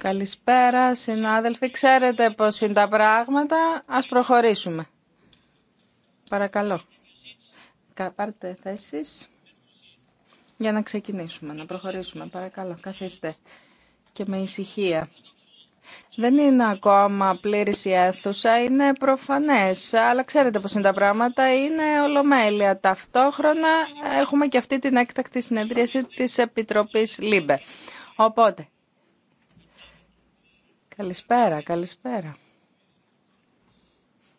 Καλησπέρα, συνάδελφοι. Ξέρετε πώς είναι τα πράγματα. Ας προχωρήσουμε. Παρακαλώ. Πάρτε θέσει για να ξεκινήσουμε, να προχωρήσουμε. Παρακαλώ, καθίστε και με ησυχία. Δεν είναι ακόμα πλήρη η αίθουσα, είναι προφανές, αλλά ξέρετε πώς είναι τα πράγματα, είναι ολομέλεια. Ταυτόχρονα έχουμε και αυτή την έκτακτη συνεδρίαση της Επιτροπής ΛΥΜΠΕ. Οπότε. Καλησπέρα, καλησπέρα.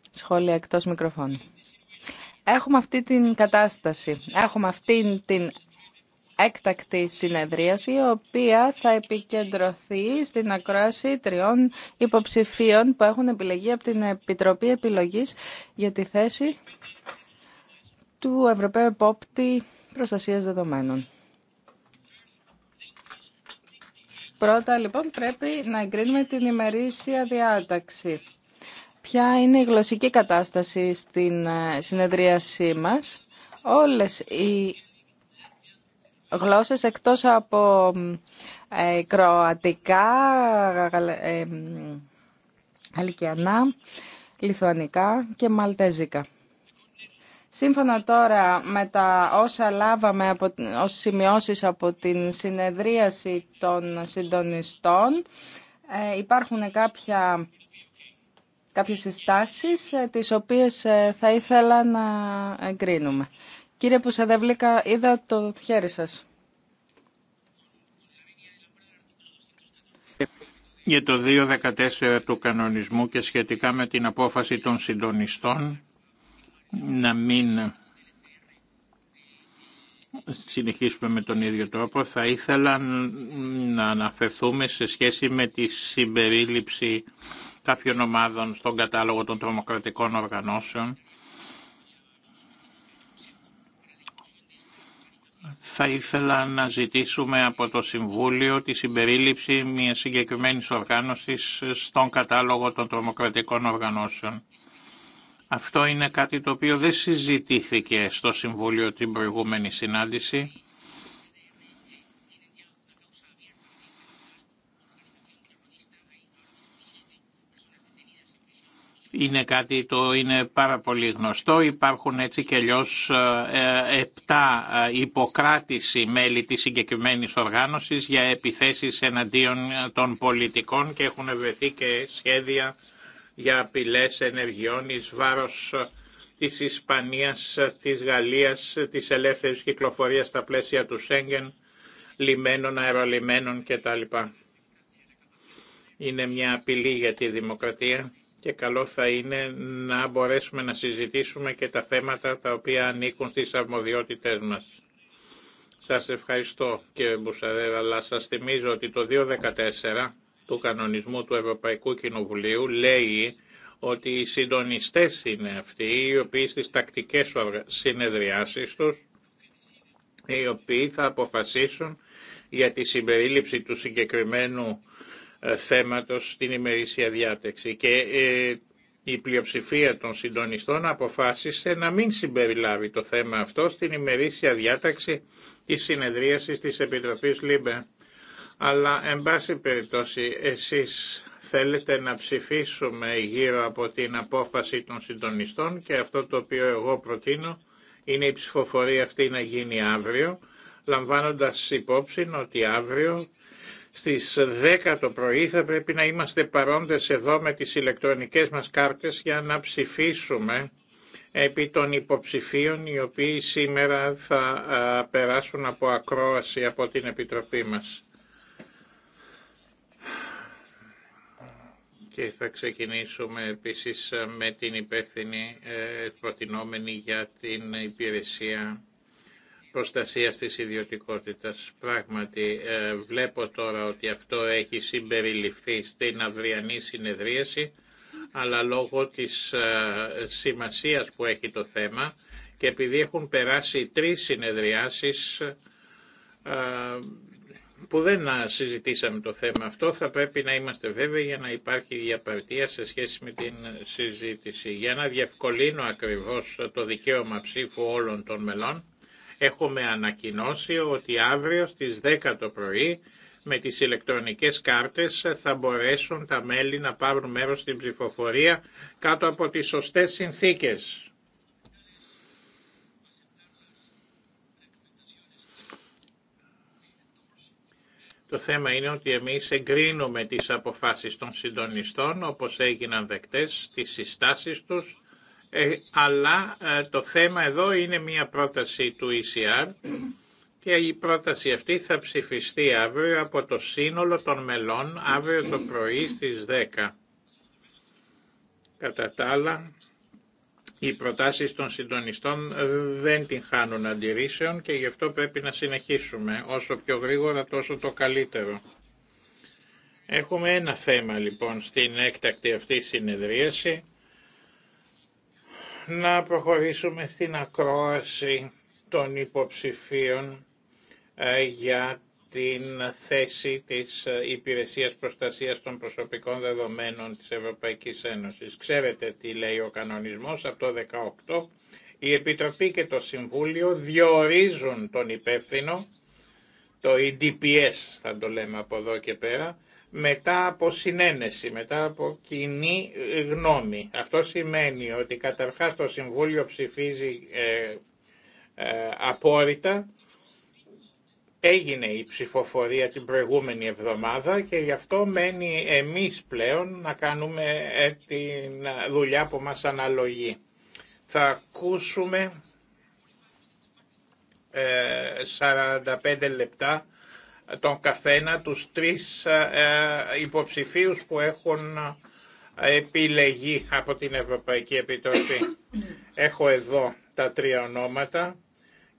Σχόλια εκτός μικροφώνου. Έχουμε αυτή την κατάσταση. Έχουμε αυτή την έκτακτη συνεδρίαση, η οποία θα επικεντρωθεί στην ακρόαση τριών υποψηφίων που έχουν επιλεγεί από την Επιτροπή Επιλογής για τη θέση του Ευρωπαίου Επόπτη Προστασίας Δεδομένων. Πρώτα λοιπόν πρέπει να εγκρίνουμε την ημερήσια διάταξη. Ποια είναι η γλωσσική κατάσταση στην ε, συνεδρίασή μας. Όλες οι γλώσσες εκτός από ε, κροατικά, ε, αλικιανά, λιθουανικά και μαλτέζικα. Σύμφωνα τώρα με τα όσα λάβαμε από, ως σημειώσεις από την συνεδρίαση των συντονιστών, ε, υπάρχουν κάποια, κάποιες συστάσεις ε, τις οποίες ε, θα ήθελα να εγκρίνουμε. Κύριε Πουσαδευλίκα, είδα το χέρι σας. Για το 2.14 του κανονισμού και σχετικά με την απόφαση των συντονιστών, να μην συνεχίσουμε με τον ίδιο τρόπο. Θα ήθελα να αναφερθούμε σε σχέση με τη συμπερίληψη κάποιων ομάδων στον κατάλογο των τρομοκρατικών οργανώσεων. Θα ήθελα να ζητήσουμε από το Συμβούλιο τη συμπερίληψη μιας συγκεκριμένης οργάνωσης στον κατάλογο των τρομοκρατικών οργανώσεων. Αυτό είναι κάτι το οποίο δεν συζητήθηκε στο Συμβούλιο την προηγούμενη συνάντηση. είναι κάτι το είναι πάρα πολύ γνωστό. Υπάρχουν έτσι και αλλιώ ε, επτά ε, υποκράτηση μέλη της συγκεκριμένη οργάνωσης για επιθέσεις εναντίον ε, των πολιτικών και έχουν βρεθεί και σχέδια για απειλές ενεργειών εις βάρος ε, της Ισπανίας, ε, της Γαλλίας, ε, της ελεύθερης κυκλοφορίας στα πλαίσια του Σέγγεν, λιμένων, αερολιμένων κτλ. Είναι μια απειλή για τη δημοκρατία και καλό θα είναι να μπορέσουμε να συζητήσουμε και τα θέματα τα οποία ανήκουν στις αρμοδιότητες μας. Σας ευχαριστώ κύριε Μπουσαρέρα, αλλά σας θυμίζω ότι το 2014 του κανονισμού του Ευρωπαϊκού Κοινοβουλίου λέει ότι οι συντονιστές είναι αυτοί οι οποίοι στις τακτικές συνεδριάσεις τους οι οποίοι θα αποφασίσουν για τη συμπερίληψη του συγκεκριμένου ε, θέματος στην ημερήσια διάταξη και ε, η πλειοψηφία των συντονιστών αποφάσισε να μην συμπεριλάβει το θέμα αυτό στην ημερήσια διάταξη της συνεδρίασης της Επιτροπής ΛΥΜΠΕ. Αλλά, εν πάση περιπτώσει, εσείς θέλετε να ψηφίσουμε γύρω από την απόφαση των συντονιστών και αυτό το οποίο εγώ προτείνω είναι η ψηφοφορία αυτή να γίνει αύριο, λαμβάνοντας υπόψη ότι αύριο στις 10 το πρωί θα πρέπει να είμαστε παρόντες εδώ με τις ηλεκτρονικές μας κάρτες για να ψηφίσουμε επί των υποψηφίων οι οποίοι σήμερα θα περάσουν από ακρόαση από την Επιτροπή μας. και θα ξεκινήσουμε επίσης ε, με την υπεύθυνη ε, προτινόμενη για την υπηρεσία προστασίας της ιδιωτικότητας. Πράγματι ε, βλέπω τώρα ότι αυτό έχει συμπεριληφθεί στην αυριανή συνεδρίαση αλλά λόγω της σημασίας που έχει το θέμα και επειδή έχουν περάσει τρεις συνεδριάσεις που δεν συζητήσαμε το θέμα αυτό, θα πρέπει να είμαστε βέβαιοι για να υπάρχει διαπαρτία σε σχέση με την συζήτηση. Για να διευκολύνω ακριβώς το δικαίωμα ψήφου όλων των μελών, έχουμε ανακοινώσει ότι αύριο στις 10 το πρωί με τις ηλεκτρονικές κάρτες θα μπορέσουν τα μέλη να πάρουν μέρος στην ψηφοφορία κάτω από τις σωστές συνθήκες. Το θέμα είναι ότι εμείς εγκρίνουμε τις αποφάσεις των συντονιστών, όπως έγιναν δεκτές, τις συστάσεις τους, ε, αλλά ε, το θέμα εδώ είναι μια πρόταση του ECR και η πρόταση αυτή θα ψηφιστεί αύριο από το σύνολο των μελών, αύριο το πρωί στις 10. Κατά τα άλλα, οι προτάσεις των συντονιστών δεν την χάνουν αντιρρήσεων και γι' αυτό πρέπει να συνεχίσουμε. Όσο πιο γρήγορα τόσο το καλύτερο. Έχουμε ένα θέμα λοιπόν στην έκτακτη αυτή συνεδρίαση. Να προχωρήσουμε στην ακρόαση των υποψηφίων ε, για την θέση της Υπηρεσίας Προστασίας των Προσωπικών Δεδομένων της Ευρωπαϊκής Ένωσης. Ξέρετε τι λέει ο κανονισμός από το 18. Η Επιτροπή και το Συμβούλιο διορίζουν τον υπεύθυνο, το EDPS θα το λέμε από εδώ και πέρα, μετά από συνένεση, μετά από κοινή γνώμη. Αυτό σημαίνει ότι καταρχάς το Συμβούλιο ψηφίζει ε, ε απόρριτα, Έγινε η ψηφοφορία την προηγούμενη εβδομάδα και γι' αυτό μένει εμείς πλέον να κάνουμε ε, την δουλειά που μας αναλογεί. Θα ακούσουμε 45 ε, λεπτά τον καθένα τους τρεις ε, υποψηφίους που έχουν επιλεγεί από την Ευρωπαϊκή Επιτροπή. Έχω εδώ τα τρία ονόματα.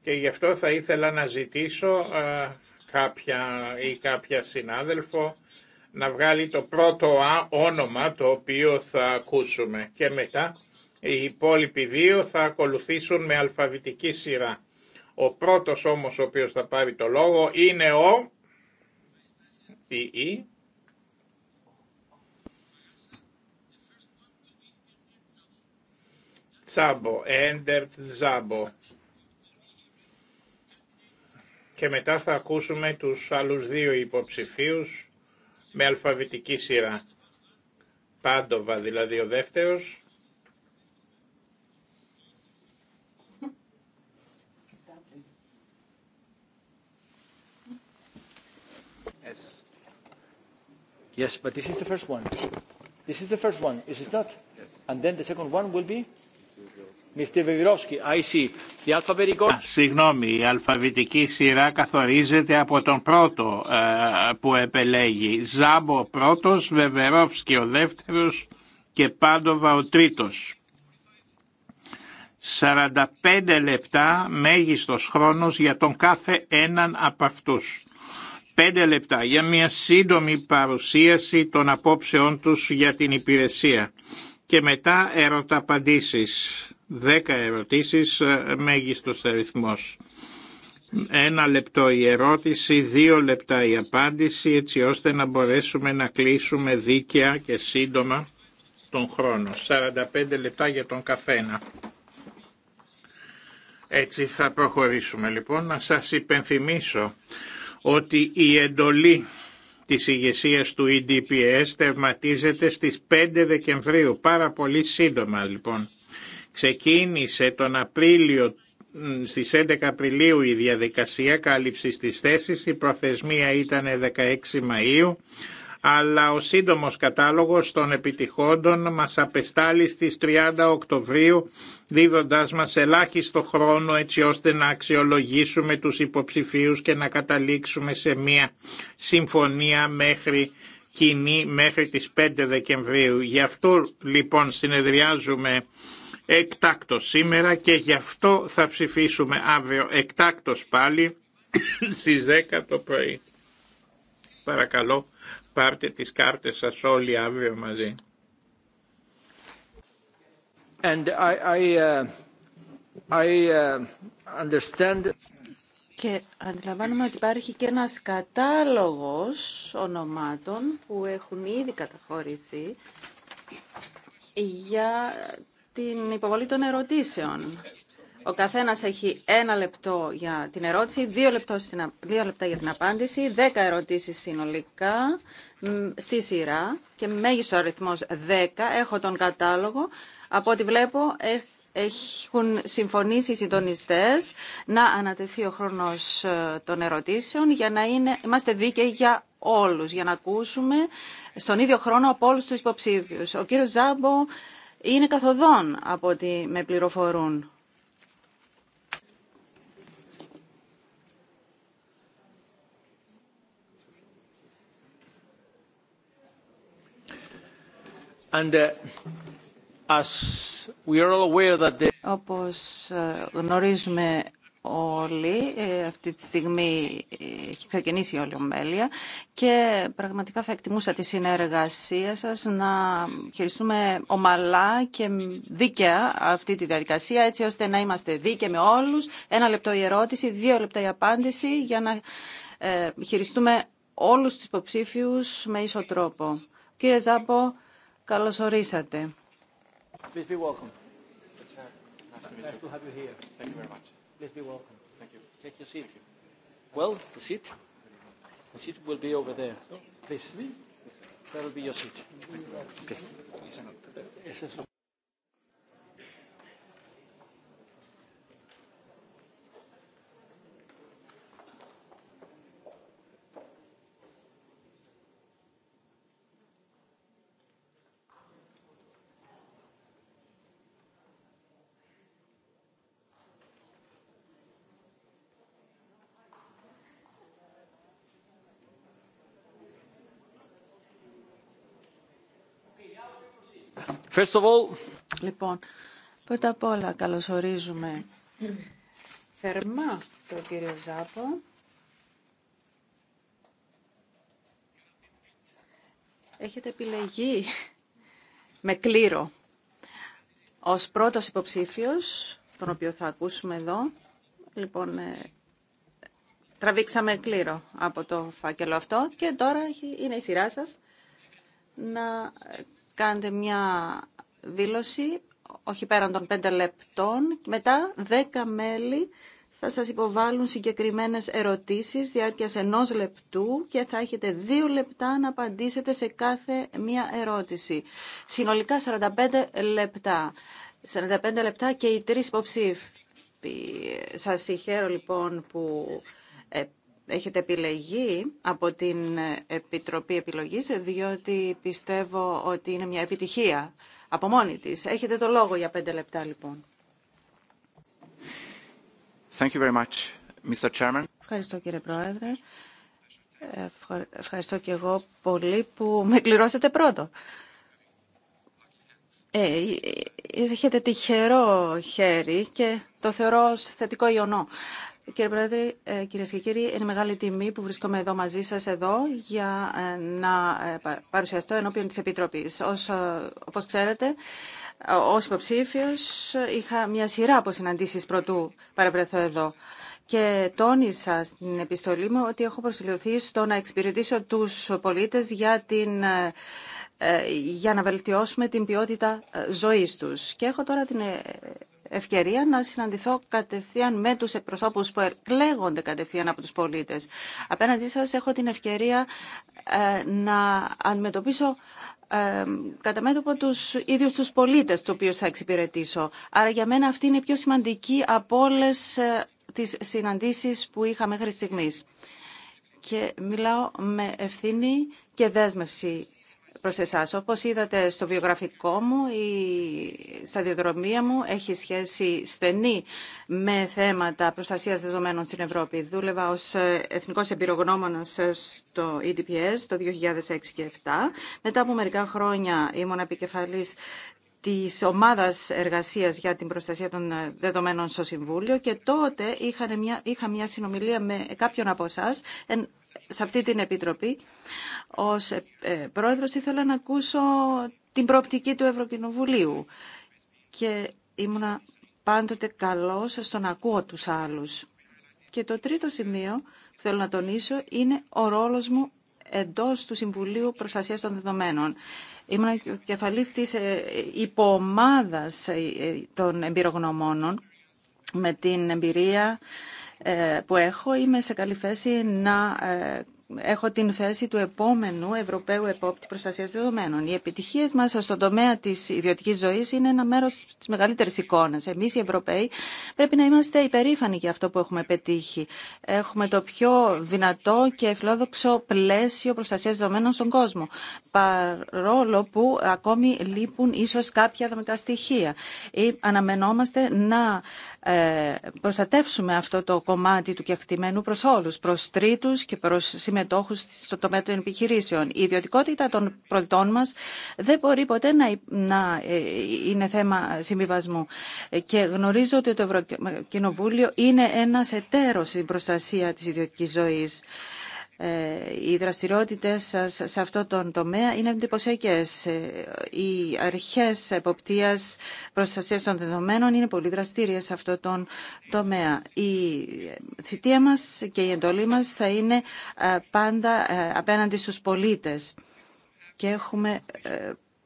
Και γι' αυτό θα ήθελα να ζητήσω ε, κάποια ή κάποια συνάδελφο να βγάλει το πρώτο όνομα το οποίο θα ακούσουμε και μετά οι υπόλοιποι δύο θα ακολουθήσουν με αλφαβητική σειρά. Ο πρώτος όμως ο οποίος θα πάρει το λόγο είναι ο η, Τσάμπο, Έντερτ και μετά θα ακούσουμε τους άλλους δύο υποψηφίους με αλφαβητική σειρά. Πάντοβα δηλαδή ο δεύτερος. Yes. Yes, but this is the first one. This is the first one, is it not? Yes. And then the second one will be? Συγγνώμη, η αλφαβητική σειρά καθορίζεται από τον πρώτο ε, που επελέγει. Ζάμπο ο πρώτος, Βεβερόφσκι ο δεύτερος και Πάντοβα ο τρίτος. 45 λεπτά μέγιστος χρόνος για τον κάθε έναν από αυτούς. 5 λεπτά για μια σύντομη παρουσίαση των απόψεών τους για την υπηρεσία και μετά ερωταπαντήσεις Δέκα ερωτήσεις, ε, μέγιστος αριθμός. Ένα λεπτό η ερώτηση, δύο λεπτά η απάντηση, έτσι ώστε να μπορέσουμε να κλείσουμε δίκαια και σύντομα τον χρόνο. 45 λεπτά για τον καθένα. Έτσι θα προχωρήσουμε λοιπόν. Να σας υπενθυμίσω ότι η εντολή της ηγεσία του EDPS τερματίζεται στις 5 Δεκεμβρίου. Πάρα πολύ σύντομα λοιπόν. Ξεκίνησε τον Απρίλιο στις 11 Απριλίου η διαδικασία κάλυψης της θέσης, η προθεσμία ήταν 16 Μαΐου, αλλά ο σύντομος κατάλογος των επιτυχόντων μας απεστάλλει στις 30 Οκτωβρίου, δίδοντάς μας ελάχιστο χρόνο έτσι ώστε να αξιολογήσουμε τους υποψηφίους και να καταλήξουμε σε μια συμφωνία μέχρι κοινή μέχρι τις 5 Δεκεμβρίου. Γι' αυτό λοιπόν συνεδριάζουμε εκτάκτος σήμερα και γι' αυτό θα ψηφίσουμε αύριο εκτάκτος πάλι στις 10 το πρωί. Παρακαλώ πάρτε τις κάρτες σας όλοι αύριο μαζί. And I, I, uh, uh, understand... Και αντιλαμβάνομαι ότι υπάρχει και ένας κατάλογος ονομάτων που έχουν ήδη καταχωρηθεί για την υποβολή των ερωτήσεων. Ο καθένας έχει ένα λεπτό για την ερώτηση, δύο, λεπτά για την απάντηση, δέκα ερωτήσεις συνολικά στη σειρά και μέγιστο αριθμός δέκα. Έχω τον κατάλογο. Από ό,τι βλέπω έχουν συμφωνήσει οι συντονιστές να ανατεθεί ο χρόνος ε, των ερωτήσεων για να είναι, είμαστε δίκαιοι για όλους, για να ακούσουμε στον ίδιο χρόνο από όλους τους υποψήφιους. Ο κύριος Ζάμπο είναι καθοδόν από ότι με πληροφορούν. And, uh, Όπως ε, γνωρίζουμε όλοι. Ε, αυτή τη στιγμή ε, έχει ξεκινήσει η όλη ομέλεια και πραγματικά θα εκτιμούσα τη συνεργασία σας να χειριστούμε ομαλά και δίκαια αυτή τη διαδικασία έτσι ώστε να είμαστε δίκαιοι με όλους. Ένα λεπτό η ερώτηση, δύο λεπτά η απάντηση για να ε, χειριστούμε όλους τους υποψήφιου με ίσο τρόπο. Κύριε Ζάπο, καλώς ορίσατε. Please be welcome. have you here. Thank you very much. Please be welcome. Thank you. Take your seat. Well, the seat. The seat will be over there. Please. That will be your seat. Okay. Λοιπόν, πρώτα απ' όλα καλωσορίζουμε θερμά τον κύριο Ζάπο. Έχετε επιλεγεί με κλήρο ως πρώτος υποψήφιος, τον οποίο θα ακούσουμε εδώ. Λοιπόν, ε, τραβήξαμε κλήρο από το φάκελο αυτό και τώρα είναι η σειρά σας να κάνετε μια δήλωση, όχι πέραν των 5 λεπτών. Μετά 10 μέλη θα σας υποβάλουν συγκεκριμένες ερωτήσεις διάρκειας ενός λεπτού και θα έχετε δύο λεπτά να απαντήσετε σε κάθε μία ερώτηση. Συνολικά 45 λεπτά. 45 λεπτά και οι τρεις υποψήφοι. Σας συγχαίρω λοιπόν που ε, έχετε επιλεγεί από την Επιτροπή Επιλογής, διότι πιστεύω ότι είναι μια επιτυχία από μόνη της. Έχετε το λόγο για πέντε λεπτά, λοιπόν. Thank you very Ευχαριστώ, κύριε Πρόεδρε. Ευχαριστώ και εγώ πολύ που με κληρώσετε πρώτο. Ε, έχετε τυχερό χέρι και το θεωρώ θετικό ιονό. Κύριε Πρόεδρε, ε, κυρίε και κύριοι, είναι μεγάλη τιμή που βρίσκομαι εδώ μαζί σα εδώ για ε, να ε, παρουσιαστώ ενώπιον τη Επιτροπή. Όπω ξέρετε, ω υποψήφιο είχα μια σειρά από συναντήσει πρωτού παρευρεθώ εδώ και τόνισα στην επιστολή μου ότι έχω προσιλωθεί στο να εξυπηρετήσω του πολίτε για, για να βελτιώσουμε την ποιότητα ζωής τους. Και έχω τώρα την ευκαιρία να συναντηθώ κατευθείαν με τους εκπροσώπους που εκλέγονται κατευθείαν από τους πολίτες. Απέναντί σας έχω την ευκαιρία ε, να αντιμετωπίσω ε, κατά μέτωπο τους ίδιους τους πολίτες του οποίους θα εξυπηρετήσω. Άρα για μένα αυτή είναι η πιο σημαντική από όλες ε, τις συναντήσεις που είχα μέχρι στιγμής. Και μιλάω με ευθύνη και δέσμευση προς Όπως είδατε στο βιογραφικό μου, η σταδιοδρομία μου έχει σχέση στενή με θέματα προστασίας δεδομένων στην Ευρώπη. Δούλευα ως ε, Εθνικός Εμπειρογνώμονας ε, στο EDPS το 2006 και 2007. Μετά από μερικά χρόνια ήμουν επικεφαλής της ομάδας εργασίας για την προστασία των ε, δεδομένων στο Συμβούλιο και τότε είχα μια, συνομιλία με κάποιον από εσά σε αυτή την Επιτροπή. Ως ε, ε, πρόεδρος ήθελα να ακούσω την προοπτική του Ευρωκοινοβουλίου και ήμουνα πάντοτε καλός στο να ακούω τους άλλους. Και το τρίτο σημείο που θέλω να τονίσω είναι ο ρόλος μου Εντό του Συμβουλίου Προστασία των Δεδομένων. Ήμουν κεφαλή της ε, υπομάδας ε, των εμπειρογνωμόνων με την εμπειρία ε, που έχω είμαι σε καλή θέση να έχω την θέση του επόμενου Ευρωπαίου Επόπτη Προστασία Δεδομένων. Οι επιτυχίες μας στον τομέα της ιδιωτικής ζωής είναι ένα μέρος τη μεγαλύτερη εικόνα. Εμείς οι Ευρωπαίοι πρέπει να είμαστε υπερήφανοι για αυτό που έχουμε πετύχει. Έχουμε το πιο δυνατό και φιλόδοξο πλαίσιο προστασίας δεδομένων στον κόσμο. Παρόλο που ακόμη λείπουν ίσω κάποια δομικά στοιχεία. Αναμενόμαστε να ε, προστατεύσουμε αυτό το κομμάτι του κεκτημένου προς όλους, προς τρίτους και προς συμμετόχους στο τομέα των επιχειρήσεων. Η ιδιωτικότητα των προϊόντων μας δεν μπορεί ποτέ να, ε, είναι θέμα συμβιβασμού. Και γνωρίζω ότι το Ευρωκοινοβούλιο είναι ένας εταίρος στην προστασία της ιδιωτικής ζωής. Ε, οι δραστηριότητες σα σε αυτό τον τομέα είναι εντυπωσιακέ. Ε, οι αρχές εποπτείας προστασίας των δεδομένων είναι πολύ δραστήριες σε αυτό τον τομέα. Η θητεία μας και η εντολή μας θα είναι ε, πάντα απέναντι στους πολίτες και έχουμε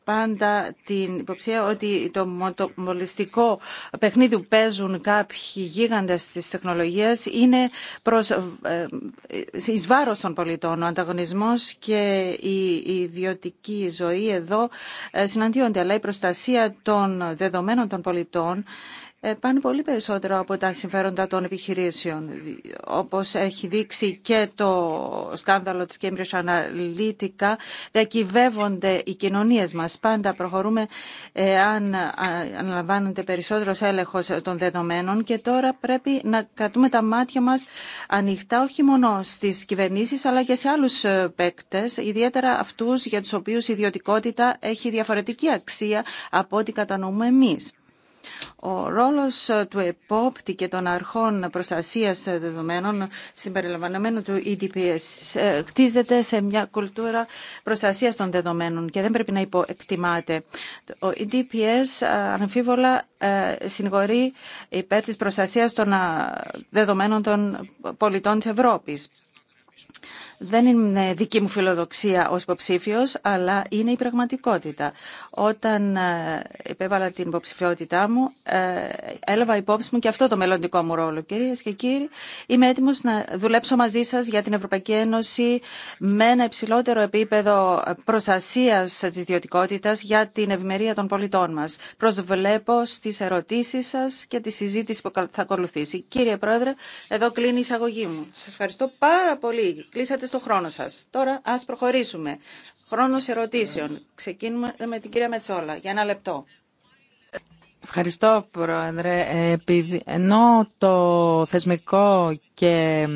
πάντα την υποψία ότι το μολυστικό παιχνίδι που παίζουν κάποιοι γίγαντες της τεχνολογίας είναι προς, ε, ε, εις βάρος των πολιτών. Ο ανταγωνισμός και η ιδιωτική ζωή εδώ ε, συναντιόνται, αλλά η προστασία των δεδομένων των πολιτών ε, πάνε πολύ περισσότερο από τα συμφέροντα των επιχειρήσεων. Όπως έχει δείξει και το σκάνδαλο της Cambridge Analytica, διακυβεύονται οι κοινωνίες μας. Πάντα προχωρούμε ε, αν αναλαμβάνεται περισσότερος έλεγχος των δεδομένων και τώρα πρέπει να κρατούμε τα μάτια μας ανοιχτά όχι μόνο στις κυβερνήσεις αλλά και σε άλλους ε, παίκτες, ιδιαίτερα αυτούς για τους οποίους η ιδιωτικότητα έχει διαφορετική αξία από ό,τι κατανοούμε εμείς. Ο ρόλος ε, του επόπτη και των αρχών προστασίας ε, δεδομένων συμπεριλαμβανομένου του EDPS ε, χτίζεται σε μια κουλτούρα προστασίας των δεδομένων και δεν πρέπει να υποεκτιμάται. Ο EDPS αμφίβολα συγχωρεί υπέρ της προστασίας των δεδομένων των πολιτών της Ευρώπης δεν είναι δική μου φιλοδοξία ως υποψήφιο, αλλά είναι η πραγματικότητα. Όταν ε, υπέβαλα την υποψηφιότητά μου, ε, έλαβα υπόψη μου και αυτό το μελλοντικό μου ρόλο. Κυρίε και κύριοι, είμαι έτοιμο να δουλέψω μαζί σα για την Ευρωπαϊκή Ένωση με ένα υψηλότερο επίπεδο προστασία τη ιδιωτικότητα για την ευημερία των πολιτών μα. Προσβλέπω στις ερωτήσει σα και τη συζήτηση που θα ακολουθήσει. Κύριε Πρόεδρε, εδώ κλείνει η εισαγωγή μου. Σα ευχαριστώ πάρα πολύ. Κλείσατε στον στο χρόνο σας. Τώρα ας προχωρήσουμε. Χρόνος ερωτήσεων. Ξεκινούμε με την κυρία Μετσόλα για ένα λεπτό. Ευχαριστώ, Πρόεδρε. Επειδή, ενώ το θεσμικό και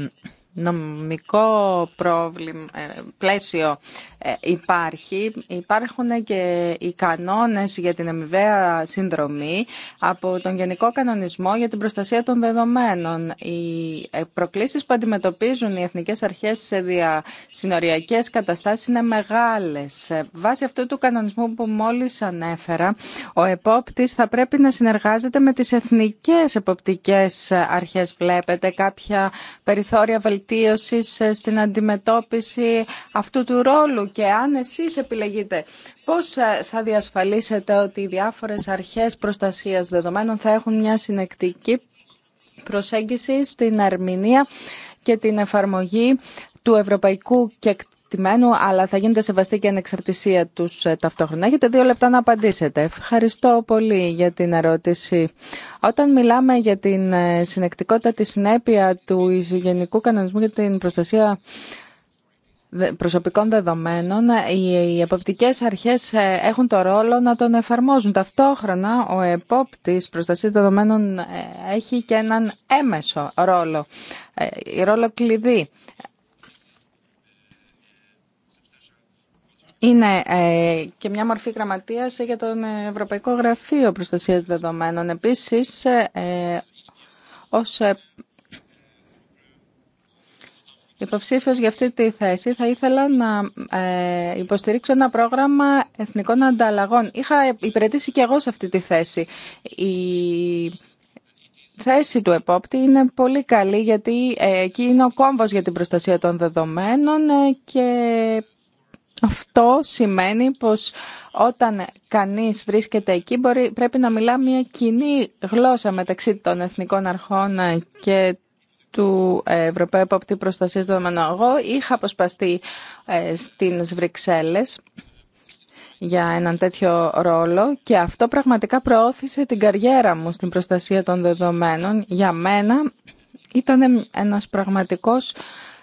νομικό πρόβλημα, ε, πλαίσιο ε, υπάρχει. Υπάρχουν και οι κανόνες για την αμοιβαία συνδρομή από τον Γενικό Κανονισμό για την Προστασία των Δεδομένων. Οι ε, προκλήσεις που αντιμετωπίζουν οι εθνικές αρχές σε διασυνοριακές καταστάσεις είναι μεγάλες. Ε, βάσει αυτού του κανονισμού που μόλις ανέφερα, ο επόπτης θα πρέπει να συνεργάζεται με τις εθνικές εποπτικές αρχές. Βλέπετε κάποια περιθώρια βελτίωσης στην αντιμετώπιση αυτού του ρόλου και αν εσείς επιλεγείτε πώς ε, θα διασφαλίσετε ότι οι διάφορες αρχές προστασίας δεδομένων θα έχουν μια συνεκτική προσέγγιση στην ερμηνεία και την εφαρμογή του ευρωπαϊκού κεκτημένου, αλλά θα γίνεται σεβαστή και ανεξαρτησία τους ε, ταυτόχρονα. Έχετε δύο λεπτά να απαντήσετε. Ευχαριστώ πολύ για την ερώτηση. Όταν μιλάμε για την ε, συνεκτικότητα, τη συνέπεια του Γενικού Κανονισμού για την προστασία προσωπικών δεδομένων, οι εποπτικές αρχές ε, έχουν το ρόλο να τον εφαρμόζουν. Ταυτόχρονα, ο επόπτης προστασίας δεδομένων ε, έχει και έναν έμεσο ρόλο, ε, ρόλο κλειδί. Είναι και μια μορφή γραμματείας για τον Ευρωπαϊκό Γραφείο Προστασίας Δεδομένων. Επίσης, ως υποψήφιος για αυτή τη θέση, θα ήθελα να ε, υποστηρίξω ένα πρόγραμμα εθνικών ανταλλαγών. Είχα υπηρετήσει και εγώ σε αυτή τη θέση. Η θέση του επόπτη είναι πολύ καλή, γιατί ε, εκεί είναι ο κόμβος για την προστασία των δεδομένων ε, και αυτό σημαίνει πως όταν κανείς βρίσκεται εκεί μπορεί, πρέπει να μιλά μια κοινή γλώσσα μεταξύ των εθνικών αρχών και του Ευρωπαίου Εποπτή Προστασίας Δεδομένων. Εγώ είχα αποσπαστεί ε, στις Βρυξέλλες για έναν τέτοιο ρόλο και αυτό πραγματικά προώθησε την καριέρα μου στην προστασία των δεδομένων. Για μένα ήταν ένας πραγματικός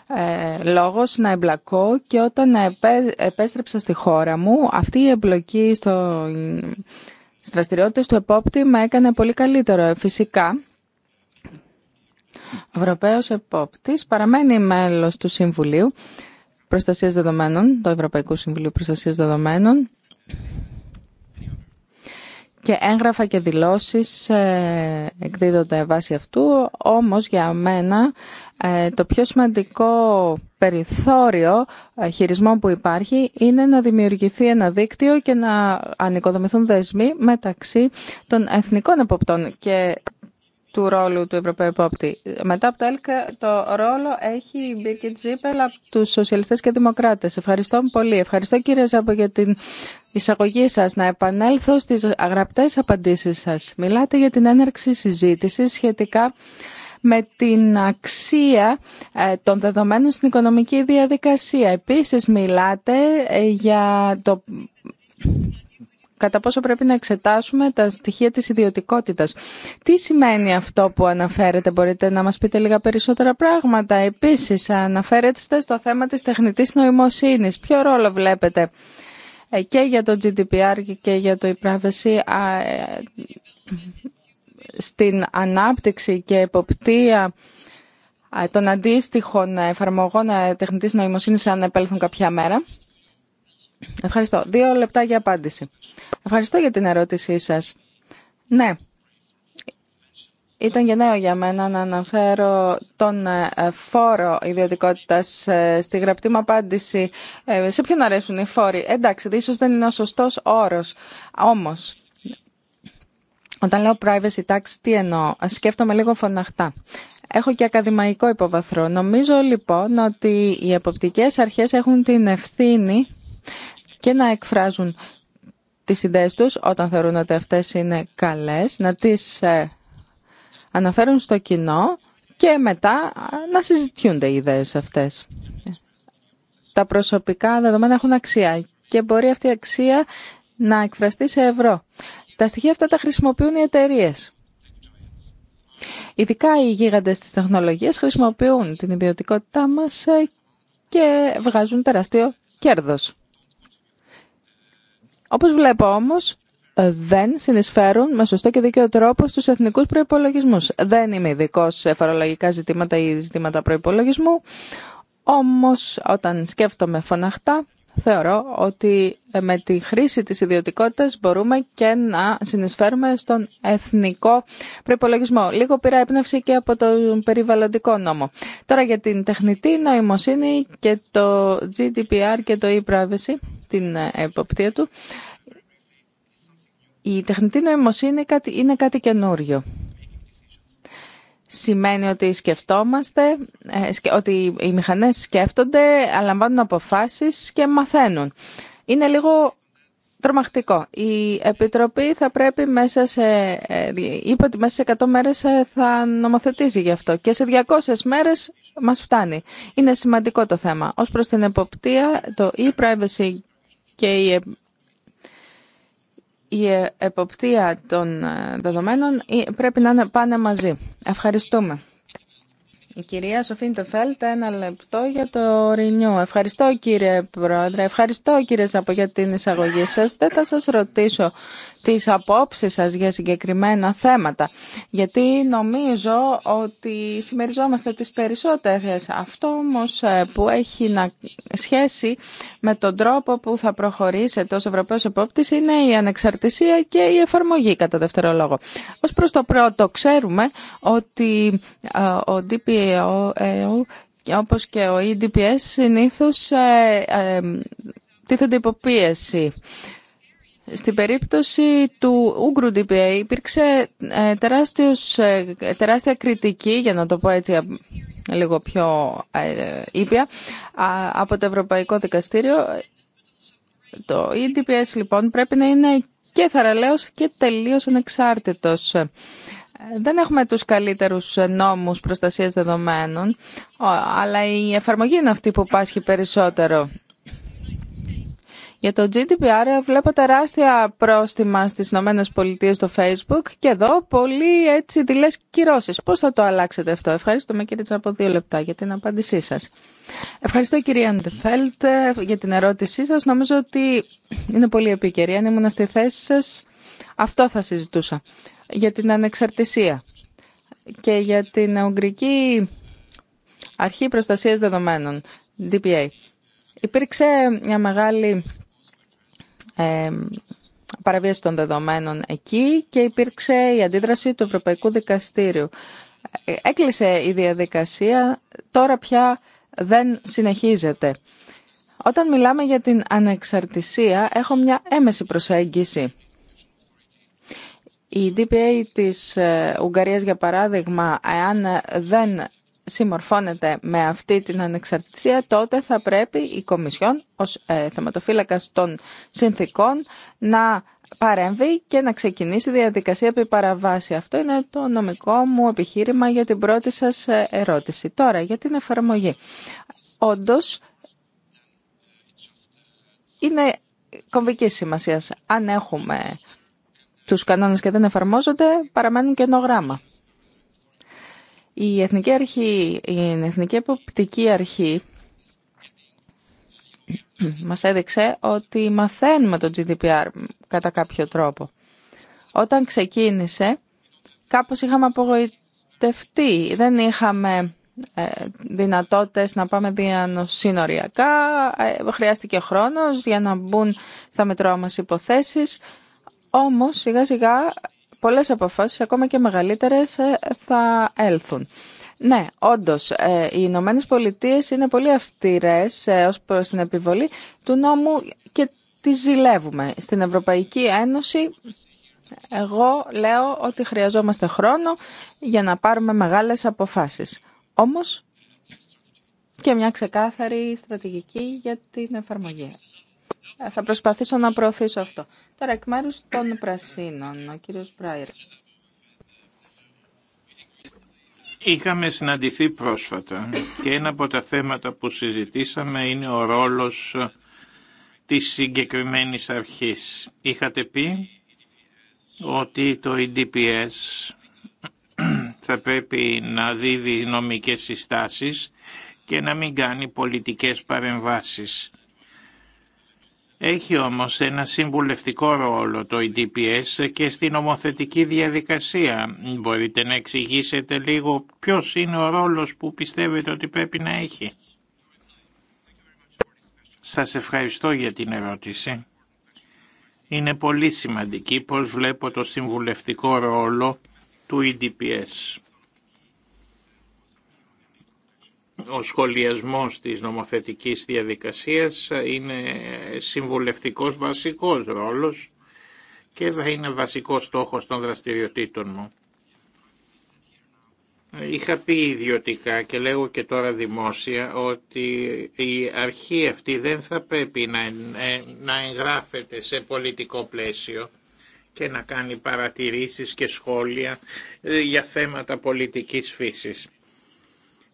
ε, λόγος να εμπλακώ και όταν επέστρεψα στη χώρα μου αυτή η εμπλοκή στο... δραστηριότητε του επόπτη με έκανε πολύ καλύτερο. Ε, φυσικά, Ευρωπαίος Επόπτης παραμένει μέλος του Συμβουλίου Προστασίας Δεδομένων, του Ευρωπαϊκού Συμβουλίου Προστασίας Δεδομένων και έγγραφα και δηλώσεις ε, εκδίδονται βάσει αυτού, όμως για μένα ε, το πιο σημαντικό περιθώριο ε, χειρισμών που υπάρχει είναι να δημιουργηθεί ένα δίκτυο και να ανοικοδομηθούν δεσμοί μεταξύ των εθνικών εποπτών και του ρόλου του Ευρωπαίου Επόπτη. Μετά από το το ρόλο έχει η Μπίρκετ Τζίπελ από του Σοσιαλιστές και Δημοκράτε. Ευχαριστώ πολύ. Ευχαριστώ κύριε Ζάμπο για την εισαγωγή σας. Να επανέλθω στι αγραπτές απαντήσεις σας. Μιλάτε για την έναρξη συζήτηση σχετικά με την αξία ε, των δεδομένων στην οικονομική διαδικασία. Επίσης μιλάτε ε, για το κατά πόσο πρέπει να εξετάσουμε τα στοιχεία της ιδιωτικότητας. Τι σημαίνει αυτό που αναφέρετε, μπορείτε να μας πείτε λίγα περισσότερα πράγματα. Επίσης, αναφέρεστε στο θέμα της τεχνητής νοημοσύνης. Ποιο ρόλο βλέπετε ε, και για το GDPR και για το e στην ανάπτυξη και εποπτεία των αντίστοιχων εφαρμογών ε, τεχνητής νοημοσύνης αν επέλθουν κάποια μέρα. Ευχαριστώ. Δύο λεπτά για απάντηση. Ευχαριστώ για την ερώτησή σας. Ναι, ήταν γενναίο για μένα να αναφέρω τον ε, φόρο ιδιωτικότητας ε, στη γραπτή μου απάντηση. Ε, σε ποιον αρέσουν οι φόροι. Εντάξει, ίσως δεν είναι ο σωστός όρος. Όμως, όταν λέω privacy tax, τι εννοώ. Σκέφτομαι λίγο φωναχτά. Έχω και ακαδημαϊκό υποβαθρό. Νομίζω λοιπόν ότι οι εποπτικές αρχές έχουν την ευθύνη και να εκφράζουν τις ιδέες τους όταν θεωρούν ότι αυτές είναι καλές, να τις ε, αναφέρουν στο κοινό και μετά ε, να συζητιούνται οι ιδέες αυτές. Τα προσωπικά δεδομένα έχουν αξία και μπορεί αυτή η αξία να εκφραστεί σε ευρώ. Τα στοιχεία αυτά τα χρησιμοποιούν οι εταιρείε. Ειδικά οι γίγαντες της τεχνολογίας χρησιμοποιούν την ιδιωτικότητά μας ε, και βγάζουν τεράστιο κέρδος. Όπως βλέπω όμως, ε, δεν συνεισφέρουν με σωστό και δίκαιο τρόπο στου εθνικού προπολογισμού. Δεν είμαι ειδικό σε φορολογικά ζητήματα ή ζητήματα προπολογισμού, όμω, όταν σκέφτομαι φωναχτά, θεωρώ ότι ε, με τη χρήση της ιδιωτικότητας μπορούμε και να συνεισφέρουμε στον εθνικό προϋπολογισμό. Λίγο πήρα έπνευση και από τον περιβαλλοντικό νόμο. Τώρα για την τεχνητή νοημοσύνη και το GDPR και το e-privacy, την ε, εποπτεία του. Η τεχνητή νοημοσύνη είναι κάτι καινούριο σημαίνει ότι σκεφτόμαστε, ε, ότι οι μηχανές σκέφτονται, αλαμβάνουν αποφάσεις και μαθαίνουν. Είναι λίγο τρομακτικό. Η Επιτροπή θα πρέπει μέσα σε, ε, είπε ότι μέσα σε 100 μέρες ε, θα νομοθετήσει γι' αυτό και σε 200 μέρες μας φτάνει. Είναι σημαντικό το θέμα. Ως προς την εποπτεία, το e-privacy και η η εποπτεία των ε, δεδομένων ε, πρέπει να πάνε μαζί. Ευχαριστούμε. Η κυρία Φέλτε, ένα λεπτό για το Ρινιού. Ευχαριστώ κύριε Πρόεδρε, ευχαριστώ κύριε Σαπο για την εισαγωγή σας. Δεν θα σας ρωτήσω τις απόψεις σας για συγκεκριμένα θέματα, γιατί νομίζω ότι συμμεριζόμαστε τις περισσότερες. Αυτό όμως ε, που έχει να σχέση με τον τρόπο που θα προχωρήσετε ως Ευρωπαίος Επόπτης είναι η ανεξαρτησία και η εφαρμογή κατά δεύτερο λόγο. Ως προς το πρώτο, ξέρουμε ότι ε, ο DPA όπως και ο EDPS συνήθως ε, ε, τίθενται υποπίεση. Στην περίπτωση του Ούγκρου DPA υπήρξε ε, τεράστιος, τεράστια κριτική, για να το πω έτσι λίγο πιο ήπια, από το Ευρωπαϊκό Δικαστήριο. Το EDPS λοιπόν πρέπει να είναι και θαραλέος και τελείως ανεξάρτητος δεν έχουμε τους καλύτερους νόμους προστασίας δεδομένων, αλλά η εφαρμογή είναι αυτή που πάσχει περισσότερο. Για το GDPR βλέπω τεράστια πρόστιμα στις Ηνωμένες Πολιτείες στο Facebook και εδώ πολύ έτσι κυρώσει. κυρώσεις. Πώς θα το αλλάξετε αυτό. Ευχαριστούμε κύριε Τσαπό δύο λεπτά για την απάντησή σας. Ευχαριστώ κυρία Αντεφέλτ για την ερώτησή σας. Νομίζω ότι είναι πολύ επίκαιρη. Αν ήμουν στη θέση σας αυτό θα συζητούσα για την ανεξαρτησία και για την Ουγγρική Αρχή Προστασίας Δεδομένων, DPA. Υπήρξε μια μεγάλη παραβίαση των δεδομένων εκεί και υπήρξε η αντίδραση του Ευρωπαϊκού Δικαστήριου. Ε, έκλεισε η διαδικασία, τώρα πια δεν συνεχίζεται. Όταν μιλάμε για την ανεξαρτησία, έχω μια έμεση προσέγγιση. Η DPA της ε, Ουγγαρίας, για παράδειγμα, εάν ε, δεν συμμορφώνεται με αυτή την ανεξαρτησία, τότε θα πρέπει η Κομισιόν ως ε, θεματοφύλακας των συνθήκων να παρέμβει και να ξεκινήσει διαδικασία επί παραβάση. Αυτό είναι το νομικό μου επιχείρημα για την πρώτη σας ε, ερώτηση. Τώρα, για την εφαρμογή. Όντως, είναι κομβική σημασία αν έχουμε τους κανόνες και δεν εφαρμόζονται, παραμένουν κενό γράμμα. Η Εθνική, Αρχή, η Εθνική Εποπτική Αρχή μας έδειξε ότι μαθαίνουμε το GDPR κατά κάποιο τρόπο. Όταν ξεκίνησε, κάπως είχαμε απογοητευτεί. Δεν είχαμε ε, δυνατότητες να πάμε διανοσύνοριακά. Ε, χρειάστηκε χρόνος για να μπουν στα μετρό μας υποθέσεις. Όμως σιγά σιγά πολλές αποφάσεις, ακόμα και μεγαλύτερες, ε, θα έλθουν. Ναι, όντως, ε, οι Ηνωμένε Πολιτείε είναι πολύ αυστηρές ε, ως προς την επιβολή του νόμου και τη ζηλεύουμε. Στην Ευρωπαϊκή Ένωση εγώ λέω ότι χρειαζόμαστε χρόνο για να πάρουμε μεγάλες αποφάσεις. Όμως και μια ξεκάθαρη στρατηγική για την εφαρμογή. Θα προσπαθήσω να προωθήσω αυτό. Τώρα, εκ μέρου των Πρασίνων, ο κύριο Μπράιερ. Είχαμε συναντηθεί πρόσφατα και ένα από τα θέματα που συζητήσαμε είναι ο ρόλος της συγκεκριμένης αρχής. Είχατε πει ότι το EDPS θα πρέπει να δίδει νομικές συστάσεις και να μην κάνει πολιτικές παρεμβάσεις. Έχει όμως ένα συμβουλευτικό ρόλο το EDPS και στην ομοθετική διαδικασία. Μπορείτε να εξηγήσετε λίγο ποιος είναι ο ρόλος που πιστεύετε ότι πρέπει να έχει. Σας ευχαριστώ για την ερώτηση. Είναι πολύ σημαντική πώς βλέπω το συμβουλευτικό ρόλο του EDPS. ο σχολιασμός της νομοθετικής διαδικασίας είναι συμβουλευτικός βασικός ρόλος και θα είναι βασικός στόχος των δραστηριοτήτων μου. Είχα πει ιδιωτικά και λέγω και τώρα δημόσια ότι η αρχή αυτή δεν θα πρέπει να, ε, εγγράφεται σε πολιτικό πλαίσιο και να κάνει παρατηρήσεις και σχόλια ε, για θέματα πολιτικής φύσης.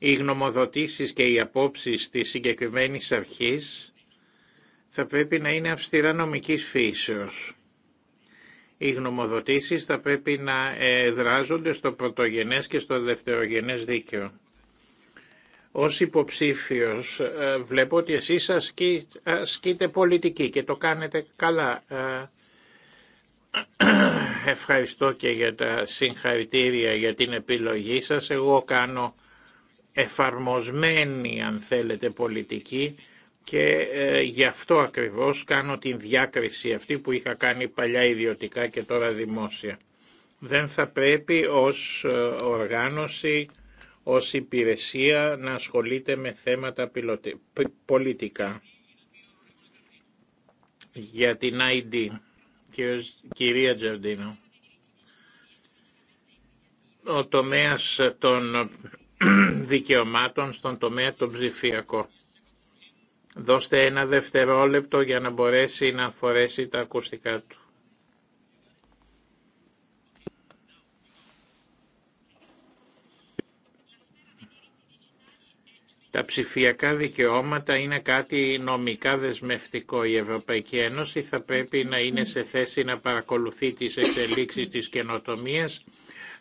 Οι γνωμοδοτήσεις και οι απόψεις της συγκεκριμένης αρχής θα πρέπει να είναι αυστηρά νομικής φύσεως. Οι γνωμοδοτήσεις θα πρέπει να ε, δράζονται στο πρωτογενές και στο δευτερογενές δίκαιο. Ως υποψήφιος ε, βλέπω ότι εσείς ασκείτε πολιτική και το κάνετε καλά. Ε, ευχαριστώ και για τα συγχαρητήρια για την επιλογή σας. Εγώ κάνω εφαρμοσμένη αν θέλετε πολιτική και ε, γι' αυτό ακριβώς κάνω την διάκριση αυτή που είχα κάνει παλιά ιδιωτικά και τώρα δημόσια. Δεν θα πρέπει ως ε, οργάνωση, ως υπηρεσία να ασχολείται με θέματα πολιτικά. Για την ID, κυρία Τζαρντίνο, ο τομέας των δικαιωμάτων στον τομέα το ψηφιακό. Δώστε ένα δευτερόλεπτο για να μπορέσει να φορέσει τα ακουστικά του. Τα ψηφιακά δικαιώματα είναι κάτι νομικά δεσμευτικό. Η Ευρωπαϊκή Ένωση θα πρέπει να είναι σε θέση να παρακολουθεί τις εξελίξεις της καινοτομίας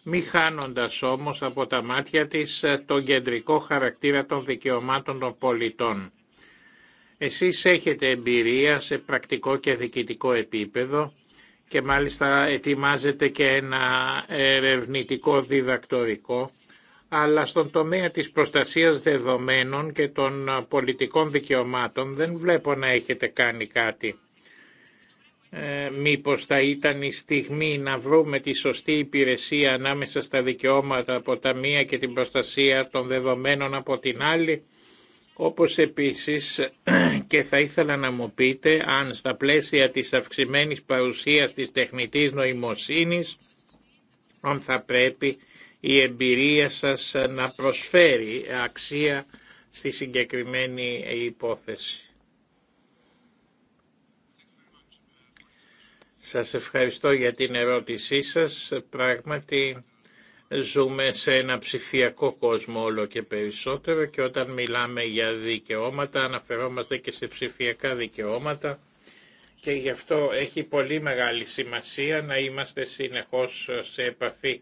μη χάνοντας όμως από τα μάτια της ε, τον κεντρικό χαρακτήρα των δικαιωμάτων των πολιτών. Εσείς έχετε εμπειρία σε πρακτικό και διοικητικό επίπεδο και μάλιστα ετοιμάζετε και ένα ερευνητικό διδακτορικό, αλλά στον τομέα της προστασίας δεδομένων και των πολιτικών δικαιωμάτων δεν βλέπω να έχετε κάνει κάτι ε, μήπως θα ήταν η στιγμή να βρούμε τη σωστή υπηρεσία ανάμεσα στα δικαιώματα από τα μία και την προστασία των δεδομένων από την άλλη, όπως επίσης και θα ήθελα να μου πείτε αν στα πλαίσια της αυξημένης παρουσίας της τεχνητής νοημοσύνης, αν θα πρέπει η εμπειρία σας να προσφέρει αξία στη συγκεκριμένη υπόθεση. Σας ευχαριστώ για την ερώτησή σας. Πράγματι ζούμε σε ένα ψηφιακό κόσμο όλο και περισσότερο και όταν μιλάμε για δικαιώματα αναφερόμαστε και σε ψηφιακά δικαιώματα και γι' αυτό έχει πολύ μεγάλη σημασία να είμαστε συνεχώς σε επαφή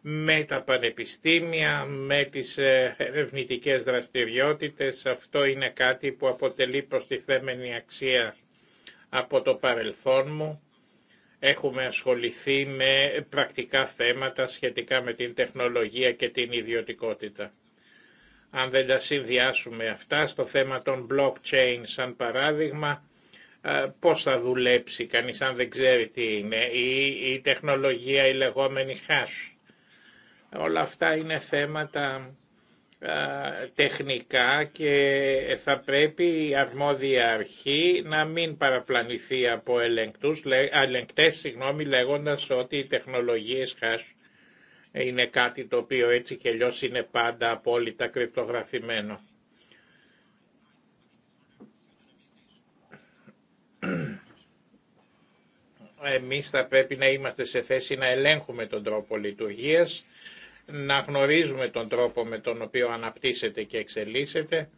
με τα πανεπιστήμια, με τις ε, ερευνητικέ δραστηριότητες. Αυτό είναι κάτι που αποτελεί προστιθέμενη αξία από το παρελθόν μου Έχουμε ασχοληθεί με πρακτικά θέματα σχετικά με την τεχνολογία και την ιδιωτικότητα. Αν δεν τα συνδυάσουμε αυτά στο θέμα των blockchain σαν παράδειγμα, ε, πώς θα δουλέψει κανείς αν δεν ξέρει τι είναι, ή η τεχνολογία η λεγόμενη hash. Όλα αυτά είναι θέματα τεχνικά και θα πρέπει η αρμόδια αρχή να μην παραπλανηθεί από ελεγκτούς, ελεγκτές συγγνώμη, λέγοντας ότι οι τεχνολογίες χάσουν είναι κάτι το οποίο έτσι και αλλιώ είναι πάντα απόλυτα κρυπτογραφημένο. Εμείς θα πρέπει να είμαστε σε θέση να ελέγχουμε τον τρόπο λειτουργίας να γνωρίζουμε τον τρόπο με τον οποίο αναπτύσσεται και εξελίσσεται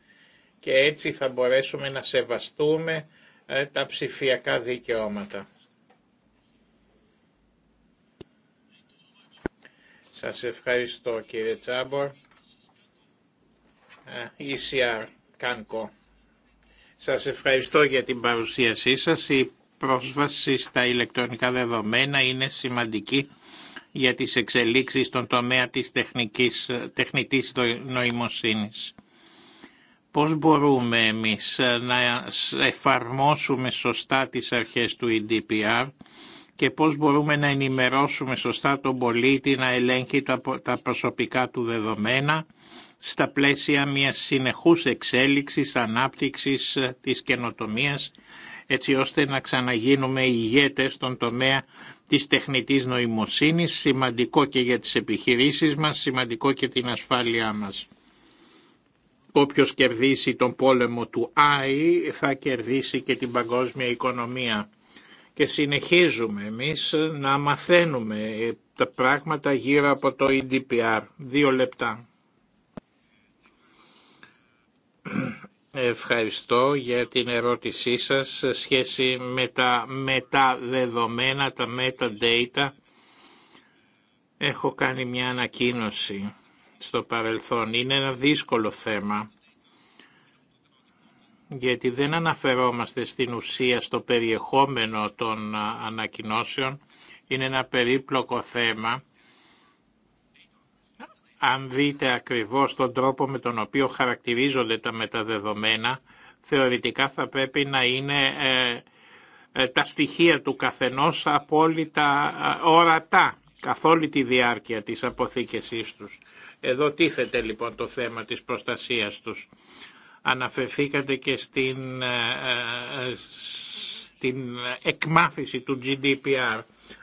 και έτσι θα μπορέσουμε να σεβαστούμε ε, τα ψηφιακά δικαιώματα. Σας ευχαριστώ κύριε Τσάμπορ. Ε, ECR Κάνκο. Σας ευχαριστώ για την παρουσίασή σας. Η πρόσβαση στα ηλεκτρονικά δεδομένα είναι σημαντική για τις εξελίξεις στον τομέα της τεχνικής, τεχνητής νοημοσύνης. Πώς μπορούμε εμείς να εφαρμόσουμε σωστά τις αρχές του EDPR και πώς μπορούμε να ενημερώσουμε σωστά τον πολίτη να ελέγχει τα προσωπικά του δεδομένα στα πλαίσια μιας συνεχούς εξέλιξης, ανάπτυξης ε, της καινοτομίας έτσι ώστε να ξαναγίνουμε ηγέτες στον τομέα της τεχνητής νοημοσύνης, σημαντικό και για τις επιχειρήσεις μας, σημαντικό και την ασφάλειά μας. Όποιος κερδίσει τον πόλεμο του ΆΗ θα κερδίσει και την παγκόσμια οικονομία. Και συνεχίζουμε εμείς να μαθαίνουμε ε, τα πράγματα γύρω από το EDPR. Δύο λεπτά. Ευχαριστώ για την ερώτησή σας σε σχέση με τα μεταδεδομένα, τα metadata. Έχω κάνει μια ανακοίνωση στο παρελθόν. Είναι ένα δύσκολο θέμα γιατί δεν αναφερόμαστε στην ουσία στο περιεχόμενο των ανακοινώσεων. Είναι ένα περίπλοκο θέμα αν δείτε ακριβώς τον τρόπο με τον οποίο χαρακτηρίζονται τα μεταδεδομένα, θεωρητικά θα πρέπει να είναι ε, ε, τα στοιχεία του καθενός απόλυτα ε, ορατά καθ' όλη τη διάρκεια της αποθήκεσής τους. Εδώ τίθεται λοιπόν το θέμα της προστασίας τους. Αναφερθήκατε και στην, στην εκμάθηση του GDPR.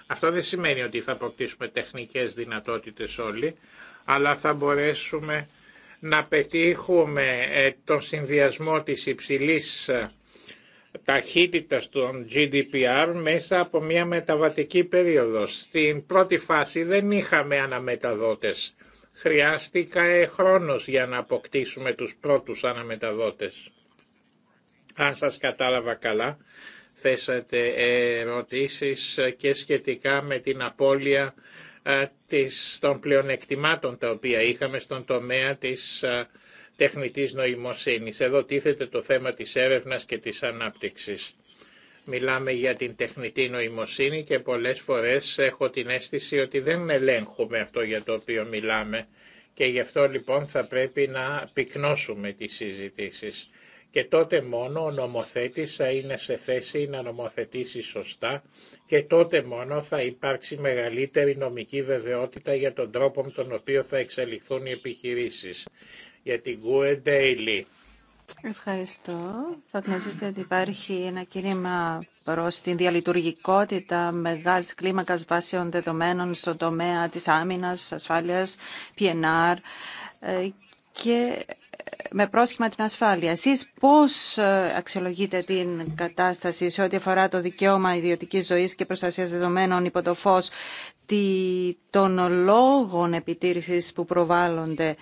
Αυτό δεν σημαίνει ότι θα αποκτήσουμε τεχνικές δυνατότητες όλοι, αλλά θα μπορέσουμε να πετύχουμε ε, τον συνδυασμό της υψηλής ε, ταχύτητας των GDPR μέσα από μια μεταβατική περίοδο. Στην πρώτη φάση δεν είχαμε αναμεταδότες. Χρειάστηκα ε, χρόνος για να αποκτήσουμε τους πρώτους αναμεταδότες. Αν σας κατάλαβα καλά, θέσατε ερωτήσεις και σχετικά με την απώλεια ε, των πλεονεκτημάτων τα οποία είχαμε στον τομέα της ε, τεχνητής νοημοσύνης. Εδώ τίθεται το θέμα της έρευνας και της ανάπτυξης. Μιλάμε για την τεχνητή νοημοσύνη και πολλές φορές έχω την αίσθηση ότι δεν ελέγχουμε αυτό για το οποίο μιλάμε και γι' αυτό λοιπόν θα πρέπει να πυκνώσουμε τις συζητήσεις και τότε μόνο ο νομοθέτης θα είναι σε θέση να νομοθετήσει σωστά και τότε μόνο θα υπάρξει μεγαλύτερη νομική βεβαιότητα για τον τρόπο με τον οποίο θα εξελιχθούν οι επιχειρήσεις. Για την Γκουε Ντέιλι. Ευχαριστώ. Θα γνωρίζετε ότι υπάρχει ένα κίνημα προς την διαλειτουργικότητα μεγάλης κλίμακας βάσεων δεδομένων στον τομέα της άμυνας, ασφάλειας, PNR ε, και ε, με πρόσχημα την ασφάλεια. Εσείς πώς ε, αξιολογείτε την κατάσταση σε ό,τι αφορά το δικαίωμα ιδιωτικής ζωής και προστασίας δεδομένων υπό το φως των λόγων επιτήρησης που προβάλλονται,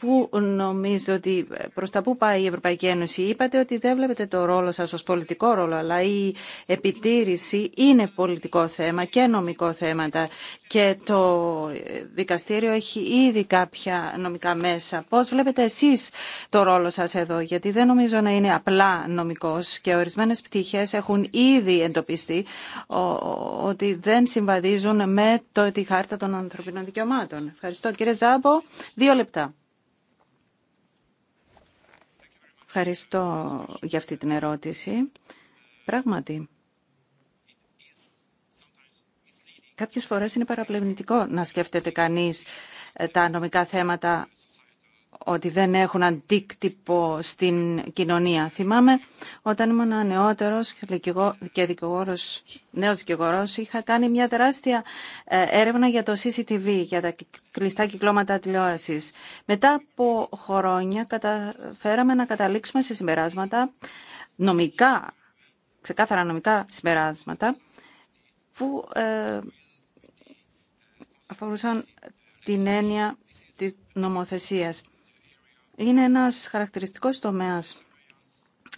που νομίζω ότι προς τα που πάει η Ευρωπαϊκή Ένωση. Είπατε ότι δεν βλέπετε το ρόλο σας ως πολιτικό ρόλο, αλλά η επιτήρηση είναι πολιτικό θέμα και νομικό θέματα και το δικαστήριο έχει ήδη κάποια νομικά μέσα. Πώς βλέπετε εσείς το ρόλο σας εδώ, γιατί δεν νομίζω να είναι απλά νομικός και ορισμένες πτυχές έχουν ήδη εντοπιστεί ότι δεν συμβαδίζουν με το, τη Χάρτα των Ανθρωπίνων Δικαιωμάτων. Ευχαριστώ. Κύριε Ζάμπο, δύο λεπτά. Ευχαριστώ για αυτή την ερώτηση. Πράγματι, κάποιες φορές είναι παραπλευνητικό να σκέφτεται κανείς ε, τα νομικά θέματα ότι δεν έχουν αντίκτυπο στην κοινωνία. Θυμάμαι όταν ήμουν νεότερος και δικηγόρος, νέος δικηγόρος είχα κάνει μια τεράστια ε, έρευνα για το CCTV, για τα κλειστά κυκλώματα τηλεόρασης. Μετά από χρόνια καταφέραμε να καταλήξουμε σε συμπεράσματα νομικά, ξεκάθαρα νομικά συμπεράσματα που ε, αφορούσαν την έννοια της νομοθεσίας είναι ένας χαρακτηριστικός τομέας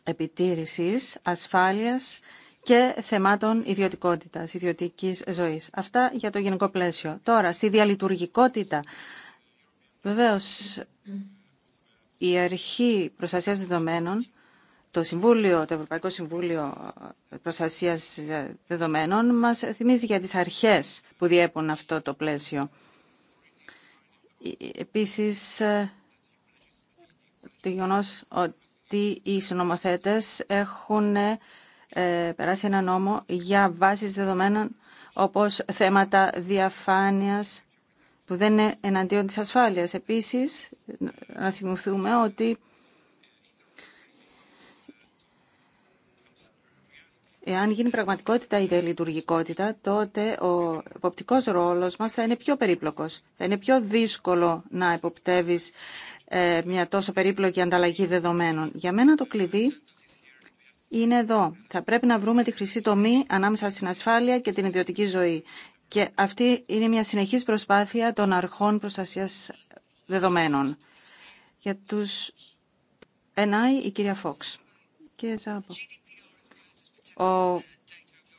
επιτήρησης, ασφάλειας και θεμάτων ιδιωτικότητας, ιδιωτικής ζωής. Αυτά για το γενικό πλαίσιο. Τώρα, στη διαλειτουργικότητα, βεβαίως η αρχή προστασίας δεδομένων το Συμβούλιο, το Ευρωπαϊκό Συμβούλιο Προστασίας Δεδομένων μας θυμίζει για τις αρχές που διέπουν αυτό το πλαίσιο. Ε, επίσης, το γεγονό ότι οι συνομοθέτε έχουν ε, περάσει ένα νόμο για βάσεις δεδομένων όπως θέματα διαφάνειας που δεν είναι εναντίον της ασφάλειας. Επίσης, να θυμηθούμε ότι Εάν γίνει πραγματικότητα η λειτουργικότητα, τότε ο εποπτικός ρόλος μας θα είναι πιο περίπλοκος. Θα είναι πιο δύσκολο να εποπτεύεις ε, μια τόσο περίπλοκη ανταλλαγή δεδομένων. Για μένα το κλειδί είναι εδώ. Θα πρέπει να βρούμε τη χρυσή τομή ανάμεσα στην ασφάλεια και την ιδιωτική ζωή. Και αυτή είναι μια συνεχής προσπάθεια των αρχών προστασίας δεδομένων. Για τους ενάει η κυρία Φόξ. Κύριε ο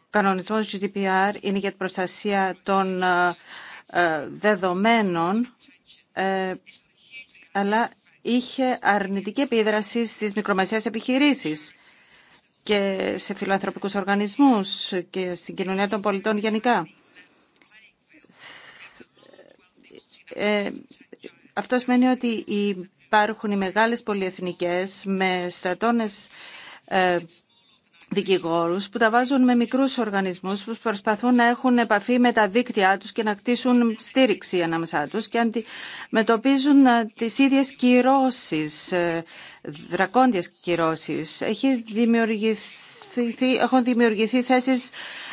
κανονισμός GDPR είναι για την προστασία των ε, ε, δεδομένων, ε, αλλά είχε αρνητική επίδραση στις μικρομεσαίες επιχειρήσεις και σε φιλοανθρωπικούς οργανισμούς και στην κοινωνία των πολιτών γενικά. Ε, αυτό σημαίνει ότι υπάρχουν οι μεγάλες πολυεθνικές με στρατώνες που τα βάζουν με μικρού οργανισμού που προσπαθούν να έχουν επαφή με τα δίκτυά τους και να κτίσουν στήριξη ανάμεσά τους και αντιμετωπίζουν ε, τις ίδιες κυρώσεις, ε, δρακόντιες κυρώσει, Έχει δημιουργηθεί έχουν δημιουργηθεί θέσεις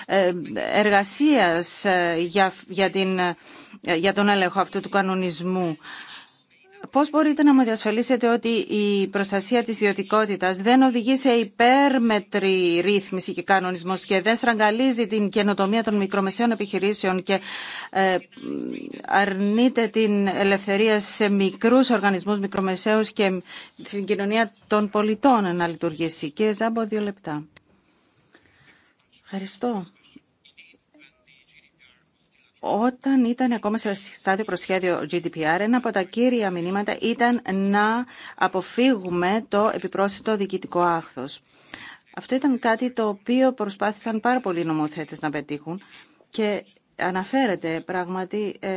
ε, εργασίας για, για τον έλεγχο αυτού του κανονισμού. Πώς μπορείτε να μου διασφαλίσετε ότι η προστασία της ιδιωτικότητα δεν οδηγεί σε υπέρμετρη ρύθμιση και κανονισμό και δεν στραγγαλίζει την καινοτομία των μικρομεσαίων επιχειρήσεων και ε, αρνείται την ελευθερία σε μικρούς οργανισμούς μικρομεσαίους και στην κοινωνία των πολιτών να λειτουργήσει. Κύριε Ζάμπο, δύο λεπτά. Ευχαριστώ. Όταν ήταν ακόμα σε στάδιο προσχέδιο GDPR, ένα από τα κύρια μηνύματα ήταν να αποφύγουμε το επιπρόσθετο διοικητικό άχθος. Αυτό ήταν κάτι το οποίο προσπάθησαν πάρα πολλοί νομοθέτες να πετύχουν και αναφέρεται πράγματι ε,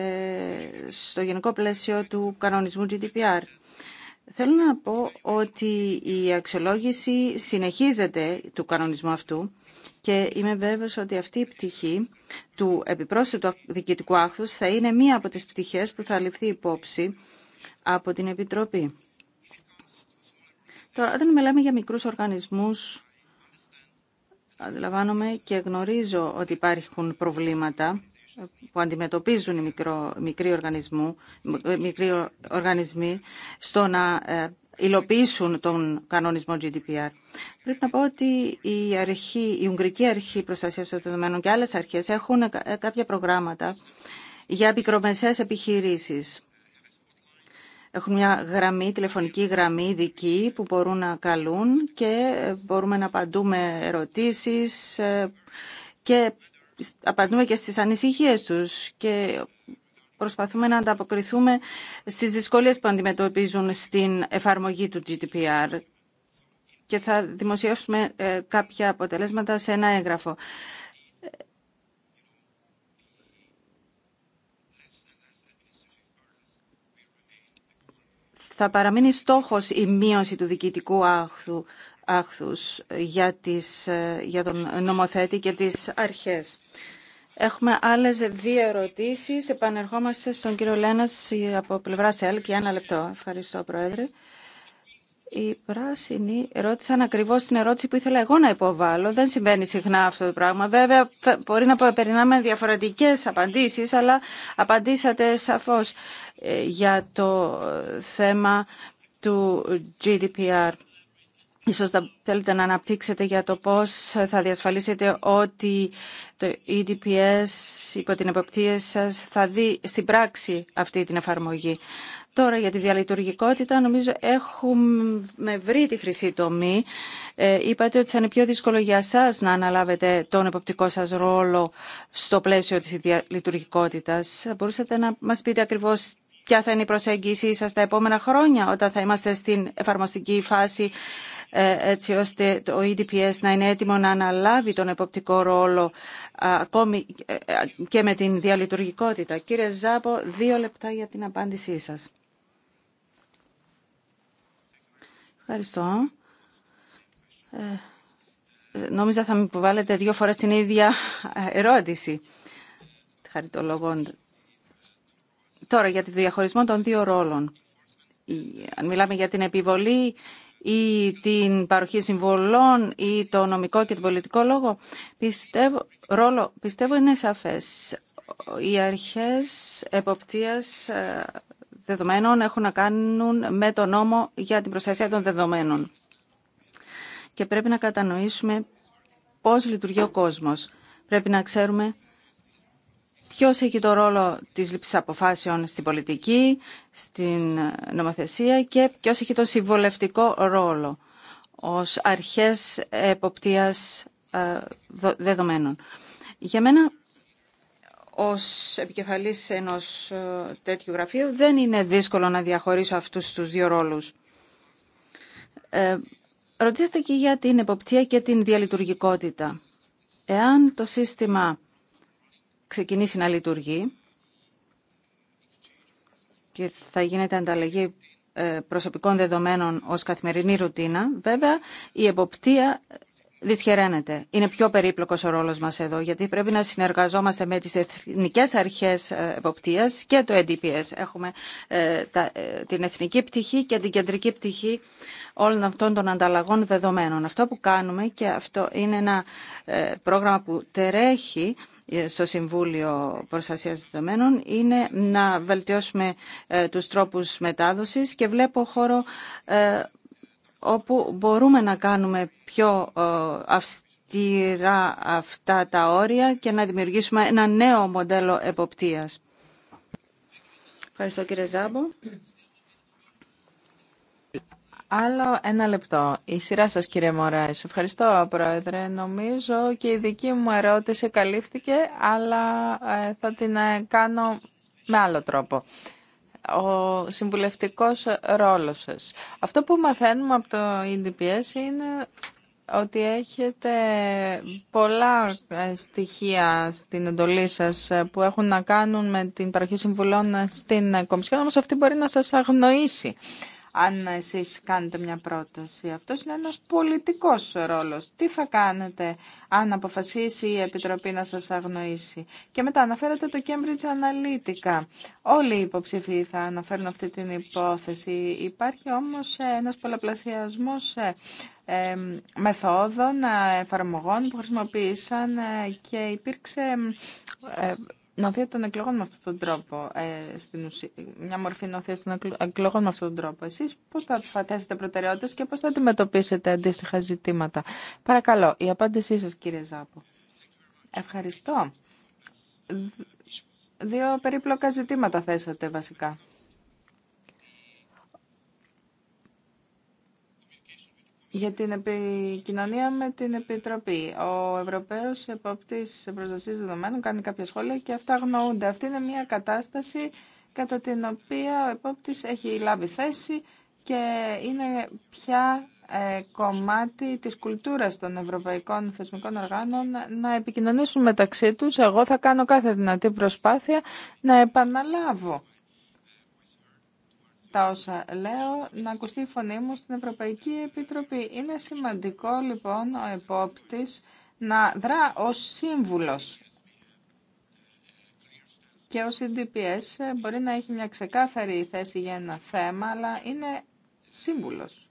στο γενικό πλαίσιο του κανονισμού GDPR. Θέλω να πω ότι η αξιολόγηση συνεχίζεται του κανονισμού αυτού και είμαι βέβαιος ότι αυτή η πτυχή του επιπρόσθετου διοικητικού άχθους θα είναι μία από τις πτυχές που θα ληφθεί υπόψη από την Επιτροπή. Τώρα, όταν μιλάμε για μικρούς οργανισμούς, αντιλαμβάνομαι και γνωρίζω ότι υπάρχουν προβλήματα που αντιμετωπίζουν οι ε, μικροί, οργανισμοί στο να ε, υλοποιήσουν τον κανονισμό GDPR. Πρέπει να πω ότι η, αρχή, η Ουγγρική Αρχή Προστασίας των Δεδομένων και άλλες αρχές έχουν κάποια προγράμματα για μικρομεσαίες επιχειρήσεις. Έχουν μια γραμμή, τηλεφωνική γραμμή δική που μπορούν να καλούν και μπορούμε να απαντούμε ερωτήσεις ε, και απαντούμε και στις ανησυχίες τους και προσπαθούμε να ανταποκριθούμε στις δυσκολίες που αντιμετωπίζουν στην εφαρμογή του GDPR και θα δημοσιεύσουμε ε, κάποια αποτελέσματα σε ένα έγγραφο. Θα παραμείνει στόχος η μείωση του διοικητικού άχθου, άχθους για, τις, ε, για τον νομοθέτη και τις αρχές. Έχουμε άλλες δύο ερωτήσεις. Επανερχόμαστε στον κύριο Λένας από πλευρά ΣΕΛ και ένα λεπτό. Ευχαριστώ, Πρόεδρε. Η πράσινοι ρώτησαν ακριβώ την ερώτηση που ήθελα εγώ να υποβάλω. Δεν συμβαίνει συχνά αυτό το πράγμα. Βέβαια, μπορεί να περνάμε διαφορετικέ απαντήσει, αλλά απαντήσατε σαφώ ε, για το θέμα του GDPR. Ίσως θέλετε να αναπτύξετε για το πώς θα διασφαλίσετε ότι το EDPS υπό την εποπτεία σας θα δει στην πράξη αυτή την εφαρμογή. Τώρα για τη διαλειτουργικότητα νομίζω έχουμε βρει τη χρυσή τομή. Ε, είπατε ότι θα είναι πιο δύσκολο για σας να αναλάβετε τον εποπτικό σας ρόλο στο πλαίσιο της διαλειτουργικότητας. Θα μπορούσατε να μας πείτε ακριβώς ποια θα είναι η προσέγγιση σας τα επόμενα χρόνια όταν θα είμαστε στην εφαρμοστική φάση ε, έτσι ώστε το EDPS να είναι έτοιμο να αναλάβει τον εποπτικό ρόλο ακόμη ε, ε, και με την διαλειτουργικότητα. Κύριε Ζάπο, δύο λεπτά για την απάντησή σας. Ευχαριστώ. Ε, νόμιζα θα με υποβάλλετε δύο φορές την ίδια ερώτηση. Χαριτολογώντας. Τώρα για τη διαχωρισμό των δύο ρόλων. Αν μιλάμε για την επιβολή ή την παροχή συμβολών ή το νομικό και τον πολιτικό λόγο, πιστεύω, ρόλο, πιστεύω είναι σαφές. Οι αρχές εποπτείας ε, δεδομένων έχουν να κάνουν με το νόμο για την προστασία των δεδομένων. Και πρέπει να κατανοήσουμε πώς λειτουργεί ο κόσμος. Πρέπει να ξέρουμε Ποιο έχει το ρόλο της λήψη αποφάσεων στην πολιτική, στην νομοθεσία και ποιο έχει το συμβολευτικό ρόλο ως αρχές εποπτείας ε, δεδομένων. Για μένα, ως επικεφαλής ενός ε, τέτοιου γραφείου, δεν είναι δύσκολο να διαχωρίσω αυτούς τους δύο ρόλους. Ε, ρωτήσατε και για την εποπτεία και την διαλειτουργικότητα. Εάν το σύστημα ξεκινήσει να λειτουργεί και θα γίνεται ανταλλαγή ε, προσωπικών δεδομένων ως καθημερινή ρουτίνα. Βέβαια, η εποπτεία δυσχεραίνεται. Είναι πιο περίπλοκος ο ρόλος μας εδώ, γιατί πρέπει να συνεργαζόμαστε με τις εθνικές αρχές ε, εποπτείας και το NDPS. Έχουμε ε, την εθνική πτυχή και την κεντρική πτυχή όλων αυτών των ανταλλαγών δεδομένων. Αυτό που κάνουμε και αυτό είναι ένα πρόγραμμα που τερέχει στο Συμβούλιο Προστασίας Δεδομένων είναι να βελτιώσουμε ε, τους τρόπους μετάδοσης και βλέπω χώρο ε, όπου μπορούμε να κάνουμε πιο ε, αυστηρά αυτά τα όρια και να δημιουργήσουμε ένα νέο μοντέλο εποπτείας. Ευχαριστώ κύριε Ζάμπο. Άλλο ένα λεπτό. Η σειρά σας κύριε Μωράης. Ευχαριστώ πρόεδρε. Νομίζω και η δική μου ερώτηση καλύφθηκε, αλλά ε, θα την ε, κάνω με άλλο τρόπο. Ο συμβουλευτικός ρόλος σας. Αυτό που μαθαίνουμε από το EDPS είναι ότι έχετε πολλά ε, στοιχεία στην εντολή σας που έχουν να κάνουν με την παροχή συμβουλών στην Κομισιόν, όμως αυτή μπορεί να σας αγνοήσει αν εσείς κάνετε μια πρόταση. Αυτός είναι ένας πολιτικός ρόλος. Τι θα κάνετε αν αποφασίσει η Επιτροπή να σας αγνοήσει. Και μετά αναφέρετε το Cambridge Analytica. Όλοι οι υποψηφοί θα αναφέρουν αυτή την υπόθεση. Υπάρχει όμως ένας πολλαπλασιασμός ε, μεθόδων, ε, εφαρμογών που χρησιμοποίησαν ε, και υπήρξε νοθεία των εκλογών με αυτόν τον τρόπο, ε, στην μια μορφή νοθείας των εκλογών με αυτόν τον τρόπο. Εσείς πώς θα θέσετε προτεραιότητες και πώς θα αντιμετωπίσετε αντίστοιχα ζητήματα. Παρακαλώ, η απάντησή σας κύριε Ζάπο. Ευχαριστώ. Δύο περίπλοκα ζητήματα θέσατε βασικά. για την επικοινωνία με την Επιτροπή. Ο Ευρωπαίος Εποπτής Προστασίας Δεδομένων κάνει κάποια σχόλια και αυτά γνωρούνται. Αυτή είναι μια κατάσταση κατά την οποία ο Επόπτης έχει λάβει θέση και είναι πια ε, κομμάτι της κουλτούρας των ευρωπαϊκών θεσμικών οργάνων να επικοινωνήσουν μεταξύ τους. Εγώ θα κάνω κάθε δυνατή προσπάθεια να επαναλάβω τα όσα λέω να ακουστεί η φωνή μου στην Ευρωπαϊκή Επιτροπή. Είναι σημαντικό λοιπόν ο επόπτης να δρά ως σύμβουλος και ο CDPS μπορεί να έχει μια ξεκάθαρη θέση για ένα θέμα, αλλά είναι σύμβουλος.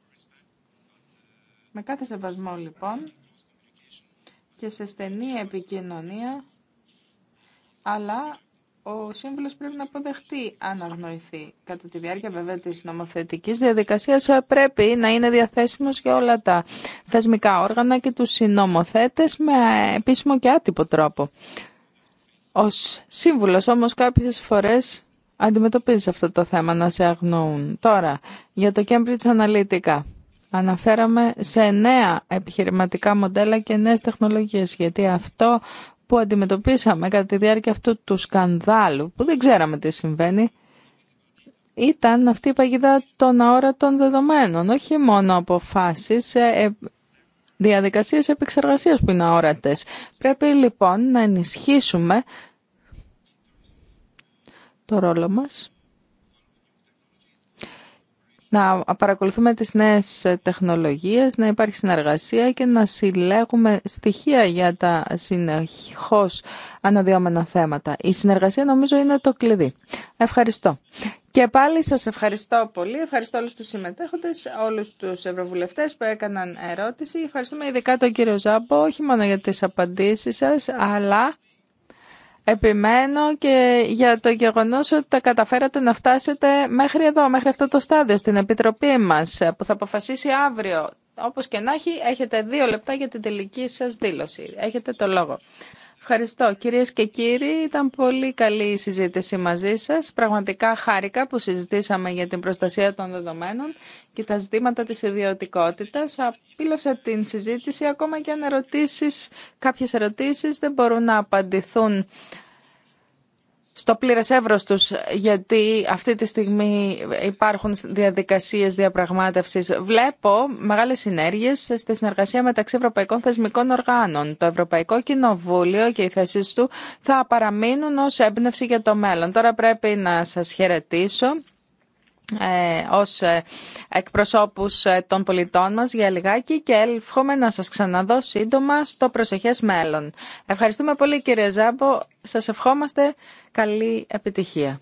Με κάθε σεβασμό λοιπόν και σε στενή επικοινωνία, αλλά ο σύμβουλος πρέπει να αποδεχτεί αν αγνοηθεί. Κατά τη διάρκεια βέβαια της νομοθετικής διαδικασίας ε, πρέπει να είναι διαθέσιμος για όλα τα θεσμικά όργανα και του συνομοθέτες με επίσημο και άτυπο τρόπο. Ω σύμβουλος όμως κάποιες φορές αντιμετωπίζει αυτό το θέμα να σε αγνοούν. Τώρα, για το Cambridge Analytica. Αναφέραμε σε νέα επιχειρηματικά μοντέλα και νέες τεχνολογίες, γιατί αυτό που αντιμετωπίσαμε κατά τη διάρκεια αυτού του σκανδάλου, που δεν ξέραμε τι συμβαίνει, ήταν αυτή η παγίδα των αόρατων δεδομένων, όχι μόνο αποφάσεις, ε, ε, διαδικασίες επεξεργασίας που είναι αόρατες. Πρέπει λοιπόν να ενισχύσουμε το ρόλο μας να παρακολουθούμε τις νέες ε, τεχνολογίες, να υπάρχει συνεργασία και να συλλέγουμε στοιχεία για τα συνεχώς αναδυόμενα θέματα. Η συνεργασία νομίζω είναι το κλειδί. Ευχαριστώ. Και πάλι σας ευχαριστώ πολύ. Ευχαριστώ όλους τους συμμετέχοντες, όλους τους ευρωβουλευτές που έκαναν ερώτηση. Ευχαριστούμε ειδικά τον κύριο Ζάμπο, όχι μόνο για τις απαντήσεις σας, αλλά Επιμένω και για το γεγονός ότι τα καταφέρατε να φτάσετε μέχρι εδώ, μέχρι αυτό το στάδιο, στην Επιτροπή μας, που θα αποφασίσει αύριο. Όπως και να έχει, έχετε δύο λεπτά για την τελική σας δήλωση. Έχετε το λόγο. Ευχαριστώ. Κυρίες και κύριοι, ήταν πολύ καλή η συζήτηση μαζί σας. Πραγματικά χάρηκα που συζητήσαμε για την προστασία των δεδομένων και τα ζητήματα της ιδιωτικότητας. Απήλωσα την συζήτηση, ακόμα και αν ερωτήσεις, κάποιες ερωτήσεις δεν μπορούν να απαντηθούν στο πλήρε εύρο τους, γιατί αυτή τη στιγμή υπάρχουν διαδικασίες διαπραγμάτευσης. Βλέπω μεγάλες συνέργειες στη συνεργασία μεταξύ ευρωπαϊκών θεσμικών οργάνων. Το Ευρωπαϊκό Κοινοβούλιο και οι θέσει του θα παραμείνουν ω έμπνευση για το μέλλον. Τώρα πρέπει να σας χαιρετήσω. Ε, ως ε, εκπροσώπους ε, των πολιτών μας για λιγάκι και εύχομαι να σας ξαναδώ σύντομα στο προσεχές μέλλον. Ευχαριστούμε πολύ κύριε Ζάμπο. Σας ευχόμαστε καλή επιτυχία.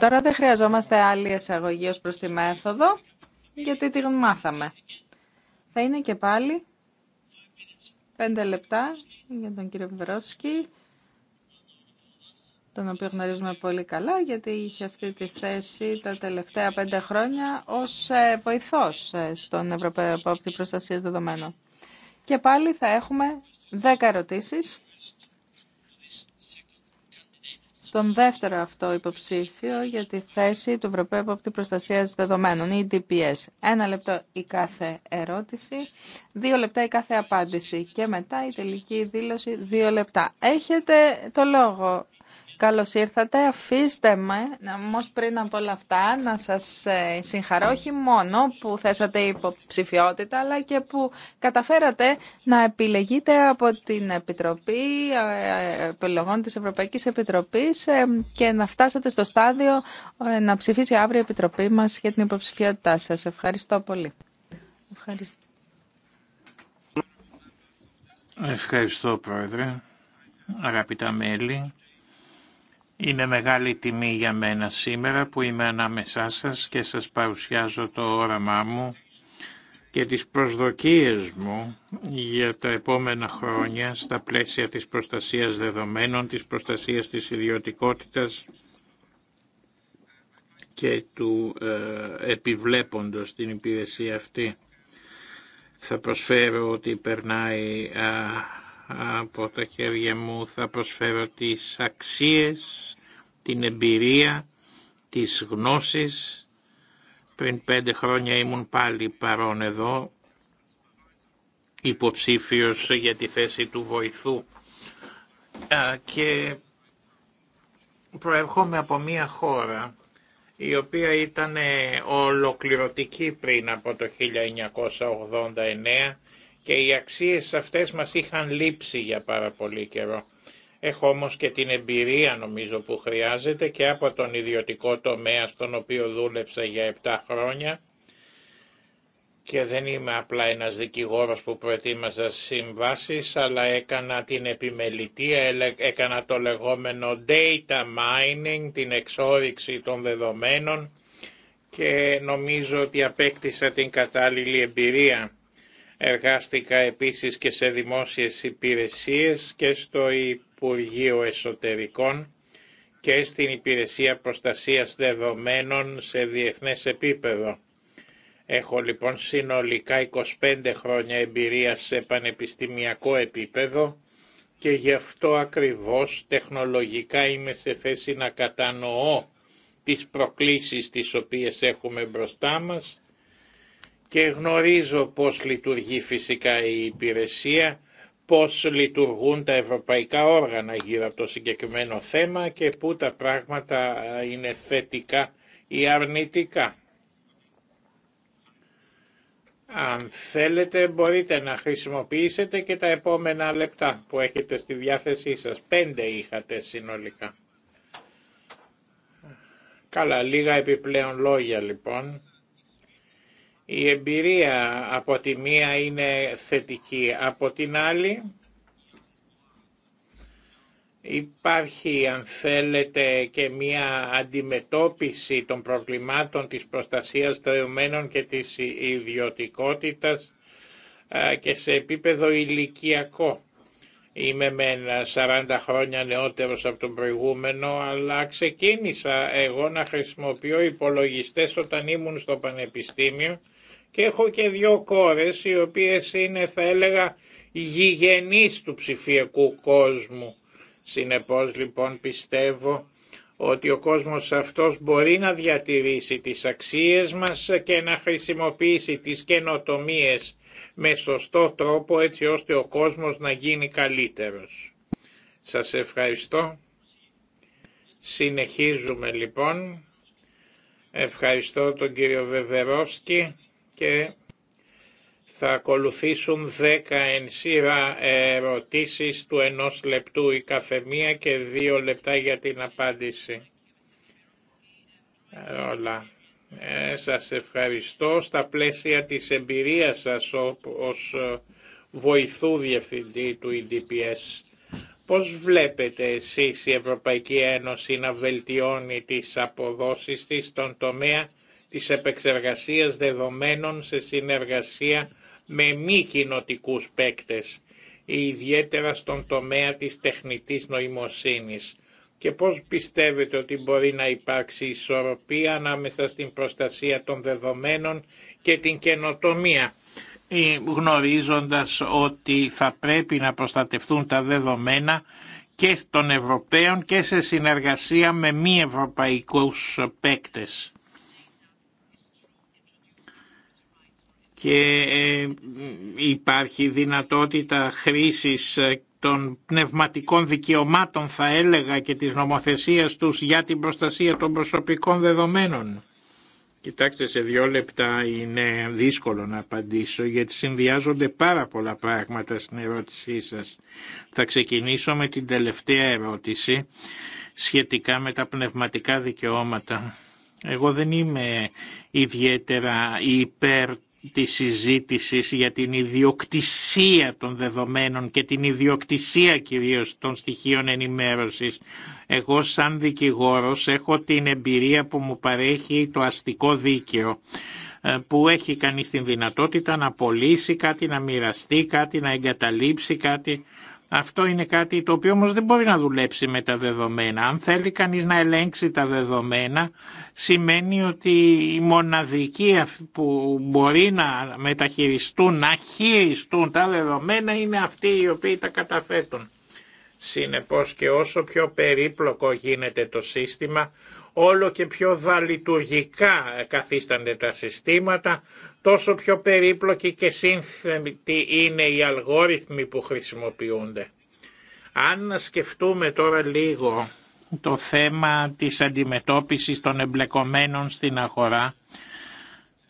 Τώρα δεν χρειαζόμαστε άλλη εισαγωγή ως προς τη μέθοδο, γιατί τη μάθαμε. Θα είναι και πάλι πέντε λεπτά για τον κύριο Βερόφσκι, τον οποίο γνωρίζουμε πολύ καλά, γιατί είχε αυτή τη θέση τα τελευταία πέντε χρόνια ως ε, βοηθός ε, στον Ευρωπαϊκό Προστασία Δεδομένων. Και πάλι θα έχουμε δέκα ερωτήσεις στον δεύτερο αυτό υποψήφιο για τη θέση του Ευρωπαίου Εποπτή Προστασίας Δεδομένων, ή e DPS. Ένα λεπτό η κάθε ερώτηση, δύο λεπτά η κάθε απάντηση και μετά η τελική δήλωση δύο λεπτά. Έχετε το λόγο Καλώς ήρθατε. Αφήστε με, όμω πριν από όλα αυτά, να σας ε, συγχαρώ όχι μόνο που θέσατε υποψηφιότητα, αλλά και που καταφέρατε να επιλεγείτε από την Επιτροπή ε, Επιλογών της Ευρωπαϊκής Επιτροπής ε, και να φτάσατε στο στάδιο να ψηφίσει αύριο η Επιτροπή μας για την υποψηφιότητά σας. Ευχαριστώ πολύ. Ευχαριστώ. Ευχαριστώ, Πρόεδρε. Αγαπητά μέλη, είναι μεγάλη τιμή για μένα σήμερα που είμαι ανάμεσά σας και σας παρουσιάζω το όραμά μου και τις προσδοκίες μου για τα επόμενα χρόνια στα πλαίσια της προστασίας δεδομένων, της προστασίας της ιδιωτικότητας και του ε, επιβλέποντος την υπηρεσία αυτή. Θα προσφέρω ότι περνάει από τα χέρια μου θα προσφέρω τις αξίες, την εμπειρία, τις γνώσεις. Πριν πέντε χρόνια ήμουν πάλι παρόν εδώ, υποψήφιος για τη θέση του βοηθού και προερχόμαι από μια χώρα η οποία ήταν ολοκληρωτική πριν από το 1989 και οι αξίες αυτές μας είχαν λείψει για πάρα πολύ καιρό. Έχω όμως και την εμπειρία νομίζω που χρειάζεται και από τον ιδιωτικό τομέα στον οποίο δούλεψα για 7 χρόνια και δεν είμαι απλά ένας δικηγόρος που προετοίμαζα συμβάσεις, αλλά έκανα την επιμελητία, έκανα το λεγόμενο data mining, την εξόριξη των δεδομένων και νομίζω ότι απέκτησα την κατάλληλη εμπειρία. Εργάστηκα επίσης και σε δημόσιες υπηρεσίες και στο Υπουργείο Εσωτερικών και στην Υπηρεσία Προστασίας Δεδομένων σε διεθνές επίπεδο. Έχω λοιπόν συνολικά 25 χρόνια εμπειρία σε πανεπιστημιακό επίπεδο και γι' αυτό ακριβώς τεχνολογικά είμαι σε θέση να κατανοώ τις προκλήσεις τις οποίες έχουμε μπροστά μας και γνωρίζω πώς λειτουργεί φυσικά η υπηρεσία, πώς λειτουργούν τα ευρωπαϊκά όργανα γύρω από το συγκεκριμένο θέμα και πού τα πράγματα είναι θετικά ή αρνητικά. Αν θέλετε μπορείτε να χρησιμοποιήσετε και τα επόμενα λεπτά που έχετε στη διάθεσή σας. Πέντε είχατε συνολικά. Καλά, λίγα επιπλέον λόγια λοιπόν. Η εμπειρία από τη μία είναι θετική, από την άλλη υπάρχει αν θέλετε και μία αντιμετώπιση των προβλημάτων της προστασίας δεδομένων και της ιδιωτικότητας και σε επίπεδο ηλικιακό. Είμαι με 40 χρόνια νεότερος από τον προηγούμενο, αλλά ξεκίνησα εγώ να χρησιμοποιώ υπολογιστές όταν ήμουν στο πανεπιστήμιο και έχω και δύο κόρες οι οποίες είναι θα έλεγα γηγενείς του ψηφιακού κόσμου. Συνεπώς λοιπόν πιστεύω ότι ο κόσμος αυτός μπορεί να διατηρήσει τις αξίες μας και να χρησιμοποιήσει τις καινοτομίες με σωστό τρόπο έτσι ώστε ο κόσμος να γίνει καλύτερος. Σας ευχαριστώ. Συνεχίζουμε λοιπόν. Ευχαριστώ τον κύριο Βεβερόσκη και θα ακολουθήσουν δέκα εν σειρά του ενός λεπτού η καθεμία και δύο λεπτά για την απάντηση. Όλα. Ε, σας ευχαριστώ στα πλαίσια της εμπειρίας σας ως ε, βοηθού διευθυντή του EDPS. Πώς βλέπετε εσείς η Ευρωπαϊκή Ένωση να βελτιώνει τις αποδόσεις της στον τομέα της επεξεργασίας δεδομένων σε συνεργασία με μη κοινοτικού παίκτες, ιδιαίτερα στον τομέα της τεχνητής νοημοσύνης και πώς πιστεύετε ότι μπορεί να υπάρξει ισορροπία ανάμεσα στην προστασία των δεδομένων και την καινοτομία γνωρίζοντας ότι θα πρέπει να προστατευτούν τα δεδομένα και των Ευρωπαίων και σε συνεργασία με μη ευρωπαϊκούς παίκτες. και ε, υπάρχει δυνατότητα χρήσης ε, των πνευματικών δικαιωμάτων θα έλεγα και της νομοθεσίας τους για την προστασία των προσωπικών δεδομένων. Κοιτάξτε σε δύο λεπτά είναι δύσκολο να απαντήσω γιατί συνδυάζονται πάρα πολλά πράγματα στην ερώτησή σας. Θα ξεκινήσω με την τελευταία ερώτηση σχετικά με τα πνευματικά δικαιώματα. Εγώ δεν είμαι ιδιαίτερα υπέρ Τη συζήτηση για την ιδιοκτησία των δεδομένων και την ιδιοκτησία κυρίως των στοιχείων ενημέρωσης. Εγώ σαν δικηγόρος έχω την εμπειρία που μου παρέχει το αστικό δίκαιο ε, που έχει κανείς την δυνατότητα να πωλήσει κάτι, να μοιραστεί κάτι, να εγκαταλείψει κάτι. Αυτό είναι κάτι το οποίο όμως δεν μπορεί να δουλέψει με τα δεδομένα. Αν θέλει κανείς να ελέγξει τα δεδομένα, σημαίνει ότι οι μοναδικοί που μπορεί να μεταχειριστούν, να χειριστούν τα δεδομένα είναι αυτοί οι οποίοι τα καταθέτουν. Συνεπώς και όσο πιο περίπλοκο γίνεται το σύστημα, όλο και πιο δαλειτουργικά καθίστανται τα συστήματα, τόσο πιο περίπλοκοι και σύνθετοι είναι οι αλγόριθμοι που χρησιμοποιούνται. Αν σκεφτούμε τώρα λίγο το θέμα της αντιμετώπισης των εμπλεκομένων στην αγορά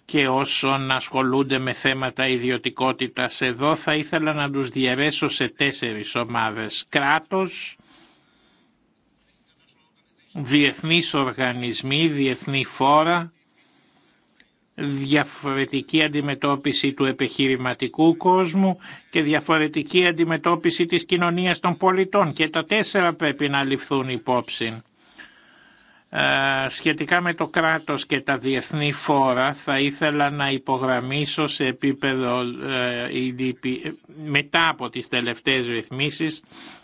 και όσων ασχολούνται με θέματα ιδιωτικότητας εδώ θα ήθελα να τους διαιρέσω σε τέσσερις ομάδες. Κράτος, διεθνείς οργανισμοί, διεθνή φόρα, διαφορετική αντιμετώπιση του επιχειρηματικού κόσμου και διαφορετική αντιμετώπιση της κοινωνίας των πολιτών και τα τέσσερα πρέπει να ληφθούν υπόψη. Ε, σχετικά με το κράτος και τα διεθνή φόρα θα ήθελα να υπογραμμίσω σε επίπεδο ε, ε, μετά από τις τελευταίες ρυθμίσεις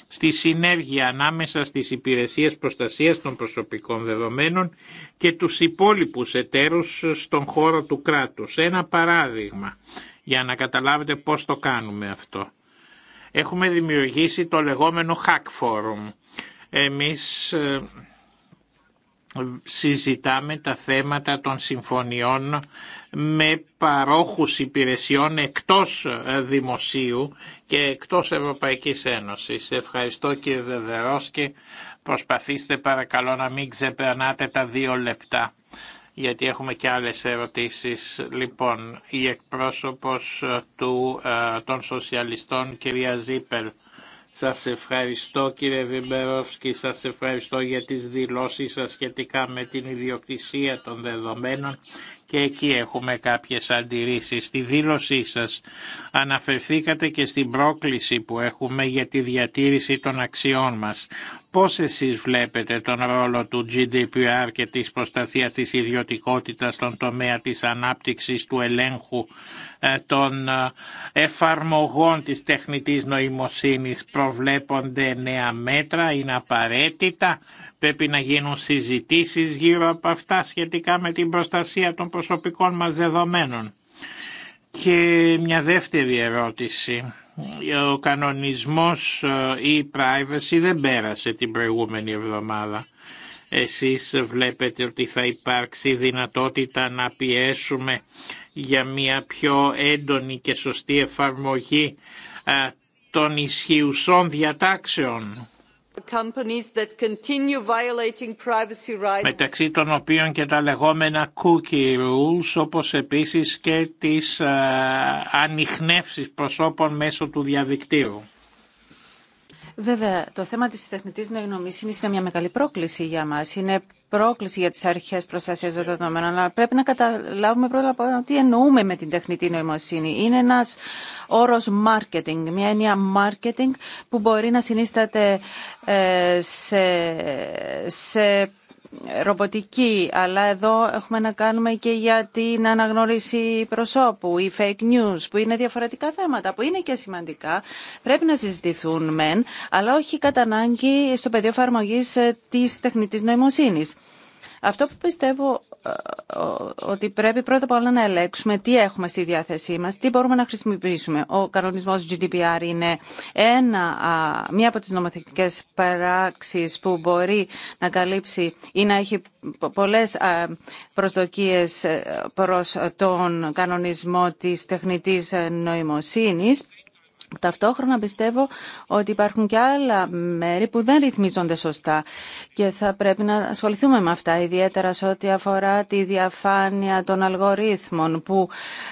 στη συνέργεια ανάμεσα στις υπηρεσίες προστασίας των προσωπικών δεδομένων και τους υπόλοιπους εταίρους στον χώρο του κράτους. Ένα παράδειγμα για να καταλάβετε πώς το κάνουμε αυτό. Έχουμε δημιουργήσει το λεγόμενο Hack Forum. Εμείς συζητάμε τα θέματα των συμφωνιών με παρόχους υπηρεσιών εκτός ε, δημοσίου και εκτός Ευρωπαϊκής Ένωσης. Ευχαριστώ κύριε Δεδερός και προσπαθήστε παρακαλώ να μην ξεπερνάτε τα δύο λεπτά γιατί έχουμε και άλλες ερωτήσεις. Λοιπόν, η εκπρόσωπος ε, του, ε, των σοσιαλιστών κυρία Ζήπελ. Σας ευχαριστώ κύριε Βιμπερόφσκι, σας ευχαριστώ για τις δηλώσεις σας σχετικά με την ιδιοκτησία των δεδομένων και εκεί έχουμε κάποιες αντιρρήσεις. Στη δήλωσή σας αναφερθήκατε και στην πρόκληση που έχουμε για τη διατήρηση των αξιών μας. Πώς εσείς βλέπετε τον ρόλο του GDPR και της προστασίας της ιδιωτικότητας στον τομέα της ανάπτυξης του ελέγχου ε, των ε, εφαρμογών της τεχνητής νοημοσύνης προβλέπονται νέα μέτρα, είναι απαραίτητα, πρέπει να γίνουν συζητήσεις γύρω από αυτά σχετικά με την προστασία των προσωπικών μας δεδομένων. Και μια δεύτερη ερώτηση ε, ο κανονισμός ε, e-privacy δεν πέρασε την προηγούμενη εβδομάδα. Εσείς βλέπετε ότι θα υπάρξει δυνατότητα να πιέσουμε για μια πιο έντονη και σωστή εφαρμογή ε, των ισχυουσών διατάξεων μεταξύ των οποίων και τα λεγόμενα cookie rules, όπως επίσης και τις ε, ανιχνεύσεις προσώπων μέσω του διαδικτύου. Βέβαια, το θέμα της τεχνητής νοημοσύνης είναι μια μεγάλη πρόκληση για μας. Είναι πρόκληση για τις αρχές προστασία των δεδομένων, αλλά πρέπει να καταλάβουμε πρώτα απ' όλα τι εννοούμε με την τεχνητή νοημοσύνη. Είναι ένας όρος marketing, μια έννοια marketing που μπορεί να συνίσταται ε, σε, σε ρομποτική, αλλά εδώ έχουμε να κάνουμε και για την αναγνώριση προσώπου, η fake news, που είναι διαφορετικά θέματα, που είναι και σημαντικά, πρέπει να συζητηθούν μεν, αλλά όχι κατά ανάγκη στο πεδίο εφαρμογή ε, της τεχνητή νοημοσύνης. Αυτό που πιστεύω ε, ότι πρέπει πρώτα απ' όλα να ελέγξουμε τι έχουμε στη διάθεσή μας, τι μπορούμε να χρησιμοποιήσουμε. Ο κανονισμός GDPR είναι μία από τις νομοθετικές παράξεις που μπορεί να καλύψει ή να έχει πολλές προσδοκίες ε, προς τον κανονισμό της τεχνητής νοημοσύνης Ταυτόχρονα πιστεύω ότι υπάρχουν και άλλα μέρη που δεν ρυθμίζονται σωστά και θα πρέπει να ασχοληθούμε με αυτά, ιδιαίτερα σε ό,τι αφορά τη διαφάνεια των αλγορίθμων που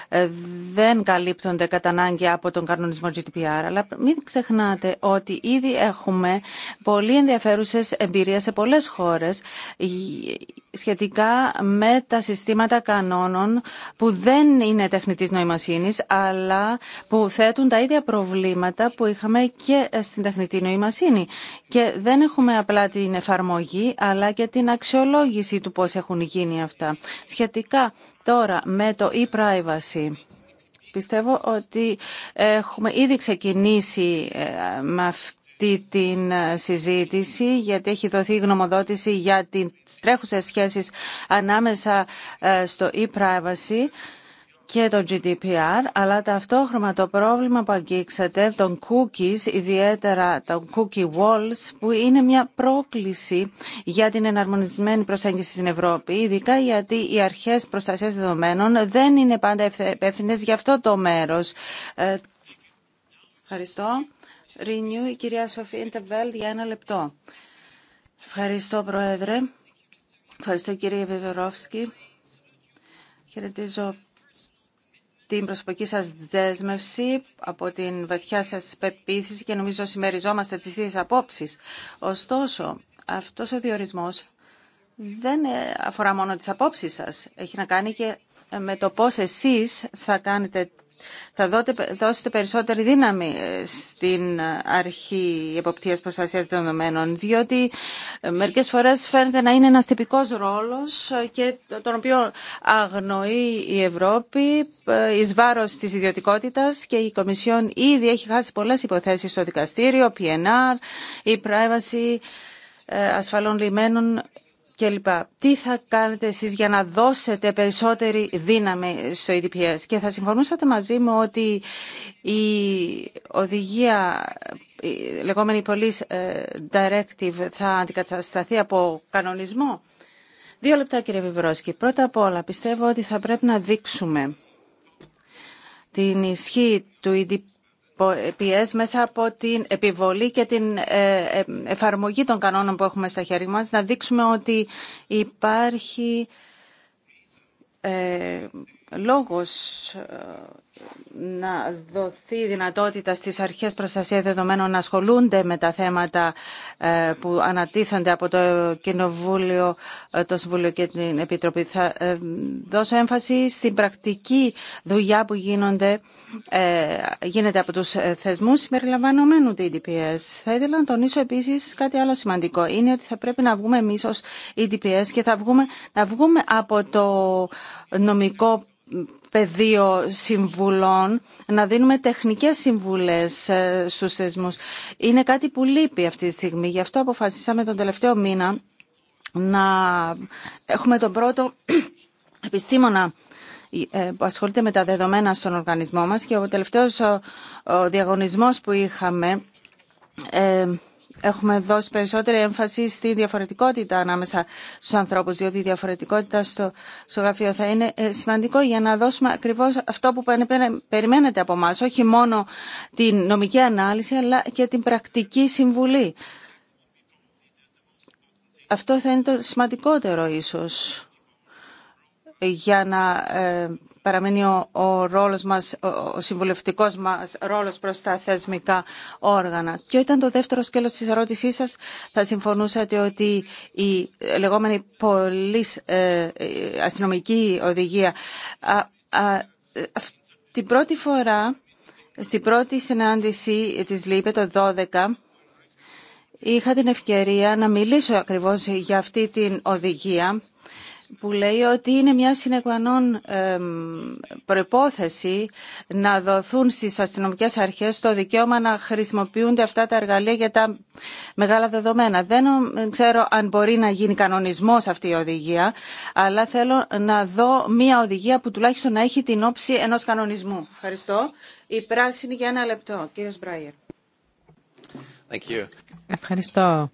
ε, δεν καλύπτονται κατά ανάγκη από τον κανονισμό GDPR. Αλλά μην ξεχνάτε ότι ήδη έχουμε πολύ ενδιαφέρουσες εμπειρίες σε πολλές χώρες σχετικά με τα συστήματα κανόνων που δεν είναι τεχνητής νοημασίνης αλλά που θέτουν τα ίδια προβλήματα που είχαμε και στην τεχνητή νοημασύνη. Και δεν έχουμε απλά την εφαρμογή αλλά και την αξιολόγηση του πώς έχουν γίνει αυτά. Σχετικά τώρα με το e-privacy. Πιστεύω ότι έχουμε ήδη ξεκινήσει ε, με αυτό την ε, συζήτηση γιατί έχει δοθεί γνωμοδότηση για τι τρέχουσε σχέσεις ανάμεσα ε, στο e-privacy και το GDPR, αλλά ταυτόχρονα το πρόβλημα που αγγίξατε των cookies, ιδιαίτερα των cookie walls, που είναι μια πρόκληση για την εναρμονισμένη προσέγγιση στην Ευρώπη, ειδικά γιατί οι αρχές προστασίας δεδομένων δεν είναι πάντα υπεύθυνε για αυτό το μέρος. Ε, ευχαριστώ. Renew, η κυρία Σοφία Ιντεβέλ για ένα λεπτό. Ευχαριστώ, Πρόεδρε. Ευχαριστώ, κύριε Βιβερόφσκι. Χαιρετίζω την προσωπική σας δέσμευση, από την βαθιά σας πεποίθηση και νομίζω συμμεριζόμαστε τις ίδιες απόψεις. Ωστόσο, αυτός ο διορισμός δεν ε, αφορά μόνο τις απόψεις σας. Έχει να κάνει και με το πώς εσείς θα κάνετε θα δώσετε περισσότερη δύναμη ε, στην αρχή εποπτείας προστασίας των δεδομένων, διότι ε, μερικές φορές φαίνεται να είναι ένας τυπικός ρόλος ε, και τον οποίο αγνοεί η Ευρώπη εις βάρος της ιδιωτικότητας και η Κομισιόν ήδη έχει χάσει πολλές υποθέσεις στο δικαστήριο, PNR, η privacy ασφαλών λιμένων τι θα κάνετε εσείς για να δώσετε περισσότερη δύναμη στο EDPS και θα συμφωνούσατε μαζί μου ότι η οδηγία, η λεγόμενη Police ε, Directive θα αντικατασταθεί από κανονισμό. Δύο λεπτά κύριε Βιβρόσκη. Πρώτα απ' όλα πιστεύω ότι θα πρέπει να δείξουμε την ισχύ του EDPS πιέσει μέσα από την επιβολή και την ε, ε, εφαρμογή των κανόνων που έχουμε στα χέρια μας, να δείξουμε ότι υπάρχει ε, λόγος ε, να δοθεί δυνατότητα στις αρχές προστασίας δεδομένων να ασχολούνται με τα θέματα ε, που ανατίθενται από το Κοινοβούλιο, ε, το Συμβούλιο και την Επιτροπή. Θα δώσω έμφαση στην πρακτική δουλειά που γίνονται, γίνεται από τους θεσμούς συμπεριλαμβανομένου EDPS. Θα ήθελα να τονίσω επίσης κάτι άλλο σημαντικό. Είναι ότι θα πρέπει να βγούμε εμείς ως EDPS και θα βγούμε, να βγούμε από το νομικό πεδίο συμβουλών, να δίνουμε τεχνικές συμβουλές ε, στους θεσμούς. Είναι κάτι που λείπει αυτή τη στιγμή. Γι' αυτό αποφασίσαμε τον τελευταίο μήνα να έχουμε τον πρώτο επιστήμονα ε, που ασχολείται με τα δεδομένα στον οργανισμό μας και ο τελευταίος διαγωνισμός που είχαμε ε, έχουμε δώσει περισσότερη έμφαση στη διαφορετικότητα ανάμεσα στους ανθρώπους, διότι η διαφορετικότητα στο, στο γραφείο θα είναι ε, σημαντικό για να δώσουμε ακριβώς αυτό που περιμένετε από εμά, όχι μόνο την νομική ανάλυση, αλλά και την πρακτική συμβουλή. Αυτό θα είναι το σημαντικότερο ίσως για να ε, παραμείνει ο, ρόλος μας, ο συμβουλευτικός μας ρόλος προς τα θεσμικά όργανα. Ποιο ήταν το δεύτερο σκέλος της ερώτησής σας. Θα συμφωνούσατε ότι η λεγόμενη πολύ ε, ε, αστυνομική οδηγία α, την πρώτη φορά, στην πρώτη συνάντηση της ΛΥΠΕ το 2012, είχα την ευκαιρία να μιλήσω ακριβώς για αυτή την οδηγία που λέει ότι είναι μια συνεκουανών προπόθεση να δοθούν στις αστυνομικές αρχές το δικαίωμα να χρησιμοποιούνται αυτά τα εργαλεία για τα μεγάλα δεδομένα. Δεν ξέρω αν μπορεί να γίνει κανονισμός αυτή η οδηγία, αλλά θέλω να δω μια οδηγία που τουλάχιστον να έχει την όψη ενός κανονισμού. Ευχαριστώ. Η πράσινη για ένα λεπτό. Κύριος Μπράιερ. Ευχαριστώ.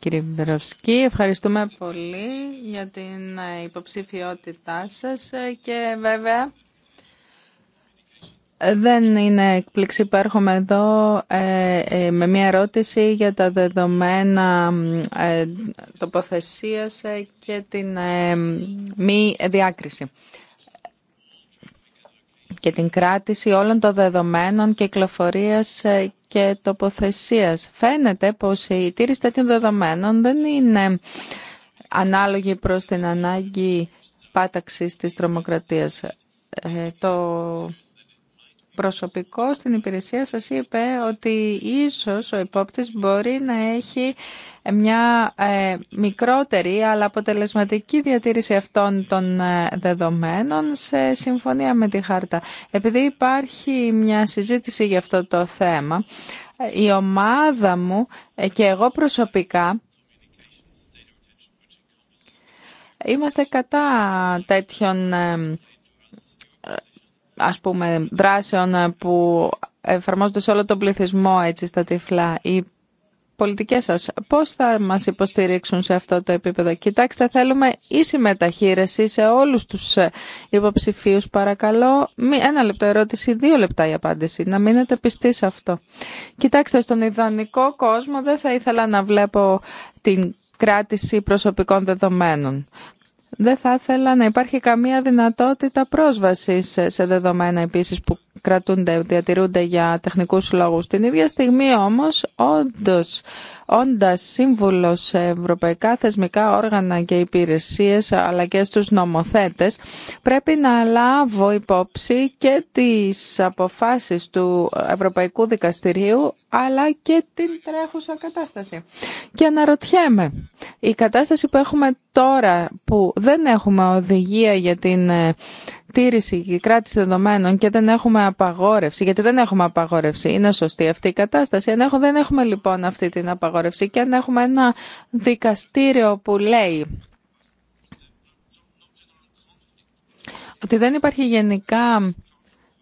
Κύριε Βεροσκή, ευχαριστούμε πολύ για την ε, υποψηφιότητά σας ε, και βέβαια ε, δεν είναι εκπληξή που έρχομαι εδώ με μια ερώτηση για τα δεδομένα ε, τοποθεσίας και την μη διάκριση και την κράτηση όλων των δεδομένων κυκλοφορίας και τοποθεσίας. Φαίνεται πως η τήρηση τέτοιων δεδομένων δεν είναι ανάλογη προς την ανάγκη πάταξης της τρομοκρατίας. Ε, το προσωπικό στην υπηρεσία σας είπε ότι ίσως ο υπόπτης μπορεί να έχει μια ε, μικρότερη αλλά αποτελεσματική διατήρηση αυτών των ε, δεδομένων σε συμφωνία με τη χάρτα. Επειδή υπάρχει μια συζήτηση για αυτό το θέμα, ε, η ομάδα μου και εγώ προσωπικά είμαστε κατά τέτοιων ας πούμε δράσεων που εφαρμόζονται σε όλο τον πληθυσμό έτσι στα τυφλά. Η πολιτικές σας. Πώς θα μας υποστηρίξουν σε αυτό το επίπεδο. Κοιτάξτε, θέλουμε ίση μεταχείριση σε όλους τους ε, υποψηφίους. Παρακαλώ, ένα λεπτό ερώτηση, δύο λεπτά η απάντηση. Να μείνετε πιστοί σε αυτό. Κοιτάξτε, στον ιδανικό κόσμο δεν θα ήθελα να βλέπω την κράτηση προσωπικών δεδομένων δεν θα ήθελα να υπάρχει καμία δυνατότητα πρόσβασης σε δεδομένα επίσης που κρατούνται, διατηρούνται για τεχνικούς λόγους. Την ίδια στιγμή όμως, όντως, όντας σύμβουλο σε ευρωπαϊκά θεσμικά όργανα και υπηρεσίες αλλά και στους νομοθέτες πρέπει να λάβω υπόψη και τις αποφάσεις του Ευρωπαϊκού Δικαστηρίου αλλά και την τρέχουσα κατάσταση. Και αναρωτιέμαι, η κατάσταση που έχουμε τώρα που δεν έχουμε οδηγία για την ε, διατήρηση και κράτηση δεδομένων και δεν έχουμε απαγόρευση, γιατί δεν έχουμε απαγόρευση, είναι σωστή αυτή η κατάσταση. έχω, δεν έχουμε λοιπόν αυτή την απαγόρευση και αν έχουμε ένα δικαστήριο που λέει ότι δεν υπάρχει γενικά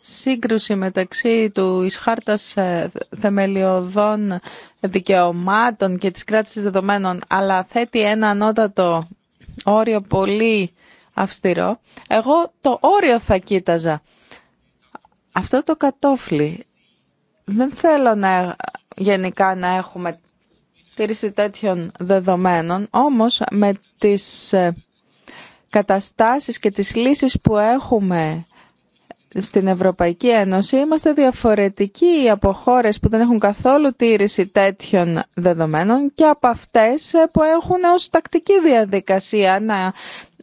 σύγκρουση μεταξύ του εις ε, θεμελιωδών δικαιωμάτων και της κράτησης δεδομένων, αλλά θέτει ένα ανώτατο όριο πολύ αυστηρό, εγώ το όριο θα κοίταζα. Αυτό το κατόφλι. Δεν θέλω να, γενικά να έχουμε τήρηση τέτοιων δεδομένων, όμως με τις ε, καταστάσεις και τις λύσεις που έχουμε στην Ευρωπαϊκή Ένωση είμαστε διαφορετικοί από χώρε που δεν έχουν καθόλου τήρηση τέτοιων δεδομένων και από αυτές που έχουν ως τακτική διαδικασία να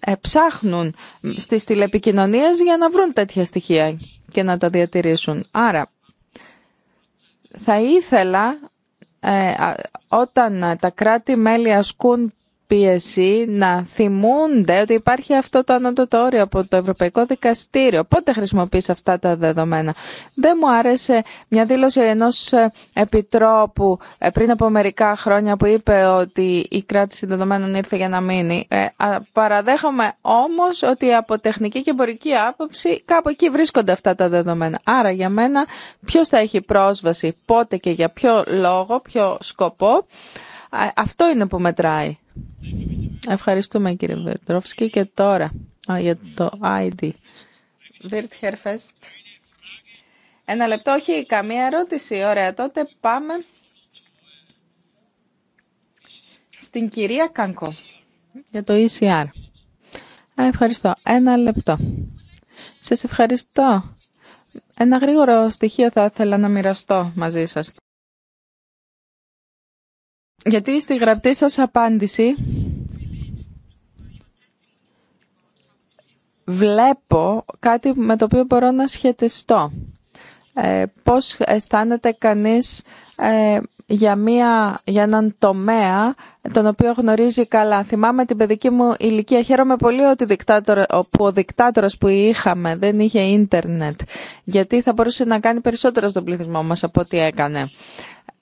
ε, ψάχνουν στις τηλεπικοινωνίες για να βρουν τέτοια στοιχεία και να τα διατηρήσουν. Άρα, θα ήθελα ε, όταν τα κράτη-μέλη ασκούν πίεση να θυμούνται ότι υπάρχει αυτό το ανατοτόριο από το Ευρωπαϊκό Δικαστήριο. Πότε χρησιμοποιείς αυτά τα δεδομένα. Δεν μου άρεσε μια δήλωση ενός ε, επιτρόπου ε, πριν από μερικά χρόνια που είπε ότι η κράτηση δεδομένων ήρθε για να μείνει. Ε, παραδέχομαι όμως ότι από τεχνική και εμπορική άποψη κάπου εκεί βρίσκονται αυτά τα δεδομένα. Άρα για μένα ποιος θα έχει πρόσβαση, πότε και για ποιο λόγο, ποιο σκοπό. Αυτό είναι που μετράει. Ευχαριστούμε κύριε Βερντρόφσκι. Και τώρα για το ID. Βιρτ Ένα λεπτό, όχι καμία ερώτηση. Ωραία, τότε πάμε στην κυρία Κανκό για το ECR. Α, ευχαριστώ. Ένα λεπτό. Σας ευχαριστώ. Ένα γρήγορο στοιχείο θα ήθελα να μοιραστώ μαζί σας. Γιατί στη γραπτή σας απάντηση βλέπω κάτι με το οποίο μπορώ να σχετιστώ. Ε, πώς αισθάνεται κανείς ε, για, μια, για έναν τομέα τον οποίο γνωρίζει καλά. Θυμάμαι την παιδική μου ηλικία. Χαίρομαι πολύ ότι που ο δικτάτορα που είχαμε δεν είχε ίντερνετ, γιατί θα μπορούσε να κάνει περισσότερα στον πληθυσμό μα από ό,τι έκανε.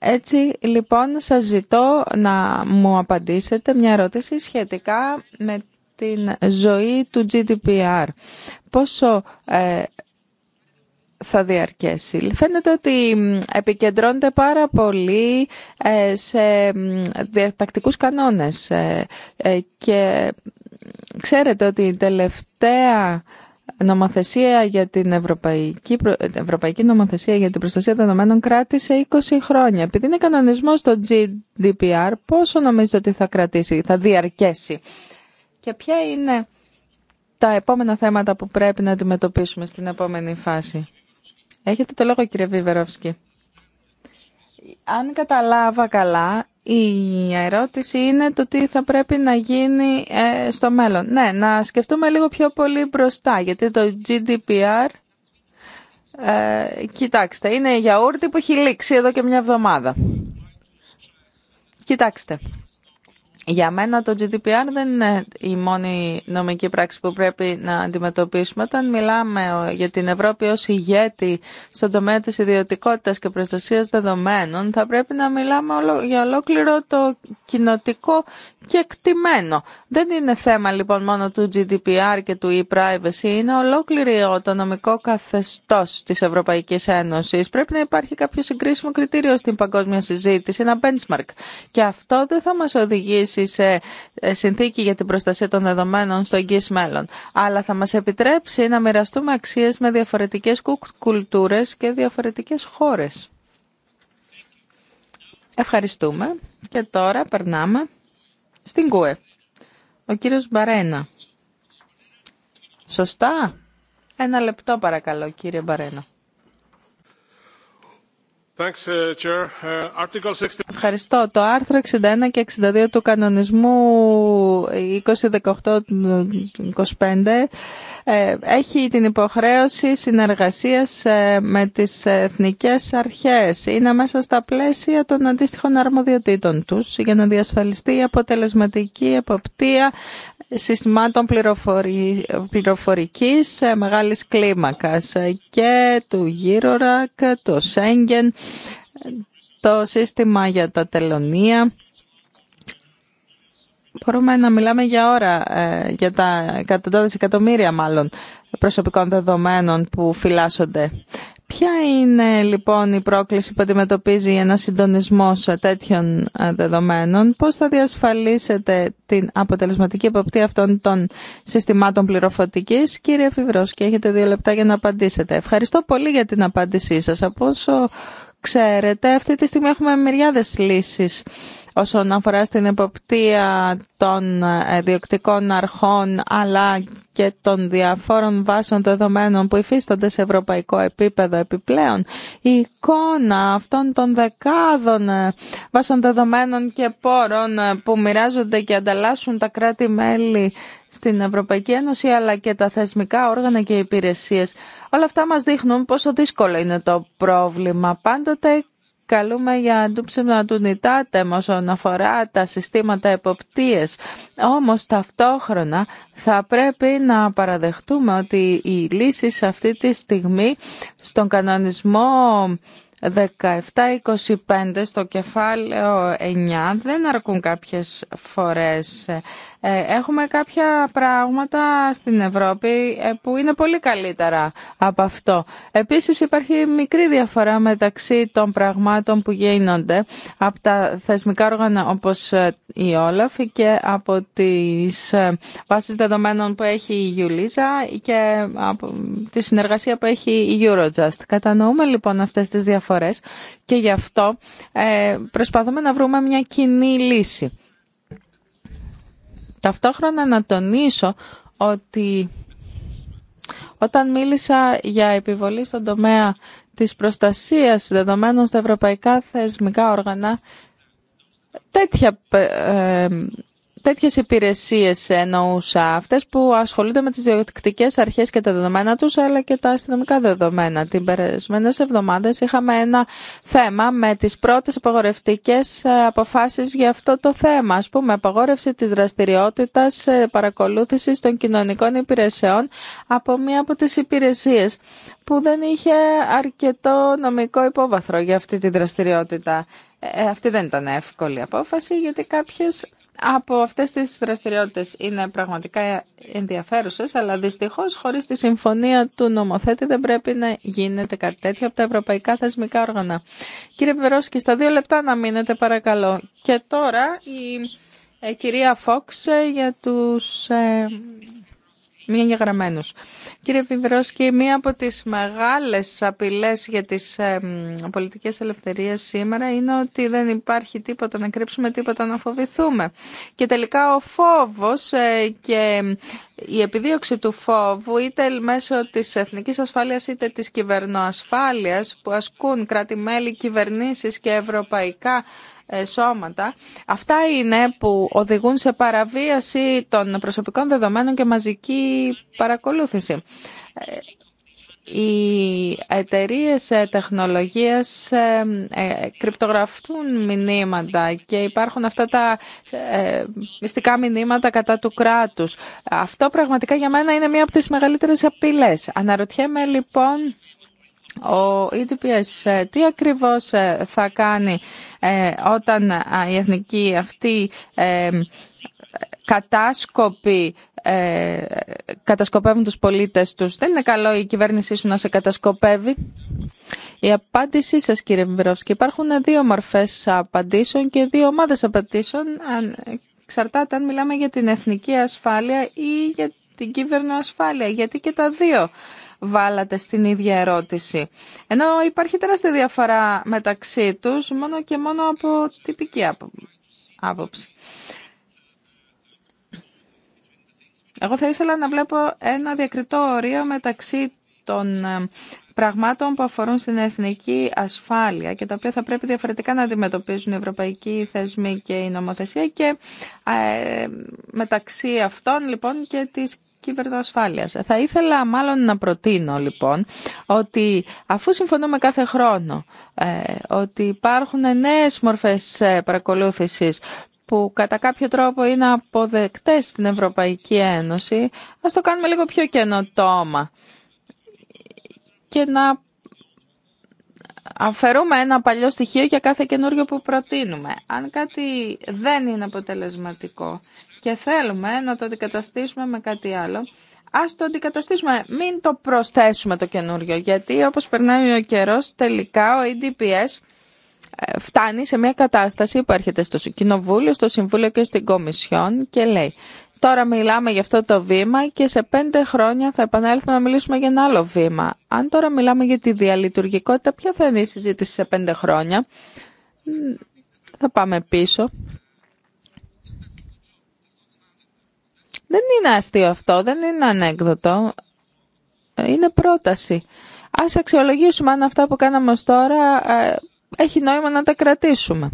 Έτσι λοιπόν σας ζητώ να μου απαντήσετε μια ερώτηση σχετικά με την ζωή του GDPR. Πόσο ε, θα διαρκέσει. Φαίνεται ότι επικεντρώνεται πάρα πολύ ε, σε διατακτικούς κανόνες ε, ε, και ξέρετε ότι η τελευταία νομοθεσία για την Ευρωπαϊκή, Ευρωπαϊκή Νομοθεσία για την Προστασία των Δεδομένων κράτησε 20 χρόνια. Επειδή είναι κανονισμό στο GDPR, πόσο νομίζετε ότι θα κρατήσει, θα διαρκέσει. Και ποια είναι τα επόμενα θέματα που πρέπει να αντιμετωπίσουμε στην επόμενη φάση. Έχετε το λόγο κύριε Βίβεροφσκι. Αν καταλάβα καλά, η ερώτηση είναι το τι θα πρέπει να γίνει ε, στο μέλλον. Ναι, να σκεφτούμε λίγο πιο πολύ μπροστά, γιατί το GDPR, ε, κοιτάξτε, είναι γιαούρτι που έχει λήξει εδώ και μια εβδομάδα. Κοιτάξτε, για μένα το GDPR δεν είναι η μόνη νομική πράξη που πρέπει να αντιμετωπίσουμε. Όταν μιλάμε για την Ευρώπη ως ηγέτη στον τομέα της ιδιωτικότητας και προστασίας δεδομένων, θα πρέπει να μιλάμε για ολόκληρο το κοινοτικό και εκτιμένο. Δεν είναι θέμα λοιπόν μόνο του GDPR και του e-privacy, είναι ολόκληρο το νομικό καθεστώς της Ευρωπαϊκής Ένωσης. Πρέπει να υπάρχει κάποιο συγκρίσιμο κριτήριο στην παγκόσμια συζήτηση, ένα benchmark. Και αυτό δεν θα μας οδηγήσει σε ε, συνθήκη για την προστασία των δεδομένων στο εγγύ μέλλον. Αλλά θα μας επιτρέψει να μοιραστούμε αξίες με διαφορετικές κουλτούρες και διαφορετικές χώρες. Ευχαριστούμε. Και τώρα περνάμε στην ΚΟΕ. Ο κύριος Μπαρένα. Σωστά. Ένα λεπτό παρακαλώ κύριε Μπαρένα. Uh, uh, Ευχαριστώ. Το άρθρο 61 και 62 του κανονισμού 2018-25 ε, έχει την υποχρέωση συνεργασίας ε, με τις εθνικές αρχές. Είναι μέσα στα πλαίσια των αντίστοιχων αρμοδιοτήτων τους για να διασφαλιστεί η αποτελεσματική εποπτεία συστημάτων πληροφορι... πληροφορικής ε, μεγάλης κλίμακας ε, και του Eurorack, το Σέγγεν, το σύστημα για τα τελωνία. Μπορούμε να μιλάμε για ώρα, ε, για τα εκατοντάδες εκατομμύρια μάλλον προσωπικών δεδομένων που φυλάσσονται. Ποια είναι λοιπόν η πρόκληση που αντιμετωπίζει ένα συντονισμό τέτοιων ε, δεδομένων, πώς θα διασφαλίσετε την αποτελεσματική εποπτεία αυτών των συστημάτων πληροφορικής, κύριε Φιβρός, και έχετε δύο λεπτά για να απαντήσετε. Ευχαριστώ πολύ για την απάντησή σας. Από όσο ξέρετε, αυτή τη στιγμή έχουμε μυριάδες λύσεις όσον αφορά στην εποπτεία των διοκτικών αρχών αλλά και των διαφόρων βάσεων δεδομένων που υφίστανται σε ευρωπαϊκό επίπεδο επιπλέον. Η εικόνα αυτών των δεκάδων ε, βάσεων δεδομένων και πόρων ε, που μοιράζονται και ανταλλάσσουν τα κράτη-μέλη στην Ευρωπαϊκή Ένωση αλλά και τα θεσμικά όργανα και υπηρεσίες. Όλα αυτά μας δείχνουν πόσο δύσκολο είναι το πρόβλημα. Πάντοτε καλούμε για να του όσον αφορά τα συστήματα εποπτείες. Όμως ταυτόχρονα θα πρέπει να παραδεχτούμε ότι οι λύσεις αυτή τη στιγμή στον κανονισμό 17-25 στο κεφάλαιο 9 δεν αρκούν κάποιες φορές ε, έχουμε κάποια πράγματα στην Ευρώπη ε, που είναι πολύ καλύτερα από αυτό. Επίσης υπάρχει μικρή διαφορά μεταξύ των πραγμάτων που γίνονται από τα θεσμικά όργανα όπως ε, η Όλαφ και από τις βάσεις δεδομένων που έχει η Γιουλίζα και από τη συνεργασία που έχει η Eurojust. Κατανοούμε λοιπόν αυτές τις διαφορές και γι' αυτό προσπαθούμε να βρούμε μια κοινή λύση. Ταυτόχρονα να τονίσω ότι όταν μίλησα για επιβολή στον τομέα της προστασίας δεδομένων στα ευρωπαϊκά θεσμικά όργανα, τέτοια ε, τέτοιες υπηρεσίες εννοούσα αυτές που ασχολούνται με τις διοκτικές αρχές και τα δεδομένα τους αλλά και τα αστυνομικά δεδομένα. Την περασμένες εβδομάδες είχαμε ένα θέμα με τις πρώτες απαγορευτικές ε, αποφάσεις για αυτό το θέμα. Ας πούμε, απαγόρευση της δραστηριότητας ε, παρακολούθησης των κοινωνικών υπηρεσιών από μία από τις υπηρεσίες που δεν είχε αρκετό νομικό υπόβαθρο για αυτή τη δραστηριότητα. Ε, αυτή δεν ήταν εύκολη απόφαση γιατί κάποιες από αυτές τις δραστηριότητες είναι πραγματικά ενδιαφέρουσες, αλλά δυστυχώς χωρίς τη συμφωνία του νομοθέτη δεν πρέπει να γίνεται κάτι τέτοιο από τα ευρωπαϊκά θεσμικά όργανα. Κύριε Βερόσκη, στα δύο λεπτά να μείνετε παρακαλώ. Και τώρα η ε, κυρία Φόξ ε, για τους ε, μία γραμμένους. Κύριε και μία από τις μεγάλες απειλές για τις ε, πολιτικές ελευθερίες σήμερα είναι ότι δεν υπάρχει τίποτα να κρύψουμε, τίποτα να φοβηθούμε. Και τελικά ο φόβος ε, και η επιδίωξη του φόβου είτε μέσω της εθνικής ασφάλειας είτε της κυβερνοασφάλειας που ασκούν κράτη-μέλη, κυβερνήσεις και ευρωπαϊκά ε, σώματα. Αυτά είναι που οδηγούν σε παραβίαση των προσωπικών δεδομένων και μαζική παρακολούθηση. Ε, οι εταιρείε ε, τεχνολογίας κρυπτογραφούν μηνύματα και υπάρχουν αυτά τα μυστικά μηνύματα κατά του κράτους. Αυτό πραγματικά για μένα είναι μία από τις μεγαλύτερες απειλές. Αναρωτιέμαι λοιπόν ο EDPS ε, τι ακριβώς ε, θα κάνει ε, όταν η εθνική αυτή κατάσκοπη κατασκοπεύουν τους πολίτες τους. Δεν είναι καλό η κυβέρνησή σου να σε κατασκοπεύει. Η απάντησή σας κύριε Μιβερόφσκη. Υπάρχουν δύο μορφές απαντήσεων και δύο ομάδες απαντήσεων. Αν, εξαρτάται αν μιλάμε για την εθνική ασφάλεια ή για την ασφάλεια Γιατί και τα δύο βάλατε στην ίδια ερώτηση. Ενώ υπάρχει τεράστια διαφορά μεταξύ τους, μόνο και μόνο από τυπική άποψη. Εγώ θα ήθελα να βλέπω ένα διακριτό όριο μεταξύ των ε, πραγμάτων που αφορούν στην εθνική ασφάλεια και τα οποία θα πρέπει διαφορετικά να αντιμετωπίζουν οι ευρωπαϊκοί θεσμοί και η νομοθεσία και ε, μεταξύ αυτών λοιπόν και της κυβερνοασφάλεια. Θα ήθελα μάλλον να προτείνω λοιπόν ότι αφού συμφωνούμε κάθε χρόνο ε, ότι υπάρχουν νέες μορφές ε, παρακολούθησης που κατά κάποιο τρόπο είναι αποδεκτές στην Ευρωπαϊκή Ένωση, ας το κάνουμε λίγο πιο καινοτόμα και να αφαιρούμε ένα παλιό στοιχείο για κάθε καινούριο που προτείνουμε. Αν κάτι δεν είναι αποτελεσματικό και θέλουμε να το αντικαταστήσουμε με κάτι άλλο, ας το αντικαταστήσουμε, μην το προσθέσουμε το καινούριο, γιατί όπως περνάει ο καιρός, τελικά ο EDPS ε, φτάνει σε μια κατάσταση που έρχεται στο Κοινοβούλιο, στο Συμβούλιο και στην Κομισιόν και λέει Τώρα μιλάμε για αυτό το βήμα και σε πέντε χρόνια θα επανέλθουμε να μιλήσουμε για ένα άλλο βήμα. Αν τώρα μιλάμε για τη διαλειτουργικότητα, ποια θα είναι η συζήτηση σε πέντε χρόνια. Θα πάμε πίσω. Δεν είναι αστείο αυτό, δεν είναι ανέκδοτο. Είναι πρόταση. Ας αξιολογήσουμε αν αυτά που κάναμε ως τώρα ε, έχει νόημα να τα κρατήσουμε.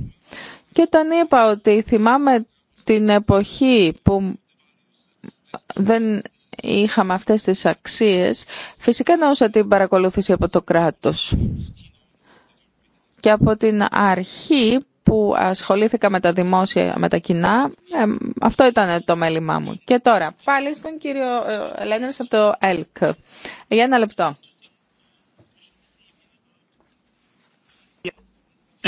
Και όταν είπα ότι θυμάμαι την εποχή που δεν είχαμε αυτές τις αξίες, φυσικά εννοούσα την παρακολούθηση από το κράτος. Και από την αρχή που ασχολήθηκα με τα δημόσια, με τα κοινά, ε, αυτό ήταν το μέλημά μου. Και τώρα, πάλι στον κύριο ε, Λένερς από το ΕΛΚ. Για ένα λεπτό.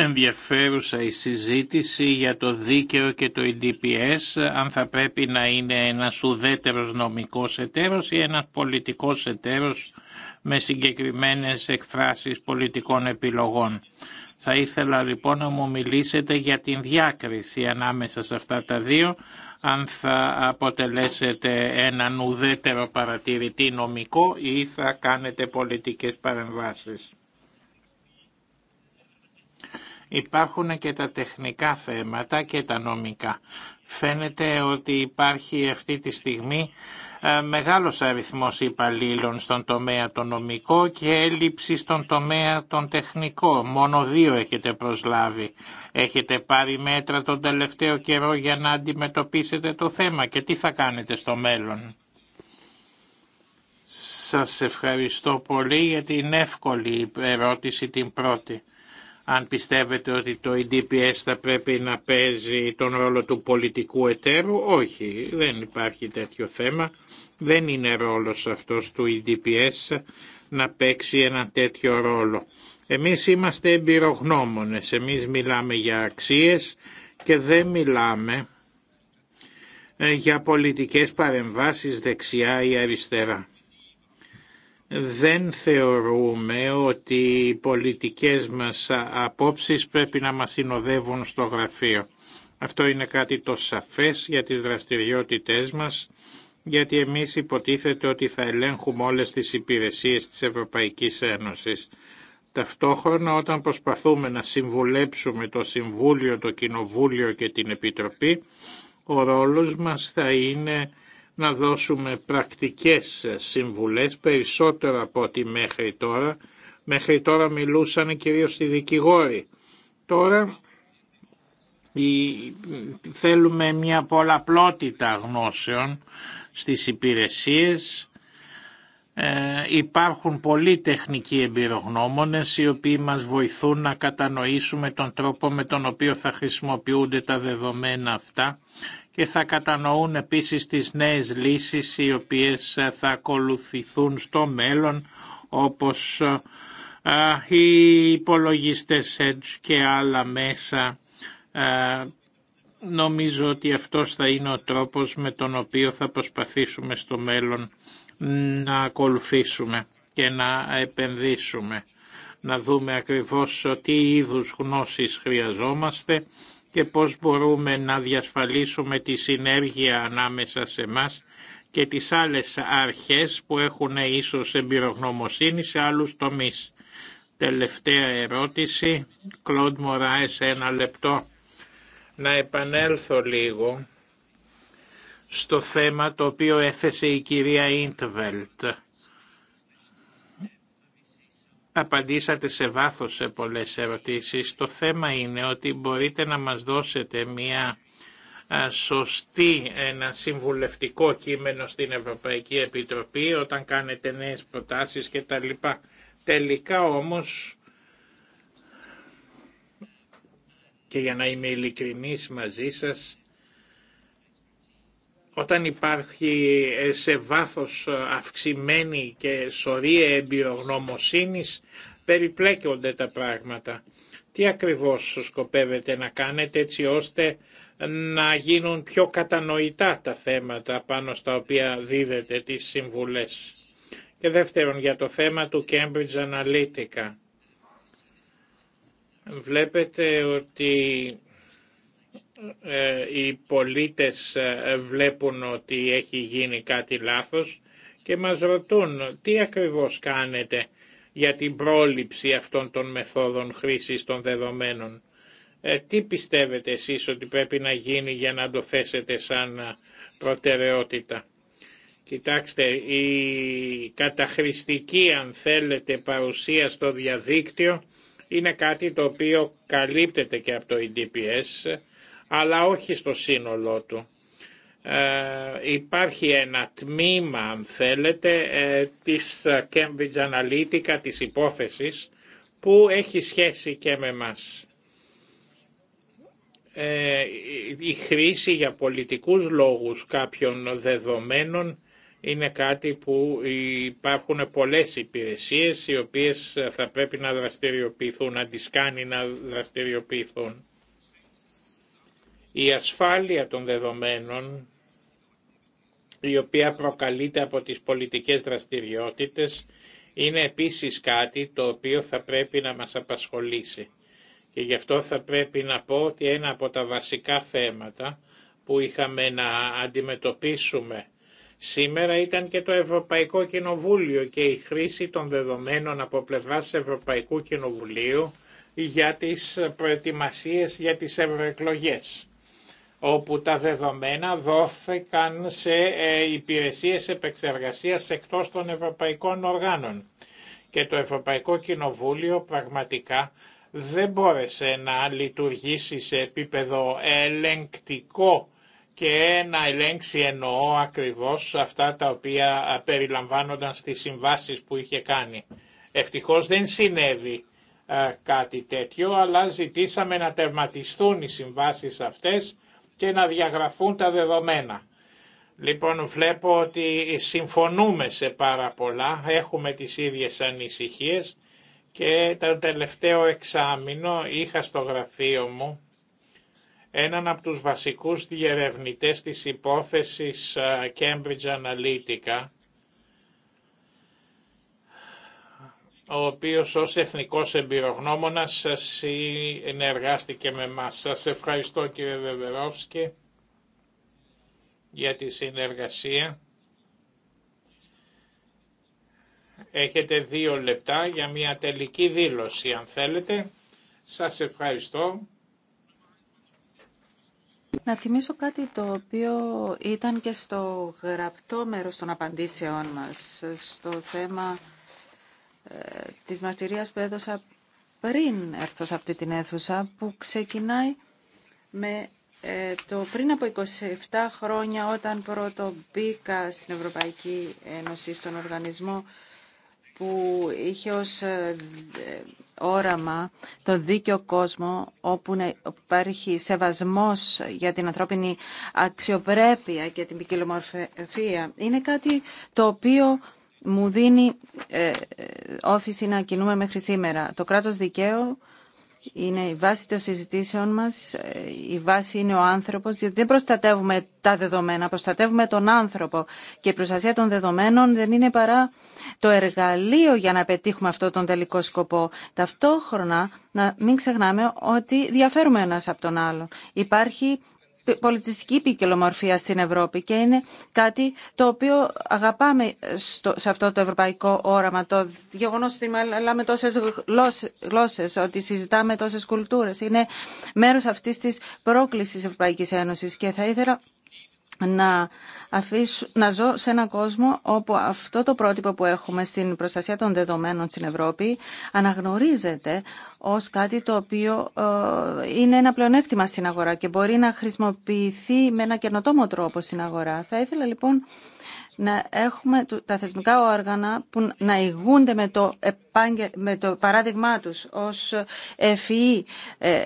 ενδιαφέρουσα η συζήτηση για το δίκαιο και το EDPS, αν θα πρέπει να είναι ένας ουδέτερος νομικός εταίρος ή ένας πολιτικός εταίρος με συγκεκριμένες εκφράσεις πολιτικών επιλογών. Θα ήθελα λοιπόν να μου μιλήσετε για την διάκριση ανάμεσα σε αυτά τα δύο, αν θα αποτελέσετε έναν ουδέτερο παρατηρητή νομικό ή θα κάνετε πολιτικές παρεμβάσεις. Υπάρχουν και τα τεχνικά θέματα και τα νομικά. Φαίνεται ότι υπάρχει αυτή τη στιγμή ε, μεγάλος αριθμός υπαλλήλων στον τομέα το νομικό και έλλειψη στον τομέα τον τεχνικό. Μόνο δύο έχετε προσλάβει. Έχετε πάρει μέτρα τον τελευταίο καιρό για να αντιμετωπίσετε το θέμα και τι θα κάνετε στο μέλλον. Σας ευχαριστώ πολύ για την εύκολη ερώτηση την πρώτη αν πιστεύετε ότι το EDPS θα πρέπει να παίζει τον ρόλο του πολιτικού εταίρου. Όχι, δεν υπάρχει τέτοιο θέμα. Δεν είναι ρόλος αυτός του EDPS να παίξει ένα τέτοιο ρόλο. Εμείς είμαστε εμπειρογνώμονες, εμείς μιλάμε για αξίες και δεν μιλάμε ε, για πολιτικές παρεμβάσεις δεξιά ή αριστερά δεν θεωρούμε ότι οι πολιτικές μας απόψεις πρέπει να μας συνοδεύουν στο γραφείο. Αυτό είναι κάτι το σαφές για τις δραστηριότητές μας, γιατί εμείς υποτίθεται ότι θα ελέγχουμε όλες τις υπηρεσίες της Ευρωπαϊκής Ένωσης. Ταυτόχρονα όταν προσπαθούμε να συμβουλέψουμε το Συμβούλιο, το Κοινοβούλιο και την Επιτροπή, ο ρόλος μας θα είναι να δώσουμε πρακτικές συμβουλές περισσότερο από ό,τι μέχρι τώρα. Μέχρι τώρα μιλούσαν κυρίως οι δικηγόροι. Τώρα θέλουμε μια πολλαπλότητα γνώσεων στις υπηρεσίες. Ε, υπάρχουν πολλοί τεχνικοί εμπειρογνώμονες οι οποίοι μας βοηθούν να κατανοήσουμε τον τρόπο με τον οποίο θα χρησιμοποιούνται τα δεδομένα αυτά και θα κατανοούν επίσης τις νέες λύσεις οι οποίες ε, θα ακολουθηθούν στο μέλλον όπως ε, ε, οι υπολογιστές Edge και άλλα μέσα. Νομίζω ότι αυτός θα είναι ο τρόπος με τον οποίο θα προσπαθήσουμε στο μέλλον να ακολουθήσουμε και να επενδύσουμε. Να δούμε ακριβώς τι είδους γνώσεις χρειαζόμαστε και πώς μπορούμε να διασφαλίσουμε τη συνέργεια ανάμεσα σε μας και τις άλλες αρχές που έχουν ίσως εμπειρογνωμοσύνη σε άλλους τομείς. Τελευταία ερώτηση, Κλοντ Μωράες, ένα λεπτό. Να επανέλθω λίγο στο θέμα το οποίο έθεσε η κυρία Ιντβελτ Απαντήσατε σε βάθος σε πολλές ερωτήσεις. Το θέμα είναι ότι μπορείτε να μας δώσετε μια σωστή, ένα συμβουλευτικό κείμενο στην Ευρωπαϊκή Επιτροπή όταν κάνετε νέες προτάσεις και τα λοιπά. Τελικά όμως, και για να είμαι ειλικρινής μαζί σας, όταν υπάρχει ε, σε βάθος ε, αυξημένη και σωρία εμπειρογνωμοσύνης, περιπλέκονται τα πράγματα. Τι ακριβώς σκοπεύετε να κάνετε έτσι ώστε να γίνουν πιο κατανοητά τα θέματα πάνω στα οποία δίδετε τις συμβουλές. Και δεύτερον για το θέμα του Cambridge Analytica. Βλέπετε ότι ε, οι πολίτες ε, βλέπουν ότι έχει γίνει κάτι λάθος και μας ρωτούν τι ακριβώς κάνετε για την πρόληψη αυτών των μεθόδων χρήσης των δεδομένων. Ε, τι πιστεύετε εσείς ότι πρέπει να γίνει για να το θέσετε σαν προτεραιότητα. Κοιτάξτε, η καταχρηστική αν θέλετε παρουσία στο διαδίκτυο είναι κάτι το οποίο καλύπτεται και από το EDPS αλλά όχι στο σύνολό του. Ε, υπάρχει ένα τμήμα, αν θέλετε, ε, της Cambridge Analytica, της υπόθεσης, που έχει σχέση και με μας. Ε, η χρήση για πολιτικούς λόγους κάποιων δεδομένων είναι κάτι που υπάρχουν πολλές υπηρεσίες οι οποίες θα πρέπει να δραστηριοποιηθούν, να τις κάνει να δραστηριοποιηθούν. Η ασφάλεια των δεδομένων, η οποία προκαλείται από τις πολιτικές δραστηριότητες, είναι επίσης κάτι το οποίο θα πρέπει να μας απασχολήσει. Και γι' αυτό θα πρέπει να πω ότι ένα από τα βασικά θέματα που είχαμε να αντιμετωπίσουμε σήμερα ήταν και το Ευρωπαϊκό Κοινοβούλιο και η χρήση των δεδομένων από πλευράς Ευρωπαϊκού Κοινοβουλίου για τις προετοιμασίες για τις ευρωεκλογές όπου τα δεδομένα δόθηκαν σε ε, υπηρεσίες επεξεργασίας εκτός των ευρωπαϊκών οργάνων. Και το Ευρωπαϊκό Κοινοβούλιο πραγματικά δεν μπόρεσε να λειτουργήσει σε επίπεδο ελεγκτικό και να ελέγξει εννοώ ακριβώς αυτά τα οποία περιλαμβάνονταν στις συμβάσεις που είχε κάνει. Ευτυχώς δεν συνέβη κάτι τέτοιο, αλλά ζητήσαμε να τερματιστούν οι συμβάσεις αυτές και να διαγραφούν τα δεδομένα. Λοιπόν, βλέπω ότι συμφωνούμε σε πάρα πολλά, έχουμε τις ίδιες ανησυχίες και το τελευταίο εξάμεινο είχα στο γραφείο μου έναν από τους βασικούς διερευνητές της υπόθεσης ε, Cambridge Analytica, ο οποίος ως εθνικός εμπειρογνώμονας συνεργάστηκε με μας. Σας ευχαριστώ κύριε Βεβερόφσκι για τη συνεργασία. Έχετε δύο λεπτά για μια τελική δήλωση αν θέλετε. Σας ευχαριστώ. Να θυμίσω κάτι το οποίο ήταν και στο γραπτό μέρος των απαντήσεών μας, στο θέμα της μαρτυρίας που έδωσα πριν έρθω σε αυτή την αίθουσα που ξεκινάει με ε, το πριν από 27 χρόνια όταν πρώτο μπήκα στην Ευρωπαϊκή Ένωση, στον οργανισμό που είχε ως ε, όραμα το δίκαιο κόσμο όπου υπάρχει σεβασμός για την ανθρώπινη αξιοπρέπεια και την ποικιλομορφία. Είναι κάτι το οποίο μου δίνει ε, όθηση να κινούμε μέχρι σήμερα. Το κράτος δικαίου είναι η βάση των συζητήσεων μας, ε, η βάση είναι ο άνθρωπος, διότι δεν προστατεύουμε τα δεδομένα, προστατεύουμε τον άνθρωπο. Και η προστασία των δεδομένων δεν είναι παρά το εργαλείο για να πετύχουμε αυτό τον τελικό σκοπό. Ταυτόχρονα, να μην ξεχνάμε ότι διαφέρουμε ένας από τον άλλον. Υπάρχει πολιτιστική ποικιλομορφία στην Ευρώπη και είναι κάτι το οποίο αγαπάμε στο, σε αυτό το ευρωπαϊκό όραμα. Το γεγονός ότι μιλάμε τόσες γλώσσες, ότι συζητάμε τόσες κουλτούρες είναι μέρος αυτής της πρόκλησης Ευρωπαϊκής Ένωσης και θα ήθελα να, αφήσω να ζω σε έναν κόσμο όπου αυτό το πρότυπο που έχουμε στην προστασία των δεδομένων στην Ευρώπη αναγνωρίζεται ως κάτι το οποίο ε, είναι ένα πλεονέκτημα στην αγορά και μπορεί να χρησιμοποιηθεί με ένα καινοτόμο τρόπο στην αγορά. Θα ήθελα λοιπόν να έχουμε τα θεσμικά όργανα που να ηγούνται με το, με το παράδειγμά τους ως e, ΕΦΙ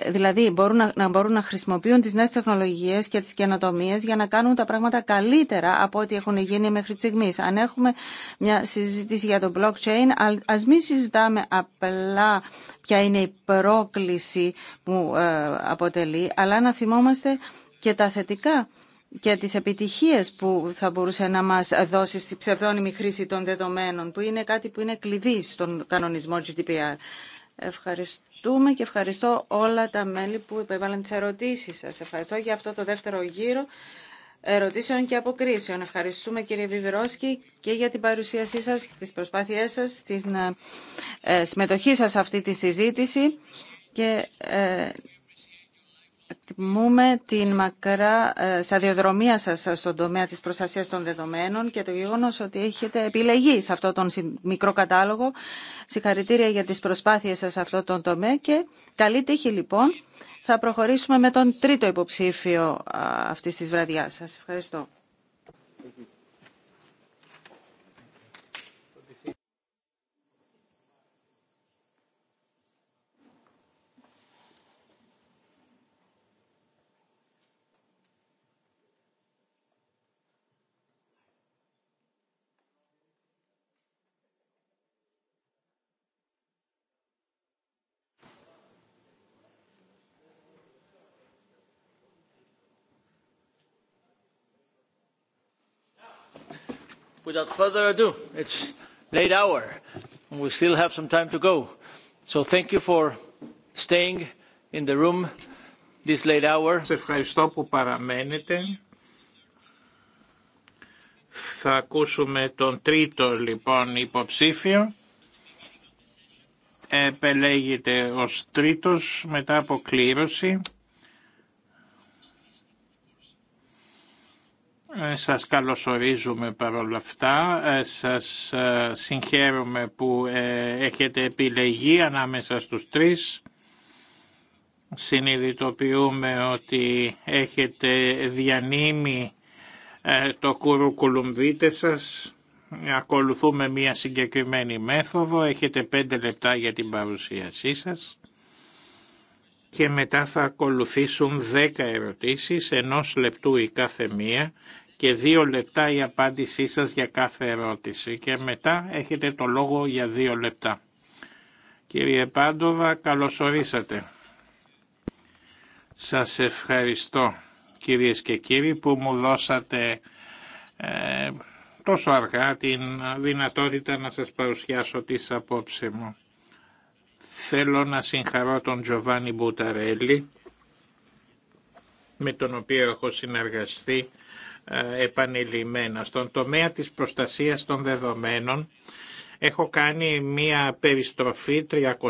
δηλαδή μπορούν να, μπορούν να χρησιμοποιούν τις νέες τεχνολογίες και τις καινοτομίες για να κάνουν τα πράγματα καλύτερα από ό,τι έχουν γίνει μέχρι στιγμή. Αν έχουμε μια συζήτηση για το blockchain, ας μην συζητάμε απλά ποια είναι η πρόκληση που ε, αποτελεί, αλλά να θυμόμαστε και τα θετικά και τις επιτυχίες που θα μπορούσε να μας δώσει στη ψευδόνιμη χρήση των δεδομένων, που είναι κάτι που είναι κλειδί στον κανονισμό GDPR. Ευχαριστούμε και ευχαριστώ όλα τα μέλη που επέβαλαν τις ερωτήσεις σας. Ευχαριστώ για αυτό το δεύτερο γύρο ερωτήσεων και αποκρίσεων. Ευχαριστούμε κύριε Βιβυρόσκη, και για την παρουσίασή σας, τις προσπάθειές σας, τη ε, συμμετοχή σας σε αυτή τη συζήτηση και ε, εκτιμούμε την μακρά ε, σαδιοδρομία σας στον τομέα της προστασία των δεδομένων και το γεγονό ότι έχετε επιλεγεί σε αυτό τον μικρό κατάλογο. Συγχαρητήρια για τις προσπάθειες σας σε αυτό τον τομέα και καλή τύχη λοιπόν. Θα προχωρήσουμε με τον τρίτο υποψήφιο αυτής της βραδιάς σας. Ευχαριστώ. without further ado, it's late hour and we still have some time to go. So thank you for staying in the room this late hour. Σε ευχαριστώ που παραμένετε. Θα ακούσουμε τον τρίτο λοιπόν υποψήφιο. Επελέγεται ως τρίτος μετά από κλήρωση. Ε, σας καλωσορίζουμε παρόλα αυτά, ε, σας ε, συγχαίρομαι που έχετε επιλεγεί ανάμεσα στους τρεις. Συνειδητοποιούμε ότι έχετε διανύμει το κουρούκουλουμ σας. Ακολουθούμε μία συγκεκριμένη μέθοδο. Έχετε πέντε λεπτά για την παρουσίασή σας και μετά θα ακολουθήσουν 10 ερωτήσεις, ενός λεπτού η κάθε μία και δύο λεπτά η απάντησή σας για κάθε ερώτηση και μετά έχετε το λόγο για δύο λεπτά. Κύριε Πάντοβα, καλώς ορίσατε. Σας ευχαριστώ κυρίες και κύριοι που μου δώσατε ε, τόσο αργά την δυνατότητα να σας παρουσιάσω τις απόψε μου. Θέλω να συγχαρώ τον Τζοβάνι Μπουταρέλη με τον οποίο έχω συνεργαστεί ε, επανειλημμένα. Στον τομέα της προστασίας των δεδομένων έχω κάνει μία περιστροφή 360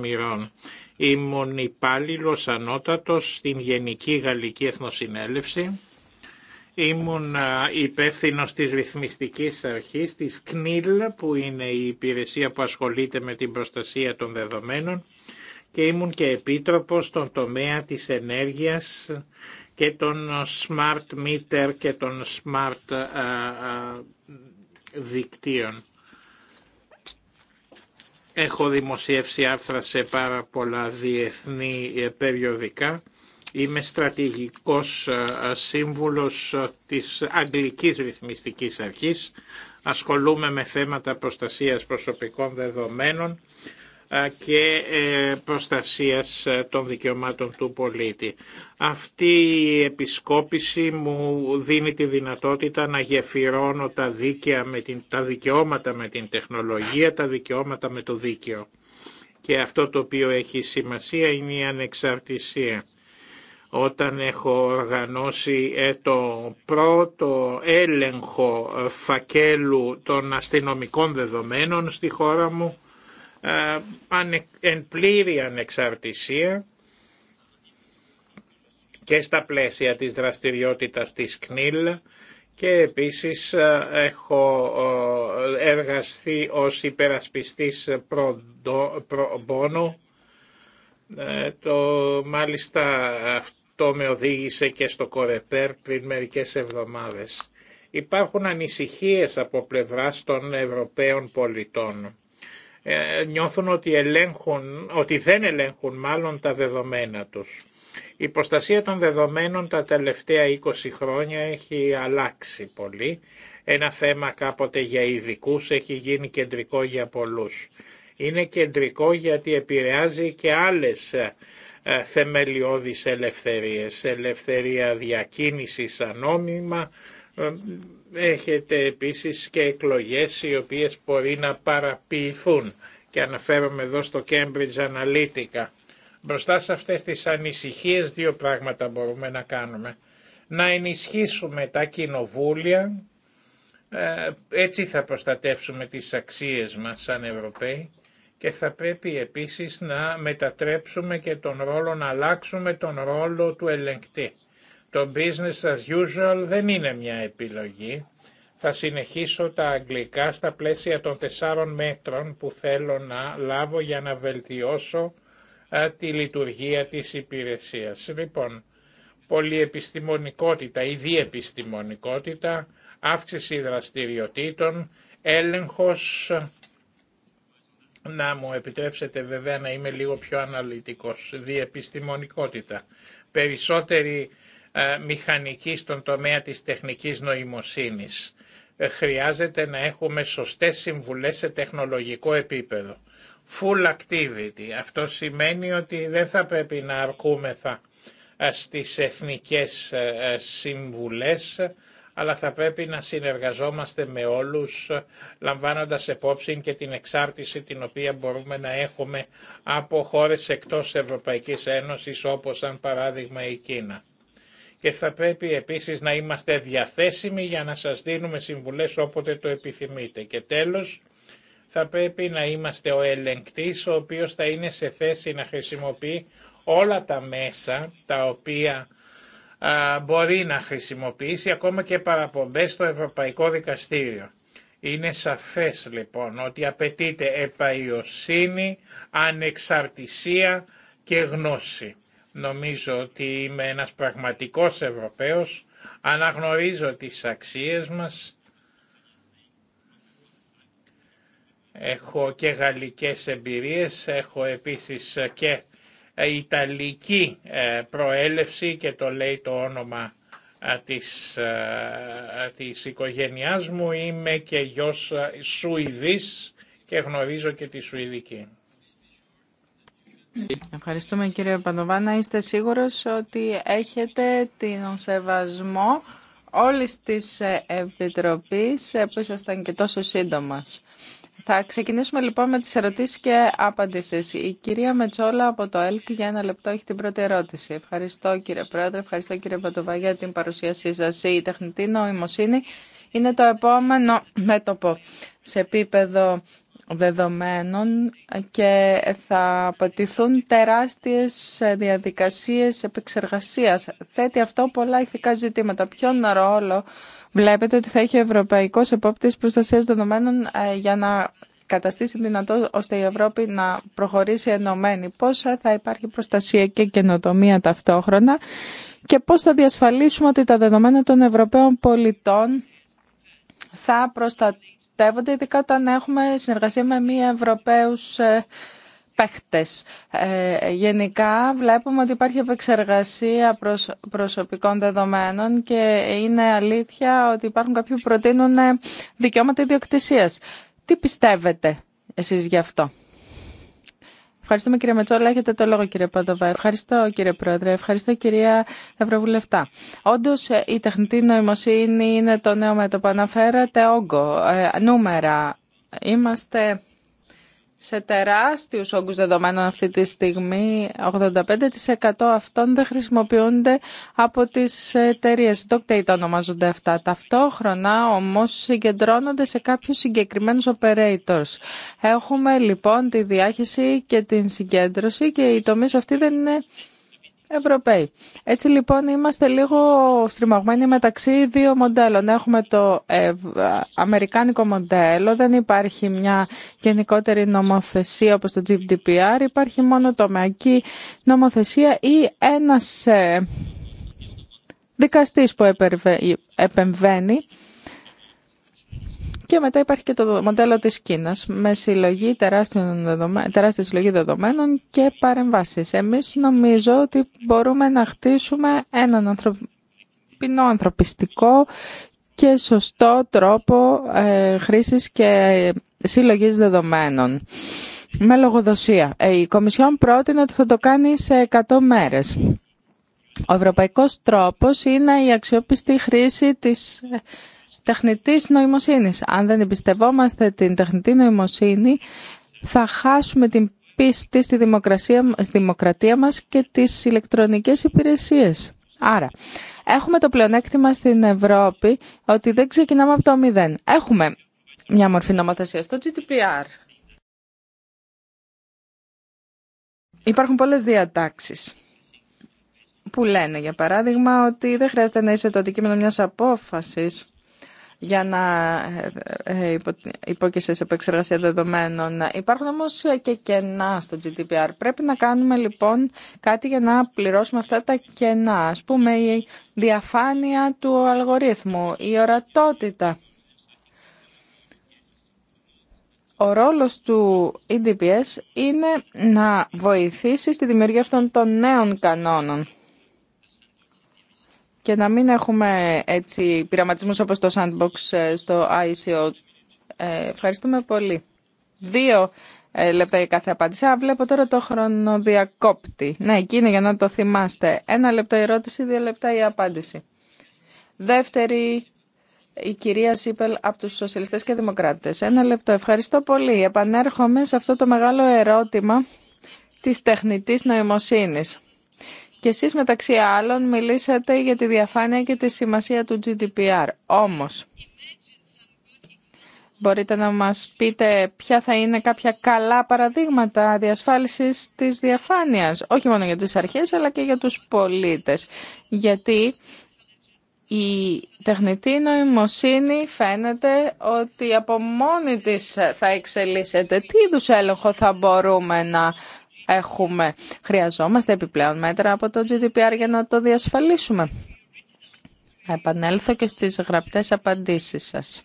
μοιρών. Ήμουν υπάλληλο ανώτατος στην Γενική Γαλλική Εθνοσυνέλευση. Ήμουν ε, υπεύθυνο της ρυθμιστικής αρχής, της ΚΝΙΛ, που είναι η υπηρεσία που ασχολείται με την προστασία των δεδομένων και ήμουν και επίτροπος στον τομέα της ενέργειας και τον smart meter και των smart ε, ε, δικτύων. Έχω δημοσιεύσει άρθρα σε πάρα πολλά διεθνή περιοδικά. Είμαι στρατηγικός ε, σύμβουλος της Αγγλικής Ρυθμιστικής Αρχής. Ασχολούμαι με θέματα προστασίας προσωπικών δεδομένων και ε, προστασίας ε, των δικαιωμάτων του πολίτη. Αυτή η επισκόπηση μου δίνει τη δυνατότητα να γεφυρώνω τα, δίκαια με την, τα δικαιώματα με την τεχνολογία, τα δικαιώματα με το δίκαιο. Και αυτό το οποίο έχει σημασία είναι η ανεξαρτησία. Όταν έχω οργανώσει ε, το πρώτο έλεγχο φακέλου των αστυνομικών δεδομένων στη χώρα μου, ε, εν πλήρη ανεξαρτησία και στα πλαίσια της δραστηριότητας της ΚΝΙΛ και επίσης ε, έχω εργαστεί ως υπερασπιστής προμπόνου. Ε, το μάλιστα αυτό με οδήγησε και στο Κορεπέρ πριν μερικές εβδομάδες. Υπάρχουν ανησυχίες από πλευράς των Ευρωπαίων πολιτών ε, νιώθουν ότι, ελέγχουν, ότι δεν ελέγχουν μάλλον τα δεδομένα τους. Η προστασία των δεδομένων τα τελευταία 20 χρόνια έχει αλλάξει πολύ. Ένα θέμα κάποτε για ειδικού έχει γίνει κεντρικό για πολλούς. Είναι κεντρικό γιατί επηρεάζει και άλλες ε, ε, θεμελιώδεις ελευθερίες, ελευθερία διακίνησης ανώμημα, Έχετε επίσης και εκλογές οι οποίες μπορεί να παραποιηθούν και αναφέρομαι εδώ στο Cambridge Analytica. Μπροστά σε αυτές τις ανησυχίες δύο πράγματα μπορούμε να κάνουμε. Να ενισχύσουμε τα κοινοβούλια, ε, έτσι θα προστατεύσουμε τις αξίες μας σαν Ευρωπαίοι και θα πρέπει επίσης να μετατρέψουμε και τον ρόλο, να αλλάξουμε τον ρόλο του ελεγκτή. Το business as usual δεν είναι μια επιλογή. Θα συνεχίσω τα αγγλικά στα πλαίσια των τεσσάρων μέτρων που θέλω να λάβω για να βελτιώσω τη λειτουργία της υπηρεσίας. Λοιπόν, πολυεπιστημονικότητα ή διεπιστημονικότητα, αύξηση δραστηριοτήτων, έλεγχος, να μου επιτρέψετε βέβαια να είμαι λίγο πιο αναλυτικός, διεπιστημονικότητα, περισσότερη ε, μηχανική στον τομέα της τεχνικής νοημοσύνης. Ε, χρειάζεται να έχουμε σωστές συμβουλές σε τεχνολογικό επίπεδο. Full activity. Αυτό σημαίνει ότι δεν θα πρέπει να αρκούμεθα ε, στις εθνικές συμβουλές, αλλά θα πρέπει να συνεργαζόμαστε με όλους, λαμβάνοντας επόψη και την εξάρτηση την οποία μπορούμε να έχουμε από χώρες εκτός Ευρωπαϊκής Ένωσης, όπως σαν παράδειγμα η Κίνα και θα πρέπει επίσης να είμαστε διαθέσιμοι για να σας δίνουμε συμβουλές όποτε το επιθυμείτε. Και τέλος, θα πρέπει να είμαστε ο ελεγκτής ο οποίος θα είναι σε θέση να χρησιμοποιεί όλα τα μέσα τα οποία μπορεί να χρησιμοποιήσει ακόμα και παραπομπές στο Ευρωπαϊκό Δικαστήριο. Είναι σαφές λοιπόν ότι απαιτείται επαϊοσύνη, ανεξαρτησία και γνώση. Νομίζω ότι είμαι ένας πραγματικός Ευρωπαίος, αναγνωρίζω τις αξίες μας, έχω και γαλλικές εμπειρίες, έχω επίσης και ιταλική ε, προέλευση και το λέει το όνομα ε, της, ε, της οικογένειάς μου. Είμαι και γιος Σουηδής και γνωρίζω και τη Σουηδική. Ευχαριστούμε κύριε Να Είστε σίγουρος ότι έχετε τον σεβασμό όλης της Επιτροπής που ήσασταν και τόσο σύντομα. Θα ξεκινήσουμε λοιπόν με τις ερωτήσεις και απαντήσεις. Η κυρία Μετσόλα από το ΕΛΚ για ένα λεπτό έχει την πρώτη ερώτηση. Ευχαριστώ κύριε Πρόεδρε, ευχαριστώ κύριε Παντοβά για την παρουσίασή σας. Η τεχνητή νοημοσύνη είναι το επόμενο μέτωπο σε επίπεδο δεδομένων και θα απαιτηθούν τεράστιες διαδικασίες επεξεργασίας. Θέτει αυτό πολλά ηθικά ζητήματα. Ποιον ρόλο βλέπετε ότι θα έχει ο Ευρωπαϊκός Επόπτης Προστασίας Δεδομένων ε, για να καταστήσει δυνατό ώστε η Ευρώπη να προχωρήσει ενωμένη. Πώς θα υπάρχει προστασία και καινοτομία ταυτόχρονα και πώς θα διασφαλίσουμε ότι τα δεδομένα των Ευρωπαίων πολιτών θα προστατεύουν προστατεύονται, ειδικά όταν έχουμε συνεργασία με μη Ευρωπαίους ε, παίχτες. Ε, γενικά βλέπουμε ότι υπάρχει επεξεργασία προσωπικών δεδομένων και είναι αλήθεια ότι υπάρχουν κάποιοι που προτείνουν ε, δικαιώματα ιδιοκτησίας. Τι πιστεύετε εσείς γι' αυτό. Ευχαριστούμε κύριε Μετσόλα. Έχετε το λόγο κύριε Παντοβά. Ευχαριστώ κύριε Πρόεδρε. Ευχαριστώ κυρία Ευρωβουλευτά. Όντω η τεχνητή νοημοσύνη είναι το νέο μέτωπο. Αναφέρατε όγκο, ε, νούμερα. Είμαστε σε τεράστιους όγκους δεδομένων αυτή τη στιγμή, 85% αυτών δεν χρησιμοποιούνται από τις εταιρείε. Doctate ονομάζονται αυτά. Ταυτόχρονα όμως συγκεντρώνονται σε κάποιους συγκεκριμένους operators. Έχουμε λοιπόν τη διάχυση και την συγκέντρωση και οι τομείς αυτοί δεν είναι έτσι λοιπόν είμαστε λίγο στριμωγμένοι μεταξύ δύο μοντέλων. Έχουμε το αμερικάνικο μοντέλο, δεν υπάρχει μια γενικότερη νομοθεσία όπως το GDPR, υπάρχει μόνο τομεακή νομοθεσία ή ένας ε, δικαστής που επεμβαίνει και μετά υπάρχει και το μοντέλο της Κίνας με συλλογή τεράστια συλλογή δεδομένων και παρεμβάσεις. Εμείς νομίζω ότι μπορούμε να χτίσουμε έναν ανθρωπινό, ανθρωπιστικό και σωστό τρόπο ε, χρήσης και συλλογής δεδομένων. Με λογοδοσία. Ε, η Κομισιόν πρότεινε ότι θα το κάνει σε 100 μέρες. Ο ευρωπαϊκός τρόπος είναι η αξιόπιστη χρήση της Τεχνητή νοημοσύνη. Αν δεν εμπιστευόμαστε την τεχνητή νοημοσύνη, θα χάσουμε την πίστη στη δημοκρατία, στη μας και τις ηλεκτρονικές υπηρεσίες. Άρα, έχουμε το πλεονέκτημα στην Ευρώπη ότι δεν ξεκινάμε από το μηδέν. Έχουμε μια μορφή νομοθεσία στο GDPR. Υπάρχουν πολλές διατάξεις που λένε, για παράδειγμα, ότι δεν χρειάζεται να είσαι το αντικείμενο μιας απόφασης για να ε, ε, υπόκεισε σε επεξεργασία δεδομένων. Υπάρχουν όμως και κενά στο GDPR. Πρέπει να κάνουμε λοιπόν κάτι για να πληρώσουμε αυτά τα κενά. Ας πούμε η διαφάνεια του αλγορίθμου, η ορατότητα. Ο ρόλος του EDPS είναι να βοηθήσει στη δημιουργία αυτών των νέων κανόνων και να μην έχουμε έτσι πειραματισμούς όπως το Sandbox ε, στο ICO. Ε, ευχαριστούμε πολύ. Δύο ε, λεπτά για κάθε απάντηση. Α, βλέπω τώρα το χρονοδιακόπτη. Ναι, εκείνη για να το θυμάστε. Ένα λεπτό η ερώτηση, δύο λεπτά η απάντηση. Δεύτερη, η κυρία Σίπελ από τους Σοσιαλιστές και Δημοκράτες. Ένα λεπτό. Ευχαριστώ πολύ. Επανέρχομαι σε αυτό το μεγάλο ερώτημα της τεχνητής νοημοσύνης. Και εσείς μεταξύ άλλων μιλήσατε για τη διαφάνεια και τη σημασία του GDPR. Όμως, μπορείτε να μας πείτε ποια θα είναι κάποια καλά παραδείγματα διασφάλισης της διαφάνειας, όχι μόνο για τις αρχές αλλά και για τους πολίτες. Γιατί η τεχνητή νοημοσύνη φαίνεται ότι από μόνη της θα εξελίσσεται. Τι είδους έλεγχο θα μπορούμε να έχουμε. Χρειαζόμαστε επιπλέον μέτρα από το GDPR για να το διασφαλίσουμε. Θα επανέλθω και στις γραπτές απαντήσεις σας.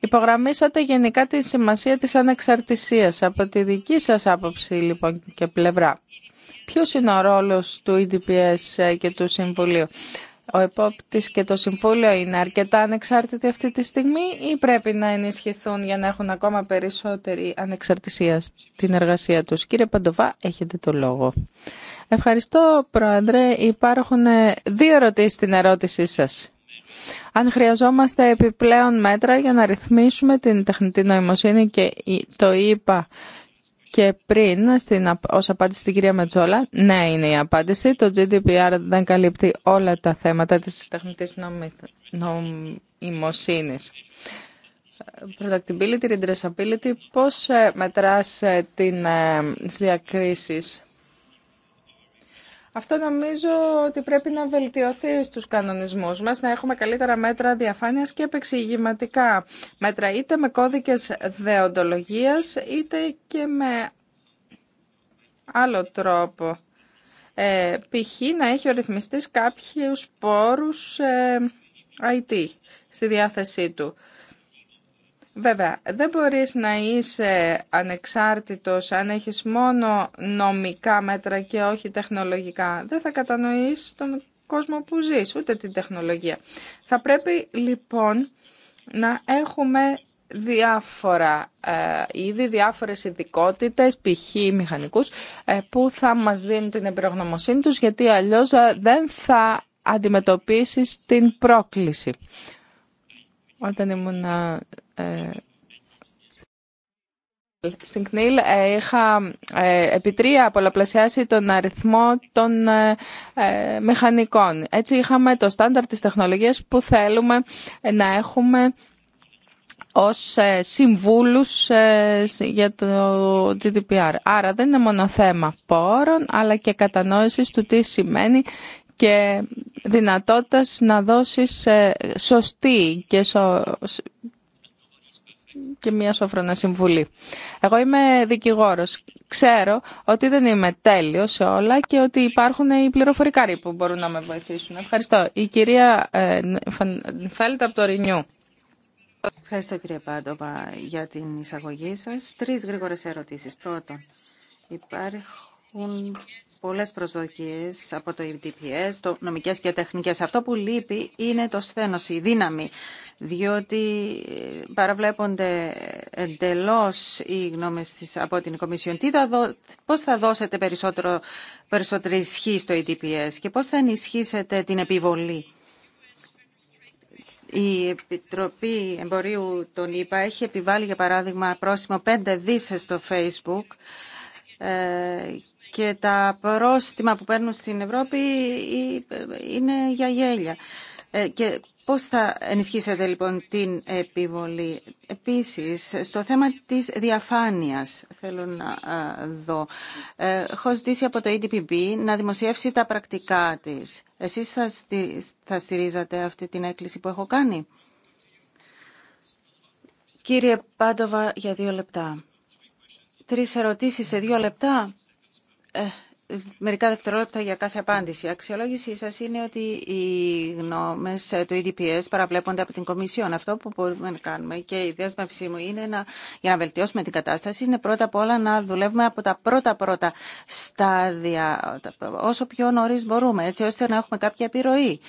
Υπογραμμίσατε γενικά τη σημασία της ανεξαρτησίας από τη δική σας άποψη λοιπόν και πλευρά. Ποιος είναι ο ρόλος του EDPS ε, και του Συμβουλίου ο επόπτης και το Συμβούλιο είναι αρκετά ανεξάρτητοι αυτή τη στιγμή ή πρέπει να ενισχυθούν για να έχουν ακόμα περισσότερη ανεξαρτησία στην εργασία τους. Κύριε Παντοβά, έχετε το λόγο. Ευχαριστώ, Πρόεδρε. Υπάρχουν ε, δύο ερωτήσεις στην ερώτησή σας. Αν χρειαζόμαστε επιπλέον μέτρα για να ρυθμίσουμε την τεχνητή νοημοσύνη και το είπα και πριν, στην, ως απάντηση στην κυρία Μετζόλα, ναι είναι η απάντηση. Το GDPR δεν καλύπτει όλα τα θέματα της τεχνητής νομιμοσύνης. Productability, redressability, πώς ε, μετράς ε, την, ε, τις διακρίσεις αυτό νομίζω ότι πρέπει να βελτιωθεί στους κανονισμούς μας, να έχουμε καλύτερα μέτρα διαφάνειας και επεξηγηματικά μέτρα, είτε με κώδικες δεοντολογίας, είτε και με άλλο τρόπο. Ε, π.χ. να έχει ο ρυθμιστής κάποιους πόρους IT ε, στη διάθεσή του. Βέβαια, δεν μπορείς να είσαι ανεξάρτητος αν έχεις μόνο νομικά μέτρα και όχι τεχνολογικά. Δεν θα κατανοείς τον κόσμο που ζεις, ούτε την τεχνολογία. Θα πρέπει λοιπόν να έχουμε διάφορα είδη, διάφορες ειδικότητε, π.χ. μηχανικούς, ε, που θα μας δίνουν την εμπειρογνωμοσύνη τους, γιατί αλλιώς ε, δεν θα αντιμετωπίσεις την πρόκληση. Όταν ήμουν ε, ε, στην ΚΝΙΛ ε, είχα επί τρία πολλαπλασιάσει τον αριθμό των μηχανικών. Έτσι είχαμε το στάνταρ της τεχνολογίας που θέλουμε να έχουμε ως συμβούλους για το GDPR. Άρα δεν είναι μόνο θέμα πόρων, αλλά και κατανόησης του τι σημαίνει και δυνατότητας να δώσεις ε, σωστή και, μια σόφρονα συμβουλή. Εγώ είμαι δικηγόρος. Ξέρω ότι δεν είμαι τέλειος σε όλα και ότι υπάρχουν οι πληροφορικάροι που μπορούν να με βοηθήσουν. Ευχαριστώ. Η κυρία ε, Φέλτα από το Ρηνιού. Ευχαριστώ κύριε Πάντοπα για την εισαγωγή σας. Τρεις γρήγορες ερωτήσεις. Πρώτον, υπάρχουν Υπάρχουν πολλές προσδοκίες από το EDPS, το νομικές και τεχνικές. Αυτό που λείπει είναι το σθένος, η δύναμη, διότι ε, παραβλέπονται εντελώς οι γνώμες της, από την Κομισιόν. Τι θα δω, πώς θα δώσετε περισσότερο, περισσότερη ισχύ στο EDPS και πώς θα ενισχύσετε την επιβολή. Η Επιτροπή Εμπορίου τον ΗΠΑ έχει επιβάλει, για παράδειγμα, πρόσημο 5 δις στο Facebook ε, και τα πρόστιμα που παίρνουν στην Ευρώπη είναι για γέλια. Ε, και πώς θα ενισχύσετε λοιπόν την επιβολή. Επίσης, στο θέμα της διαφάνειας θέλω να ε, δω. Ε, έχω ζητήσει από το EDPB να δημοσιεύσει τα πρακτικά της. Εσείς θα στηρίζατε αυτή την έκκληση που έχω κάνει. Κύριε Πάντοβα, για δύο λεπτά. Τρεις ερωτήσεις σε δύο λεπτά. Ε, μερικά δευτερόλεπτα για κάθε απάντηση. Η αξιολόγησή σα είναι ότι οι γνώμες ε, του EDPS παραβλέπονται από την Κομισιόν. Αυτό που μπορούμε να κάνουμε και η δέσμευσή μου είναι να, για να βελτιώσουμε την κατάσταση είναι πρώτα απ' όλα να δουλεύουμε από τα πρώτα-πρώτα στάδια όσο πιο νωρί μπορούμε έτσι ώστε να έχουμε κάποια επιρροή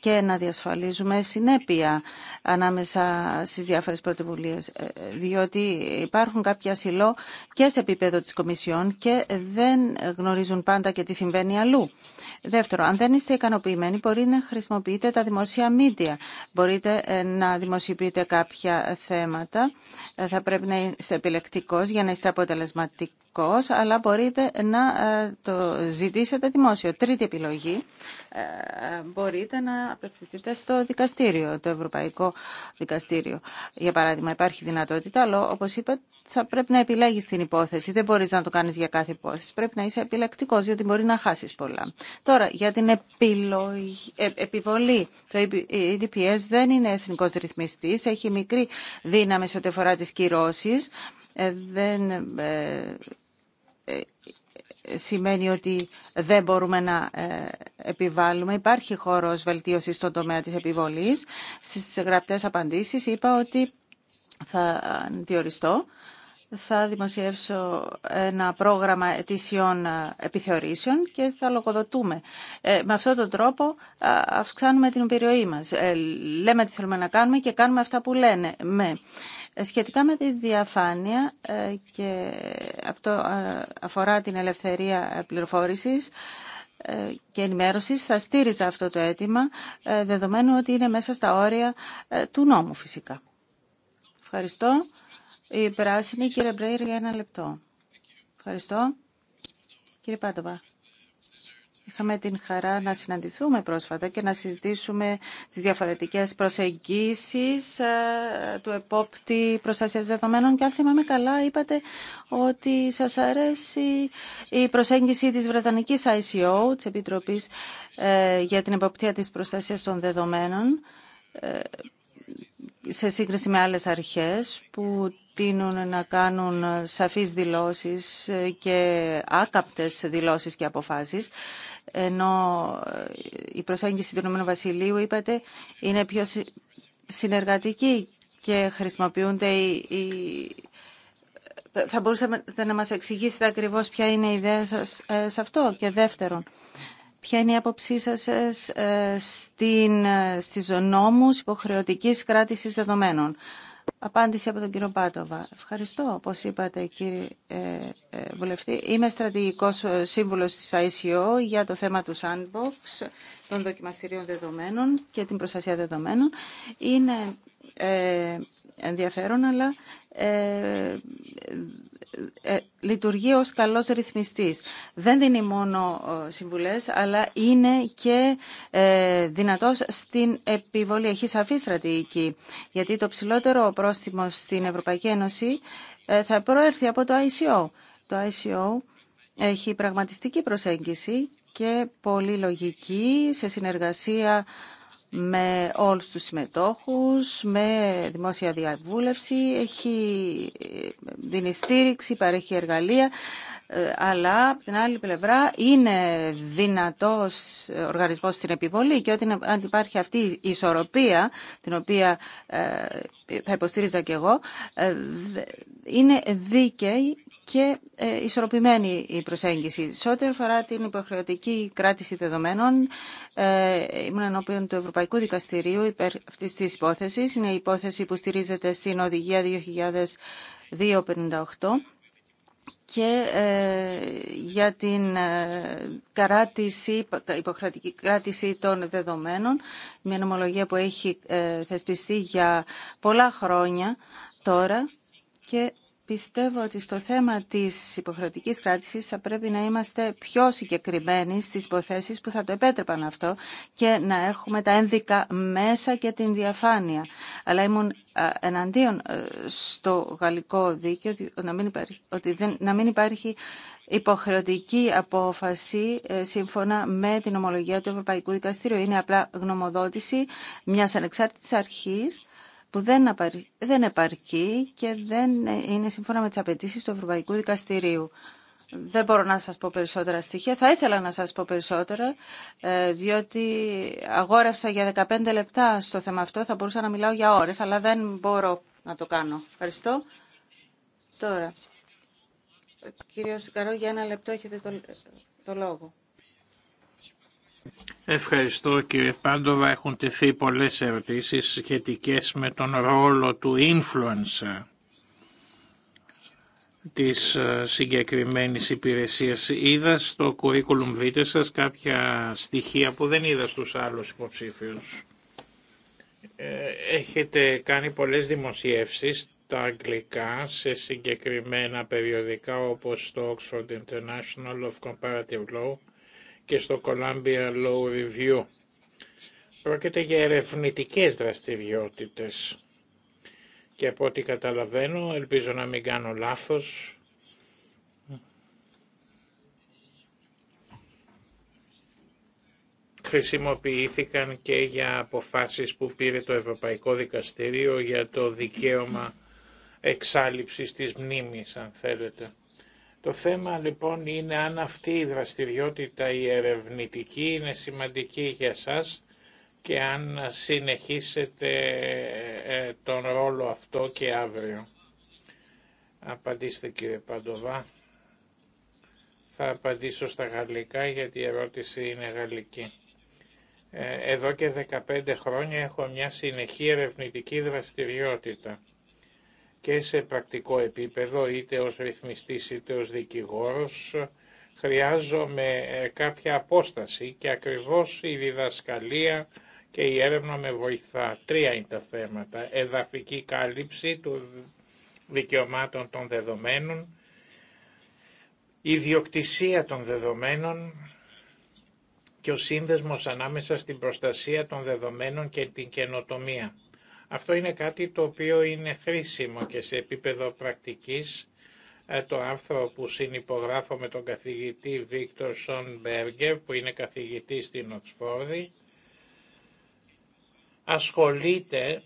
και να διασφαλίζουμε συνέπεια ανάμεσα στις διάφορες πρωτοβουλίες, ε, διότι υπάρχουν κάποια σιλό και σε επίπεδο της Κομισιόν και δεν γνωρίζουν πάντα και τι συμβαίνει αλλού. Δεύτερο, αν δεν είστε ικανοποιημένοι, μπορεί να χρησιμοποιείτε τα δημόσια μίντια. Μπορείτε ε, να δημοσιοποιείτε κάποια θέματα. Ε, θα πρέπει να είστε επιλεκτικός για να είστε αποτελεσματικοί αλλά μπορείτε να ε, το ζητήσετε δημόσιο. Τρίτη επιλογή, ε, μπορείτε να απευθυνθείτε στο δικαστήριο, το Ευρωπαϊκό Δικαστήριο. Για παράδειγμα, υπάρχει δυνατότητα, αλλά όπως είπα, θα πρέπει να επιλέγει την υπόθεση. Δεν μπορεί να το κάνει για κάθε υπόθεση. Πρέπει να είσαι επιλεκτικός, διότι μπορεί να χάσει πολλά. Τώρα, για την επιλογή, ε, επιβολή. Το EDPS δεν είναι εθνικό ρυθμιστή. Έχει μικρή δύναμη σε ό,τι αφορά τι κυρώσει. δεν σημαίνει ότι δεν μπορούμε να ε, επιβάλλουμε. Υπάρχει χώρος βελτίωσης στον τομέα της επιβολής. Στις γραπτές απαντήσεις είπα ότι θα διοριστώ. Θα δημοσιεύσω ένα πρόγραμμα ετήσιων ε, επιθεωρήσεων και θα λογοδοτούμε. Ε, με αυτόν τον τρόπο αυξάνουμε την περιοχή μας. Λέμε τι θέλουμε να κάνουμε και κάνουμε αυτά που λένε. Με. Ε, σχετικά με τη διαφάνεια ε, και αυτό ε, αφορά την ελευθερία πληροφόρησης, και ενημέρωσης θα στήριζα αυτό το αίτημα, δεδομένου ότι είναι μέσα στα όρια του νόμου φυσικά. Ευχαριστώ. Η πράσινη, κύριε Μπρέιρ, για ένα λεπτό. Ευχαριστώ. Κύριε Πάτοβα. Είχαμε την χαρά να συναντηθούμε πρόσφατα και να συζητήσουμε τις διαφορετικές προσεγγίσεις ε, του επόπτη προστασίας δεδομένων και αν θυμάμαι καλά είπατε ότι σας αρέσει η προσέγγιση της Βρετανικής ICO, της Επιτροπής ε, για την Εποπτεία της Προστασίας των Δεδομένων ε, σε σύγκριση με άλλες αρχές που τείνουν να κάνουν σαφείς δηλώσεις και άκαπτες δηλώσεις και αποφάσεις, ενώ η προσέγγιση του Ηνωμένου Βασιλείου, είπατε, είναι πιο συνεργατική και χρησιμοποιούνται οι... Θα μπορούσατε να μας εξηγήσετε ακριβώς ποια είναι η ιδέα σας ε, σε αυτό. Και δεύτερον, Ποια είναι η άποψή σας ε, ε, στην, ε, στις νόμους υποχρεωτικής κράτησης δεδομένων. Απάντηση από τον κύριο Πάτοβα. Ευχαριστώ, όπω είπατε κύριε ε, Βουλευτή. Είμαι στρατηγικός σύμβουλο της ICO για το θέμα του sandbox, των δοκιμαστηρίων δεδομένων και την προστασία δεδομένων. Είναι ε, ενδιαφέρον, αλλά ε, ε, λειτουργεί ως καλός ρυθμιστής. Δεν δίνει μόνο συμβουλές, αλλά είναι και δυνατός στην επιβολή. Έχει σαφή στρατηγική, γιατί το ψηλότερο πρόστιμο στην Ευρωπαϊκή Ένωση θα προέρθει από το ICO. Το ICO έχει πραγματιστική προσέγγιση και πολύ λογική σε συνεργασία με όλους τους συμμετόχους, με δημόσια διαβούλευση, έχει ε, δίνει στήριξη, παρέχει εργαλεία, ε, αλλά από την άλλη πλευρά είναι δυνατός ε, οργανισμός στην επιβολή και ότι αν υπάρχει αυτή η ισορροπία, την οποία θα υποστήριζα και εγώ, είναι δίκαιη και ε, ισορροπημένη η προσέγγιση. Σε ό,τι αφορά την υποχρεωτική κράτηση δεδομένων, ε, ήμουν ενώπιον του Ευρωπαϊκού Δικαστηρίου υπέρ αυτής της υπόθεσης. Είναι η υπόθεση που στηρίζεται στην Οδηγία 2258 και ε, για την κράτηση, υποχρεωτική κράτηση των δεδομένων, μια νομολογία που έχει θεσπιστεί για πολλά χρόνια τώρα και Πιστεύω ότι στο θέμα της υποχρεωτικής κράτησης θα πρέπει να είμαστε πιο συγκεκριμένοι στις υποθέσεις που θα το επέτρεπαν αυτό και να έχουμε τα ένδικα μέσα και την διαφάνεια. Αλλά ήμουν εναντίον ε, στο γαλλικό δίκαιο να μην υπάρχει, ότι δεν, να μην υπάρχει υποχρεωτική απόφαση ε, σύμφωνα με την ομολογία του Ευρωπαϊκού Δικαστήριου. Είναι απλά γνωμοδότηση μιας ανεξάρτητης αρχής που δεν επαρκεί και δεν είναι σύμφωνα με τις απαιτήσεις του Ευρωπαϊκού Δικαστηρίου. Δεν μπορώ να σας πω περισσότερα στοιχεία. Θα ήθελα να σας πω περισσότερα, ε, διότι αγόρευσα για 15 λεπτά στο θέμα αυτό. Θα μπορούσα να μιλάω για ώρες, αλλά δεν μπορώ να το κάνω. Ευχαριστώ. Τώρα, κύριος Καρό, για ένα λεπτό έχετε το, το λόγο. Ευχαριστώ κύριε Πάντοβα. Έχουν τεθεί πολλές ερωτήσεις σχετικές με τον ρόλο του influencer της ε, συγκεκριμένης υπηρεσίας. Είδα στο curriculum Βίτε σας κάποια στοιχεία που δεν είδα στους άλλους υποψήφιους. Ε, έχετε κάνει πολλές δημοσιεύσεις τα αγγλικά σε συγκεκριμένα περιοδικά όπως το Oxford International of Comparative Law και στο Columbia Law Review. Πρόκειται για ερευνητικές δραστηριότητες και από ό,τι καταλαβαίνω, ελπίζω να μην κάνω λάθος, χρησιμοποιήθηκαν και για αποφάσεις που πήρε το Ευρωπαϊκό Δικαστήριο για το δικαίωμα εξάλληψης της μνήμης, αν θέλετε. Το θέμα λοιπόν είναι αν αυτή η δραστηριότητα η ερευνητική είναι σημαντική για σας και αν συνεχίσετε ε, ε, τον ρόλο αυτό και αύριο. Απαντήστε κύριε Παντοβά. Θα απαντήσω στα γαλλικά γιατί η ερώτηση είναι γαλλική. Ε, εδώ και 15 χρόνια έχω μια συνεχή ερευνητική δραστηριότητα και σε πρακτικό επίπεδο, είτε ως ρυθμιστής είτε ως δικηγόρος, χρειάζομαι ε, κάποια απόσταση και ακριβώς η διδασκαλία και η έρευνα με βοηθά. Τρία είναι τα θέματα. Εδαφική κάλυψη του δικαιωμάτων των δεδομένων, ιδιοκτησία των δεδομένων και ο σύνδεσμος ανάμεσα στην προστασία των δεδομένων και την καινοτομία. Αυτό είναι κάτι το οποίο είναι χρήσιμο και σε επίπεδο πρακτικής ε, το άρθρο που συνυπογράφω με τον καθηγητή Βίκτορ Σόνμπεργκερ που είναι καθηγητής στην Οξφόρδη ασχολείται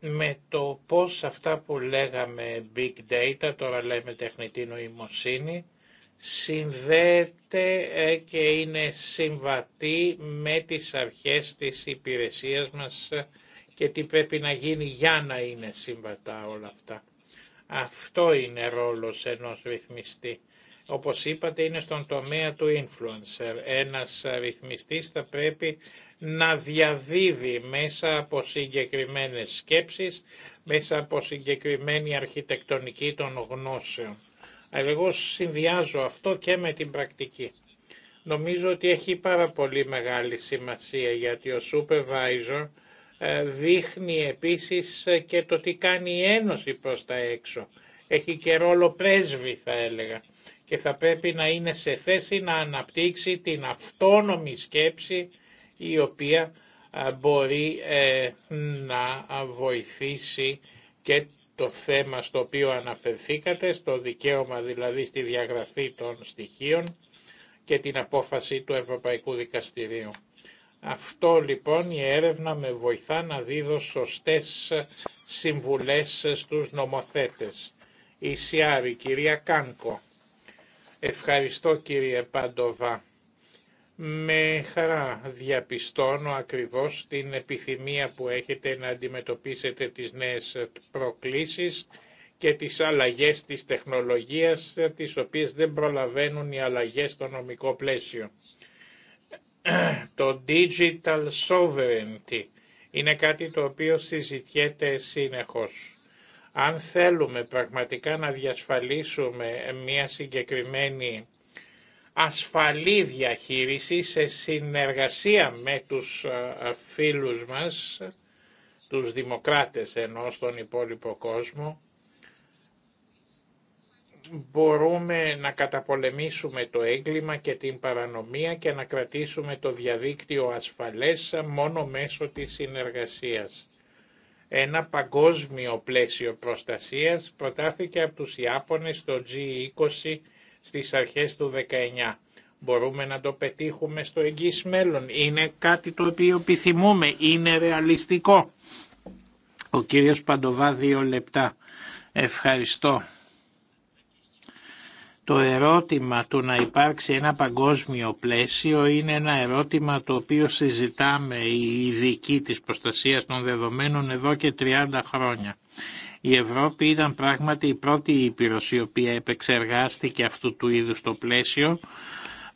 με το πώς αυτά που λέγαμε big data, τώρα λέμε τεχνητή νοημοσύνη, συνδέεται ε, και είναι συμβατή με τις αρχές της υπηρεσίας μας και τι πρέπει να γίνει για να είναι συμβατά όλα αυτά. Αυτό είναι ρόλος ενός ρυθμιστή. Όπως είπατε είναι στον τομέα του influencer. Ένας ρυθμιστής θα πρέπει να διαδίδει μέσα από συγκεκριμένες σκέψεις, μέσα από συγκεκριμένη αρχιτεκτονική των γνώσεων. Αλλά εγώ συνδυάζω αυτό και με την πρακτική. Νομίζω ότι έχει πάρα πολύ μεγάλη σημασία γιατί ο supervisor ε, δείχνει επίσης ε, και το τι κάνει η Ένωση προς τα έξω. Έχει και ρόλο πρέσβη θα έλεγα και θα πρέπει να είναι σε θέση να αναπτύξει την αυτόνομη σκέψη η οποία μπορεί ε, να βοηθήσει και το θέμα στο οποίο αναφερθήκατε, στο δικαίωμα δηλαδή στη διαγραφή των στοιχείων και την απόφαση του Ευρωπαϊκού Δικαστηρίου. Αυτό λοιπόν η έρευνα με βοηθά να δίδω σωστές συμβουλές στους νομοθέτες. Η Σιάρη, κυρία Κάνκο. Ευχαριστώ κύριε Παντοβά. Με χαρά διαπιστώνω ακριβώς την επιθυμία που έχετε να αντιμετωπίσετε τις νέες προκλήσεις και τις αλλαγές της τεχνολογίας τις οποίες δεν προλαβαίνουν οι αλλαγές στο νομικό πλαίσιο. το digital sovereignty είναι κάτι το οποίο συζητιέται συνεχώς. Αν θέλουμε πραγματικά να διασφαλίσουμε μια συγκεκριμένη ασφαλή διαχείριση σε συνεργασία με τους φίλους μας, τους δημοκράτες ενώ στον υπόλοιπο κόσμο, μπορούμε να καταπολεμήσουμε το έγκλημα και την παρανομία και να κρατήσουμε το διαδίκτυο ασφαλές μόνο μέσω της συνεργασίας. Ένα παγκόσμιο πλαίσιο προστασίας προτάθηκε από τους Ιάπωνες στο G20 στις αρχές του 19. Μπορούμε να το πετύχουμε στο εγγύς μέλλον. Είναι κάτι το οποίο επιθυμούμε. Είναι ρεαλιστικό. Ο κύριος Παντοβά δύο λεπτά. Ευχαριστώ. Το ερώτημα του να υπάρξει ένα παγκόσμιο πλαίσιο είναι ένα ερώτημα το οποίο συζητάμε οι ειδικοί της προστασίας των δεδομένων εδώ και 30 χρόνια. Η Ευρώπη ήταν πράγματι η πρώτη ήπειρος η οποία επεξεργάστηκε αυτού του είδους το πλαίσιο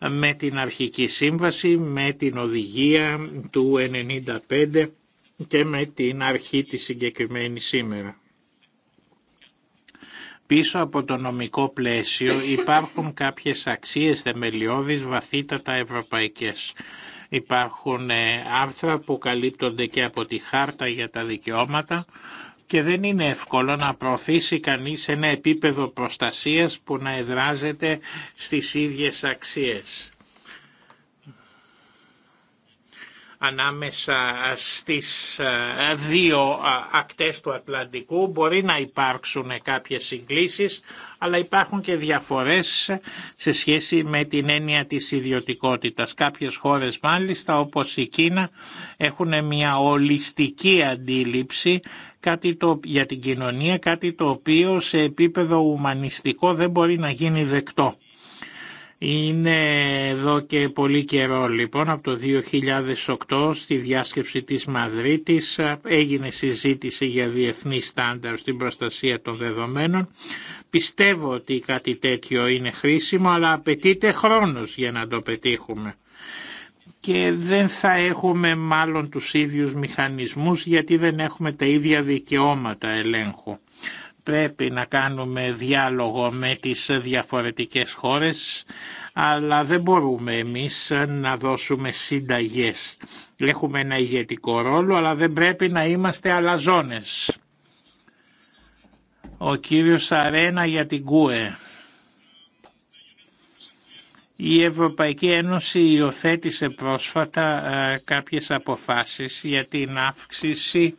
με την αρχική σύμβαση, με την οδηγία του 95 και με την αρχή της συγκεκριμένη σήμερα. Πίσω από το νομικό πλαίσιο υπάρχουν κάποιες αξίες θεμελιώδεις βαθύτατα ευρωπαϊκές. Υπάρχουν ε, άρθρα που καλύπτονται και από τη χάρτα για τα δικαιώματα και δεν είναι εύκολο να προωθήσει κανείς ένα επίπεδο προστασίας που να εδράζεται στις ίδιες αξίες. ανάμεσα στις ε, δύο ε, ακτές του Ατλαντικού. Μπορεί να υπάρξουν κάποιες συγκλήσεις, αλλά υπάρχουν και διαφορές σε σχέση με την έννοια της ιδιωτικότητας. Κάποιες χώρες μάλιστα όπως η Κίνα έχουν μια ολιστική αντίληψη κάτι το, για την κοινωνία, κάτι το οποίο σε επίπεδο ουμανιστικό δεν μπορεί να γίνει δεκτό. Είναι εδώ και πολύ καιρό λοιπόν, από το 2008 στη διάσκεψη της Μαδρίτης έγινε συζήτηση για διεθνή στάνταρ στην προστασία των δεδομένων. Πιστεύω ότι κάτι τέτοιο είναι χρήσιμο αλλά απαιτείται χρόνος για να το πετύχουμε. Και δεν θα έχουμε μάλλον τους ίδιους μηχανισμούς γιατί δεν έχουμε τα ίδια δικαιώματα ελέγχου πρέπει να κάνουμε διάλογο με τις διαφορετικές χώρες, αλλά δεν μπορούμε εμείς να δώσουμε συνταγές. Έχουμε ένα ηγετικό ρόλο, αλλά δεν πρέπει να είμαστε αλαζόνες. Ο κύριος Αρένα για την ΚΟΕ. Η Ευρωπαϊκή Ένωση υιοθέτησε πρόσφατα ε, κάποιες αποφάσεις για την αύξηση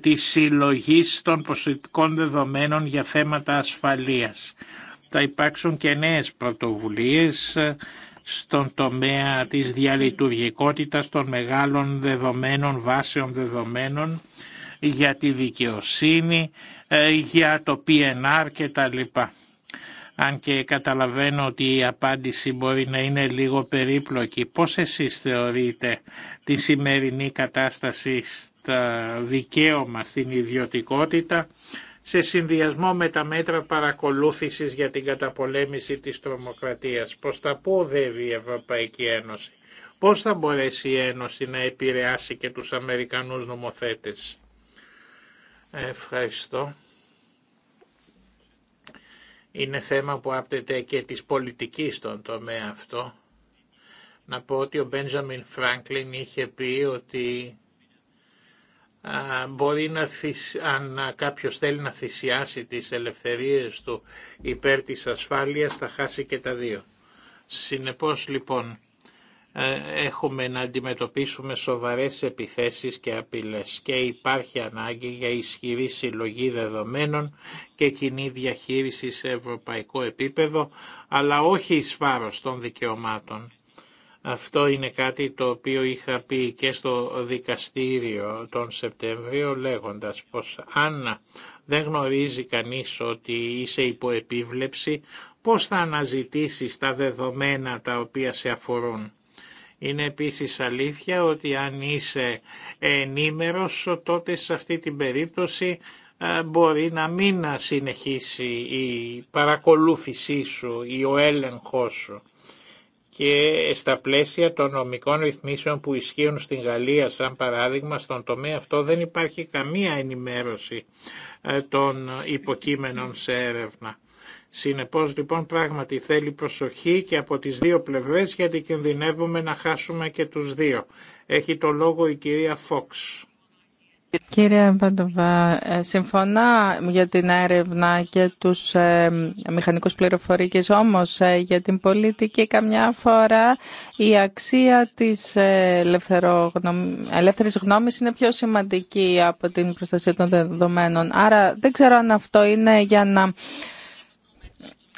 Τη συλλογή των προσωπικών δεδομένων για θέματα ασφαλείας. Θα υπάρξουν και νέες πρωτοβουλίες ε, στον τομέα της διαλειτουργικότητας των μεγάλων δεδομένων, βάσεων δεδομένων, για τη δικαιοσύνη, ε, για το PNR και τα λοιπά. Αν και καταλαβαίνω ότι η απάντηση μπορεί να είναι λίγο περίπλοκη, πώς εσείς θεωρείτε τη σημερινή κατάσταση δικαίωμα στην ιδιωτικότητα σε συνδυασμό με τα μέτρα παρακολούθησης για την καταπολέμηση της τρομοκρατίας. Πώς τα πού οδεύει η Ευρωπαϊκή Ένωση. Πώς θα μπορέσει η Ένωση να επηρεάσει και τους Αμερικανούς νομοθέτες. Ευχαριστώ. Είναι θέμα που άπτεται και της πολιτικής στον τομέα αυτό. Να πω ότι ο Μπέντζαμιν Φράγκλιν είχε πει ότι μπορεί να θυσ... αν κάποιος θέλει να θυσιάσει τις ελευθερίες του υπέρ της ασφάλειας θα χάσει και τα δύο. Συνεπώς λοιπόν ε, έχουμε να αντιμετωπίσουμε σοβαρές επιθέσεις και απειλές και υπάρχει ανάγκη για ισχυρή συλλογή δεδομένων και κοινή διαχείριση σε ευρωπαϊκό επίπεδο αλλά όχι εις βάρος των δικαιωμάτων αυτό είναι κάτι το οποίο είχα πει και στο δικαστήριο τον Σεπτέμβριο λέγοντας πως αν δεν γνωρίζει κανείς ότι είσαι υπό επίβλεψη, πώς θα αναζητήσεις τα δεδομένα τα οποία σε αφορούν. Είναι επίσης αλήθεια ότι αν είσαι ενήμερος, τότε σε αυτή την περίπτωση μπορεί να μην συνεχίσει η παρακολούθησή σου ή ο έλεγχός σου και στα πλαίσια των νομικών ρυθμίσεων που ισχύουν στην Γαλλία, σαν παράδειγμα, στον τομέα αυτό δεν υπάρχει καμία ενημέρωση ε, των υποκείμενων σε έρευνα. Συνεπώς λοιπόν πράγματι θέλει προσοχή και από τις δύο πλευρές γιατί κινδυνεύουμε να χάσουμε και τους δύο. Έχει το λόγο η κυρία Φόξ. Κύριε Παντοβά, ε, συμφωνά για την έρευνα και τους ε, μηχανικούς πληροφορικής, όμως ε, για την πολιτική καμιά φορά η αξία της ελεύθερης γνώμης είναι πιο σημαντική από την προστασία των δεδομένων. Άρα δεν ξέρω αν αυτό είναι για να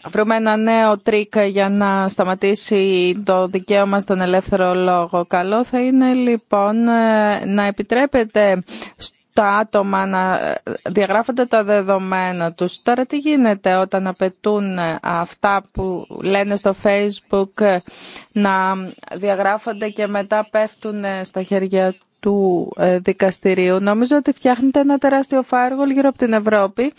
βρούμε ένα νέο τρίκ για να σταματήσει το δικαίωμα στον ελεύθερο λόγο. Καλό θα είναι λοιπόν ε, να επιτρέπεται στα άτομα να ε, διαγράφονται τα δεδομένα τους. Τώρα τι γίνεται όταν απαιτούν ε, αυτά που λένε στο facebook να διαγράφονται και μετά πέφτουν στα χέρια του δικαστηρίου. Νομίζω ότι φτιάχνεται ένα τεράστιο φάργολ γύρω από την Ευρώπη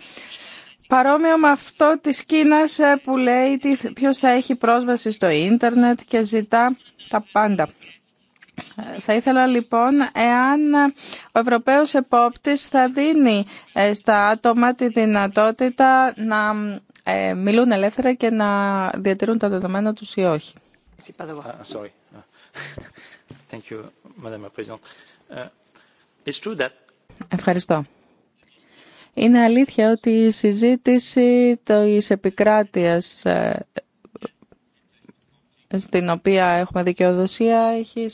Παρόμοιο με αυτό της Κίνας ε, που λέει ποιος θα έχει πρόσβαση στο ίντερνετ και ζητά τα πάντα. Ε, θα ήθελα λοιπόν εάν ο Ευρωπαίος Επόπτης θα δίνει ε, στα άτομα τη δυνατότητα να μιλούν ελεύθερα και να διατηρούν τα δεδομένα τους ή όχι. Ah, Ευχαριστώ. Είναι αλήθεια ότι η συζήτηση της επικράτειας ε, στην οποία έχουμε δικαιοδοσία έχει,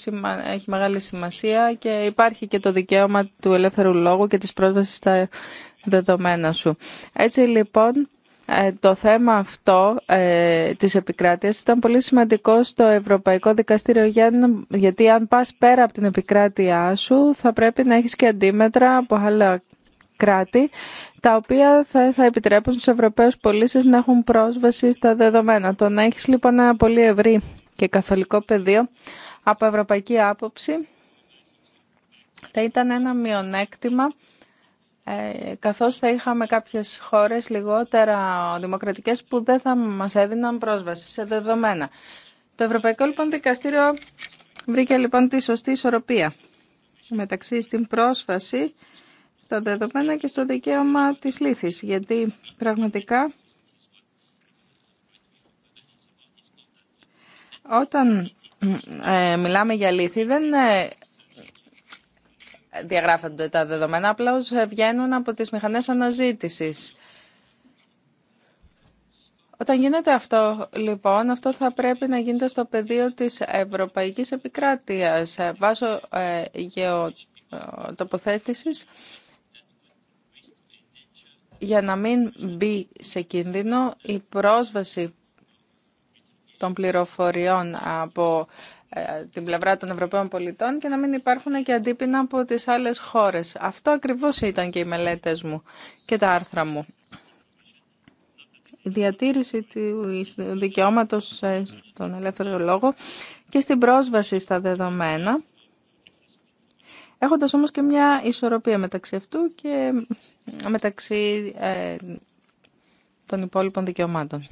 έχει μεγάλη σημασία και υπάρχει και το δικαίωμα του ελεύθερου λόγου και της πρόσβασης στα δεδομένα σου. Έτσι λοιπόν ε, το θέμα αυτό ε, της επικράτειας ήταν πολύ σημαντικό στο Ευρωπαϊκό Δικαστήριο γιατί αν πας πέρα από την επικράτειά σου θα πρέπει να έχεις και αντίμετρα από άλλα κράτη, τα οποία θα, θα επιτρέπουν στους Ευρωπαίους πολίτες να έχουν πρόσβαση στα δεδομένα. Το να έχεις λοιπόν ένα πολύ ευρύ και καθολικό πεδίο από ευρωπαϊκή άποψη θα ήταν ένα μειονέκτημα ε, καθώς θα είχαμε κάποιες χώρες λιγότερα δημοκρατικές που δεν θα μας έδιναν πρόσβαση σε δεδομένα. Το Ευρωπαϊκό λοιπόν Δικαστήριο βρήκε λοιπόν τη σωστή ισορροπία μεταξύ στην πρόσβαση στα δεδομένα και στο δικαίωμα της λύθης, γιατί πραγματικά όταν ε, μιλάμε για λύθη δεν ε, διαγράφονται τα δεδομένα, απλά βγαίνουν από τις μηχανές αναζήτησης. Όταν γίνεται αυτό, λοιπόν, αυτό θα πρέπει να γίνεται στο πεδίο της ευρωπαϊκής επικράτειας βάσω ε, ε γεωτοποθέτησης για να μην μπει σε κίνδυνο η πρόσβαση των πληροφοριών από ε, την πλευρά των Ευρωπαίων πολιτών και να μην υπάρχουν και αντίπεινα από τις άλλες χώρες. Αυτό ακριβώς ήταν και οι μελέτες μου και τα άρθρα μου. Η διατήρηση του δικαιώματος ε, στον ελεύθερο λόγο και στην πρόσβαση στα δεδομένα έχοντας όμως και μια ισορροπία μεταξύ αυτού και ε, μεταξύ ε, των υπόλοιπων δικαιωμάτων.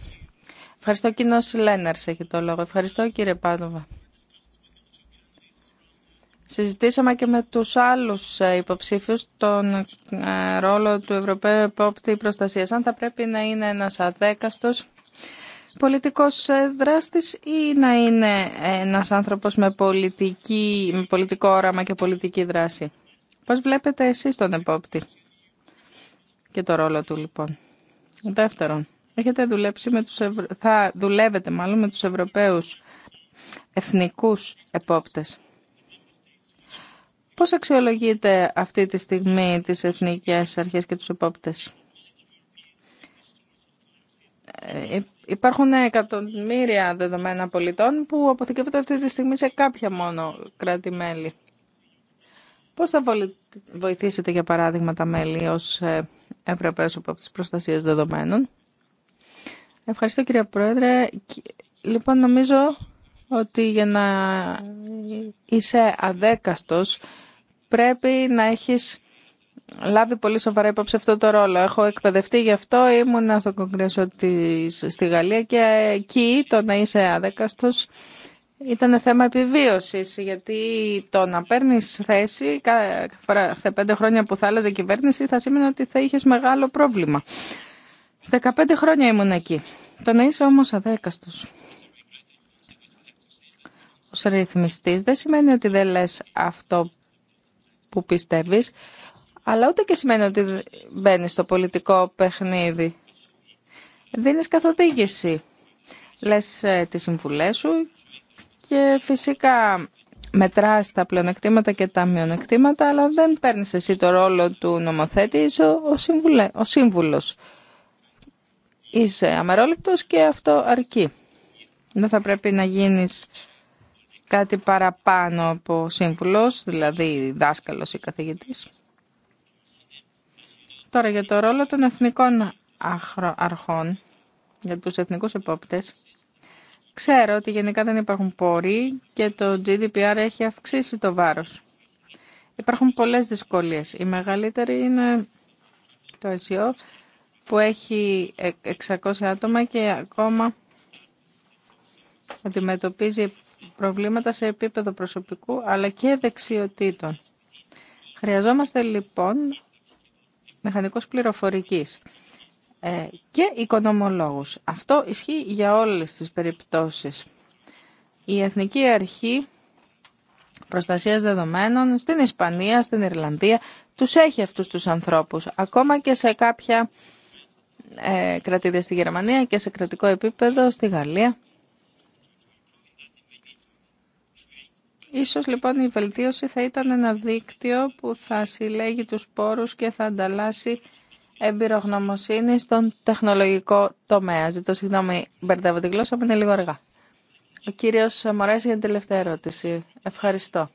Ευχαριστώ κοινό Λέναρς έχει το λόγο. Ευχαριστώ κύριε Πάνοβα. Συζητήσαμε και με τους άλλους ε, υποψήφιους τον ε, ρόλο του Ευρωπαίου Επόπτη Προστασίας. Αν θα πρέπει να είναι ένας αδέκαστος πολιτικός ε, δράστης ή να είναι ένας άνθρωπος με, πολιτική, με πολιτικό όραμα και πολιτική δράση. Πώς βλέπετε εσείς τον επόπτη και το ρόλο του λοιπόν. Δεύτερον, έχετε δουλέψει με τους θα δουλεύετε μάλλον με τους Ευρωπαίους εθνικούς επόπτες. Πώς αξιολογείτε αυτή τη στιγμή τις εθνικές αρχές και τους επόπτες. Ε, υπάρχουν εκατομμύρια δεδομένα πολιτών που αποθηκεύονται αυτή τη στιγμή σε κάποια μόνο κράτη-μέλη. Πώς θα βοηθήσετε, για παράδειγμα, τα μέλη ως ε, ευρωπαίσωπο από τις προστασίες δεδομένων. Ευχαριστώ, κύριε Πρόεδρε. Λοιπόν, νομίζω ότι για να είσαι αδέκαστος πρέπει να έχεις λάβει πολύ σοβαρά υπόψη αυτό το ρόλο. Έχω εκπαιδευτεί γι' αυτό, ήμουν στο κογκρέσο της, στη Γαλλία και εκεί το να είσαι άδεκαστος ήταν θέμα επιβίωσης, γιατί το να παίρνει θέση κάθε πέντε χρόνια που θα άλλαζε κυβέρνηση θα σήμαινε ότι θα είχες μεγάλο πρόβλημα. Δεκαπέντε χρόνια ήμουν εκεί. Το να είσαι όμως αδέκαστος ως ρυθμιστής δεν σημαίνει ότι δεν λες αυτό που πιστεύεις αλλά ούτε και σημαίνει ότι μπαίνει στο πολιτικό παιχνίδι. Δίνεις καθοδήγηση, λες ε, τις συμβουλές σου και φυσικά μετράς τα πλεονεκτήματα και τα μειονεκτήματα, αλλά δεν παίρνεις εσύ το ρόλο του νομοθέτη, είσαι ο, συμβουλε, ο σύμβουλος. Είσαι αμερόληπτος και αυτό αρκεί. Δεν θα πρέπει να γίνεις κάτι παραπάνω από σύμβουλος, δηλαδή δάσκαλος ή καθηγητής. Τώρα για το ρόλο των εθνικών αρχών, για τους εθνικούς επόπτες, ξέρω ότι γενικά δεν υπάρχουν πόροι και το GDPR έχει αυξήσει το βάρος. Υπάρχουν πολλές δυσκολίες. Η μεγαλύτερη είναι το SEO που έχει 600 άτομα και ακόμα αντιμετωπίζει προβλήματα σε επίπεδο προσωπικού αλλά και δεξιοτήτων. Χρειαζόμαστε λοιπόν μηχανικός πληροφορικής ε, και οικονομολόγους. Αυτό ισχύει για όλες τις περιπτώσεις. Η Εθνική Αρχή Προστασίας Δεδομένων στην Ισπανία, στην Ιρλανδία, τους έχει αυτούς τους ανθρώπους. Ακόμα και σε κάποια ε, κρατήδια στη Γερμανία και σε κρατικό επίπεδο στη Γαλλία. Ίσως λοιπόν η βελτίωση θα ήταν ένα δίκτυο που θα συλλέγει τους πόρους και θα ανταλλάσσει εμπειρογνωμοσύνη στον τεχνολογικό τομέα. Ζητώ συγγνώμη, μπερδεύω τη γλώσσα είναι λίγο αργά. Ο κύριος Μωράς για την τελευταία ερώτηση. Ευχαριστώ.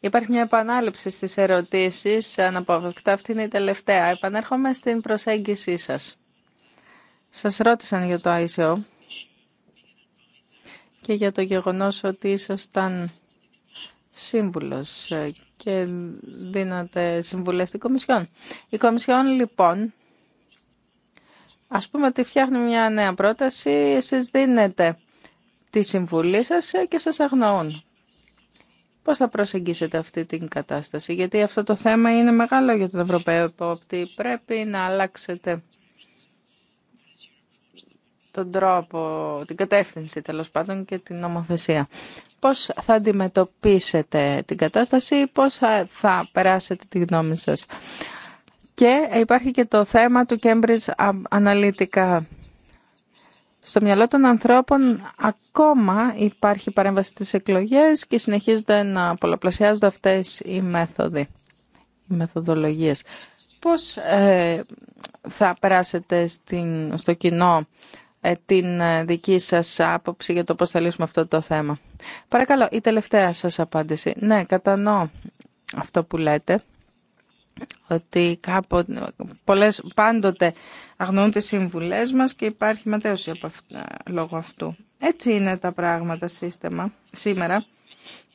Υπάρχει μια επανάληψη στις ερωτήσεις, αναπόφευκτα αυτή είναι η τελευταία. Επανέρχομαι στην προσέγγισή σας. Σας ρώτησαν για το ICO και για το γεγονός ότι ήσασταν Σύμβουλο ε, και δίνατε συμβουλέ στην Κομισιόν. Η Κομισιόν λοιπόν, ας πούμε ότι φτιάχνει μια νέα πρόταση, εσείς δίνετε τη συμβουλή σας ε, και σας αγνοούν. Πώς θα προσεγγίσετε αυτή την κατάσταση, γιατί αυτό το θέμα είναι μεγάλο για τον Ευρωπαίο ότι πρέπει να αλλάξετε τον τρόπο, την κατεύθυνση τέλο πάντων και την νομοθεσία. Πώς θα αντιμετωπίσετε την κατάσταση, πώς θα περάσετε τη γνώμη σας. Και υπάρχει και το θέμα του Cambridge Analytica. Στο μυαλό των ανθρώπων ακόμα υπάρχει παρέμβαση στις εκλογές και συνεχίζονται να πολλαπλασιάζονται αυτές οι μέθοδοι, οι μεθοδολογίες. Πώς ε, θα περάσετε στην, στο κοινό ε, την ε, δική σας άποψη για το πώς θα λύσουμε αυτό το θέμα. Παρακαλώ, η τελευταία σας απάντηση. Ναι, κατανοώ αυτό που λέτε ότι κάπο, πολλές, πάντοτε αγνοούν τις συμβουλές μας και υπάρχει ματέωση από ε, λόγω αυτού. Έτσι είναι τα πράγματα σύστημα σήμερα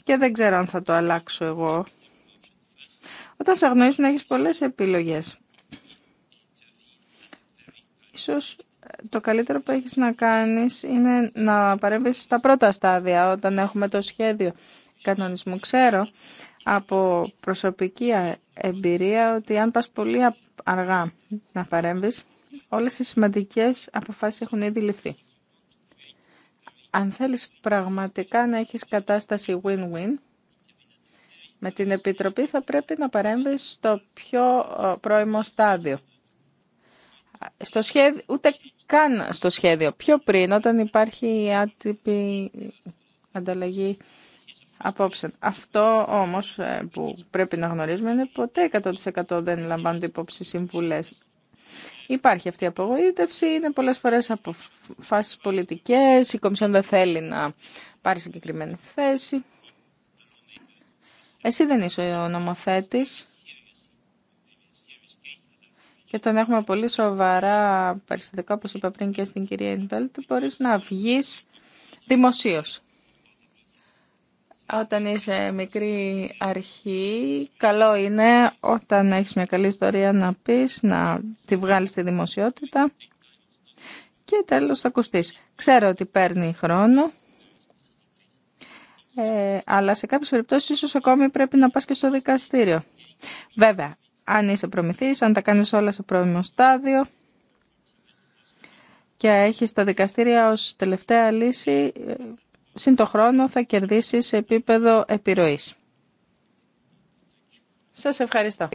και δεν ξέρω αν θα το αλλάξω εγώ. Όταν σε αγνοήσουν έχεις πολλές επιλογές. Ίσως το καλύτερο που έχεις να κάνεις είναι να παρέμβεις στα πρώτα στάδια όταν έχουμε το σχέδιο κανονισμού. Ξέρω από προσωπική εμπειρία ότι αν πας πολύ αργά να παρέμβεις, όλες οι σημαντικές αποφάσεις έχουν ήδη ληφθεί. Αν θέλεις πραγματικά να έχεις κατάσταση win-win, με την Επιτροπή θα πρέπει να παρέμβεις στο πιο πρώιμο στάδιο στο σχέδιο, ούτε καν στο σχέδιο. Πιο πριν, όταν υπάρχει η άτυπη ανταλλαγή απόψε. Αυτό όμως ε, που πρέπει να γνωρίζουμε είναι ποτέ 100% δεν λαμβάνονται υπόψη συμβουλές. Υπάρχει αυτή η απογοήτευση, είναι πολλές φορές φάσεις πολιτικές, η Κομισιόν δεν θέλει να πάρει συγκεκριμένη θέση. Εσύ δεν είσαι ο νομοθέτης και όταν έχουμε πολύ σοβαρά περιστατικά, όπως είπα πριν και στην κυρία Ινβέλτ, μπορείς να βγεις δημοσίως. Όταν είσαι μικρή αρχή, καλό είναι όταν έχεις μια καλή ιστορία να πεις, να τη βγάλεις στη δημοσιότητα και τέλος θα ακουστείς. Ξέρω ότι παίρνει χρόνο, ε, αλλά σε κάποιες περιπτώσεις ίσως ακόμη πρέπει να πας και στο δικαστήριο. Βέβαια, αν είσαι προμηθής, αν τα κάνεις όλα σε πρώιμο στάδιο και έχεις τα δικαστήρια ως τελευταία λύση, συν το χρόνο θα κερδίσεις σε επίπεδο επιρροής. Σας ευχαριστώ.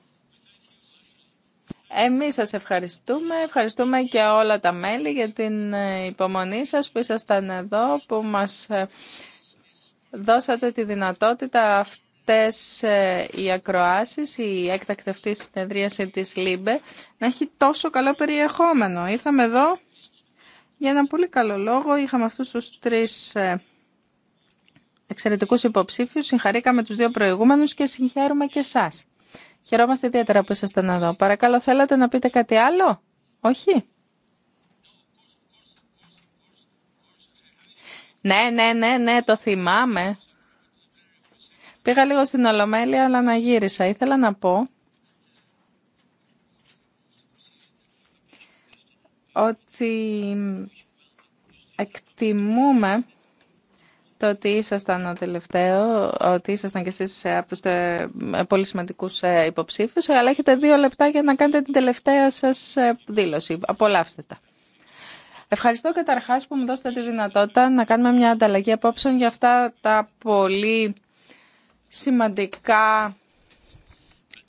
Εμείς σας ευχαριστούμε. Ευχαριστούμε και όλα τα μέλη για την ε, υπομονή σας που ήσασταν εδώ, που μας ε, δώσατε τη δυνατότητα αυτή αυτές ε, οι ακροάσεις, η έκτακτη αυτή συνεδρίαση της ΛΥΜΠΕ, να έχει τόσο καλό περιεχόμενο. Ήρθαμε εδώ για ένα πολύ καλό λόγο. Είχαμε αυτούς τους τρεις ε, εξαιρετικούς υποψήφιους. Συγχαρήκαμε τους δύο προηγούμενους και συγχαίρουμε και εσάς. Χαιρόμαστε ιδιαίτερα που ήσασταν εδώ. Παρακαλώ, θέλατε να πείτε κάτι άλλο? Όχι? Ναι, ναι, ναι, ναι, το θυμάμαι. Πήγα λίγο στην Ολομέλεια, αλλά να γύρισα. Ήθελα να πω ότι εκτιμούμε το ότι ήσασταν ο τελευταίο, ότι ήσασταν κι εσείς από τους πολύ σημαντικού ε, υποψήφους, αλλά έχετε δύο λεπτά για να κάνετε την τελευταία σας ε, δήλωση. Απολαύστε τα. Ευχαριστώ καταρχάς που μου δώσατε τη δυνατότητα να κάνουμε μια ανταλλαγή απόψεων για αυτά τα πολύ σημαντικά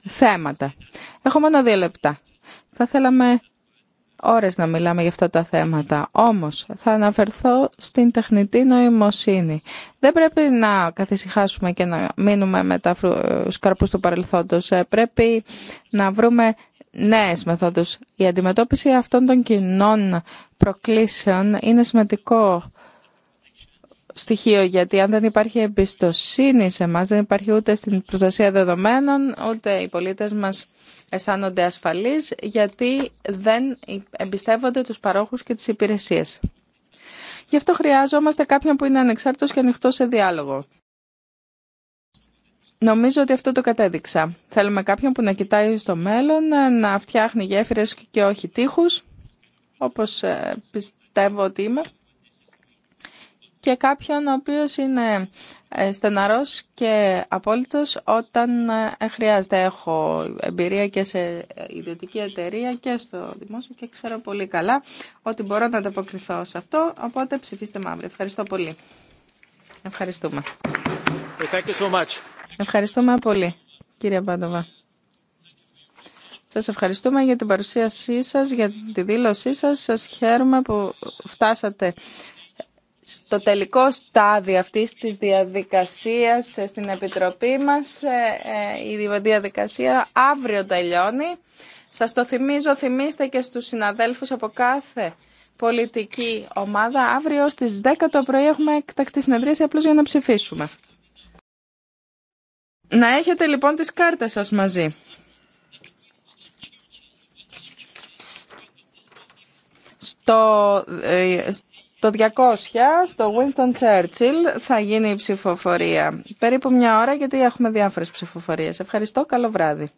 θέματα. Έχω μόνο δύο λεπτά. Θα θέλαμε ώρες να μιλάμε για αυτά τα θέματα. Όμως θα αναφερθώ στην τεχνητή νοημοσύνη. Δεν πρέπει να καθησυχάσουμε και να μείνουμε με τα σκαρπούς του παρελθόντος. Ε, πρέπει να βρούμε νέες μεθόδους. Η αντιμετώπιση αυτών των κοινών προκλήσεων είναι σημαντικό στοιχείο, γιατί αν δεν υπάρχει εμπιστοσύνη σε εμά, δεν υπάρχει ούτε στην προστασία δεδομένων, ούτε οι πολίτες μας αισθάνονται ασφαλείς, γιατί δεν εμπιστεύονται τους παρόχους και τις υπηρεσίες. Γι' αυτό χρειάζομαστε κάποιον που είναι ανεξάρτητος και ανοιχτό σε διάλογο. Νομίζω ότι αυτό το κατέδειξα. Θέλουμε κάποιον που να κοιτάει στο μέλλον, να φτιάχνει γέφυρες και όχι τείχους, όπως ε, πιστεύω ότι είμαι και κάποιον ο οποίος είναι ε, στεναρός και απόλυτος όταν ε, χρειάζεται. Έχω εμπειρία και σε ιδιωτική εταιρεία και στο δημόσιο και ξέρω πολύ καλά ότι μπορώ να ανταποκριθώ σε αυτό, οπότε ψηφίστε μαύρη. Ευχαριστώ πολύ. Ευχαριστούμε. so much. Ευχαριστούμε πολύ, κύριε Πάντοβα. Σας ευχαριστούμε για την παρουσίασή σας, για τη δήλωσή σας. Σας χαίρομαι που φτάσατε στο τελικό στάδιο αυτής της διαδικασίας ε, στην Επιτροπή μας. Ε, ε, η διαδικασία αύριο τελειώνει. Σας το θυμίζω, θυμίστε και στους συναδέλφους από κάθε πολιτική ομάδα. Αύριο στις 10 το πρωί έχουμε εκτακτή συνεδρίαση απλώς για να ψηφίσουμε. Να έχετε λοιπόν τις κάρτες σας μαζί. Στο, το 200 στο Winston Churchill θα γίνει η ψηφοφορία. Περίπου μια ώρα γιατί έχουμε διάφορες ψηφοφορίες. Ευχαριστώ. Καλό βράδυ.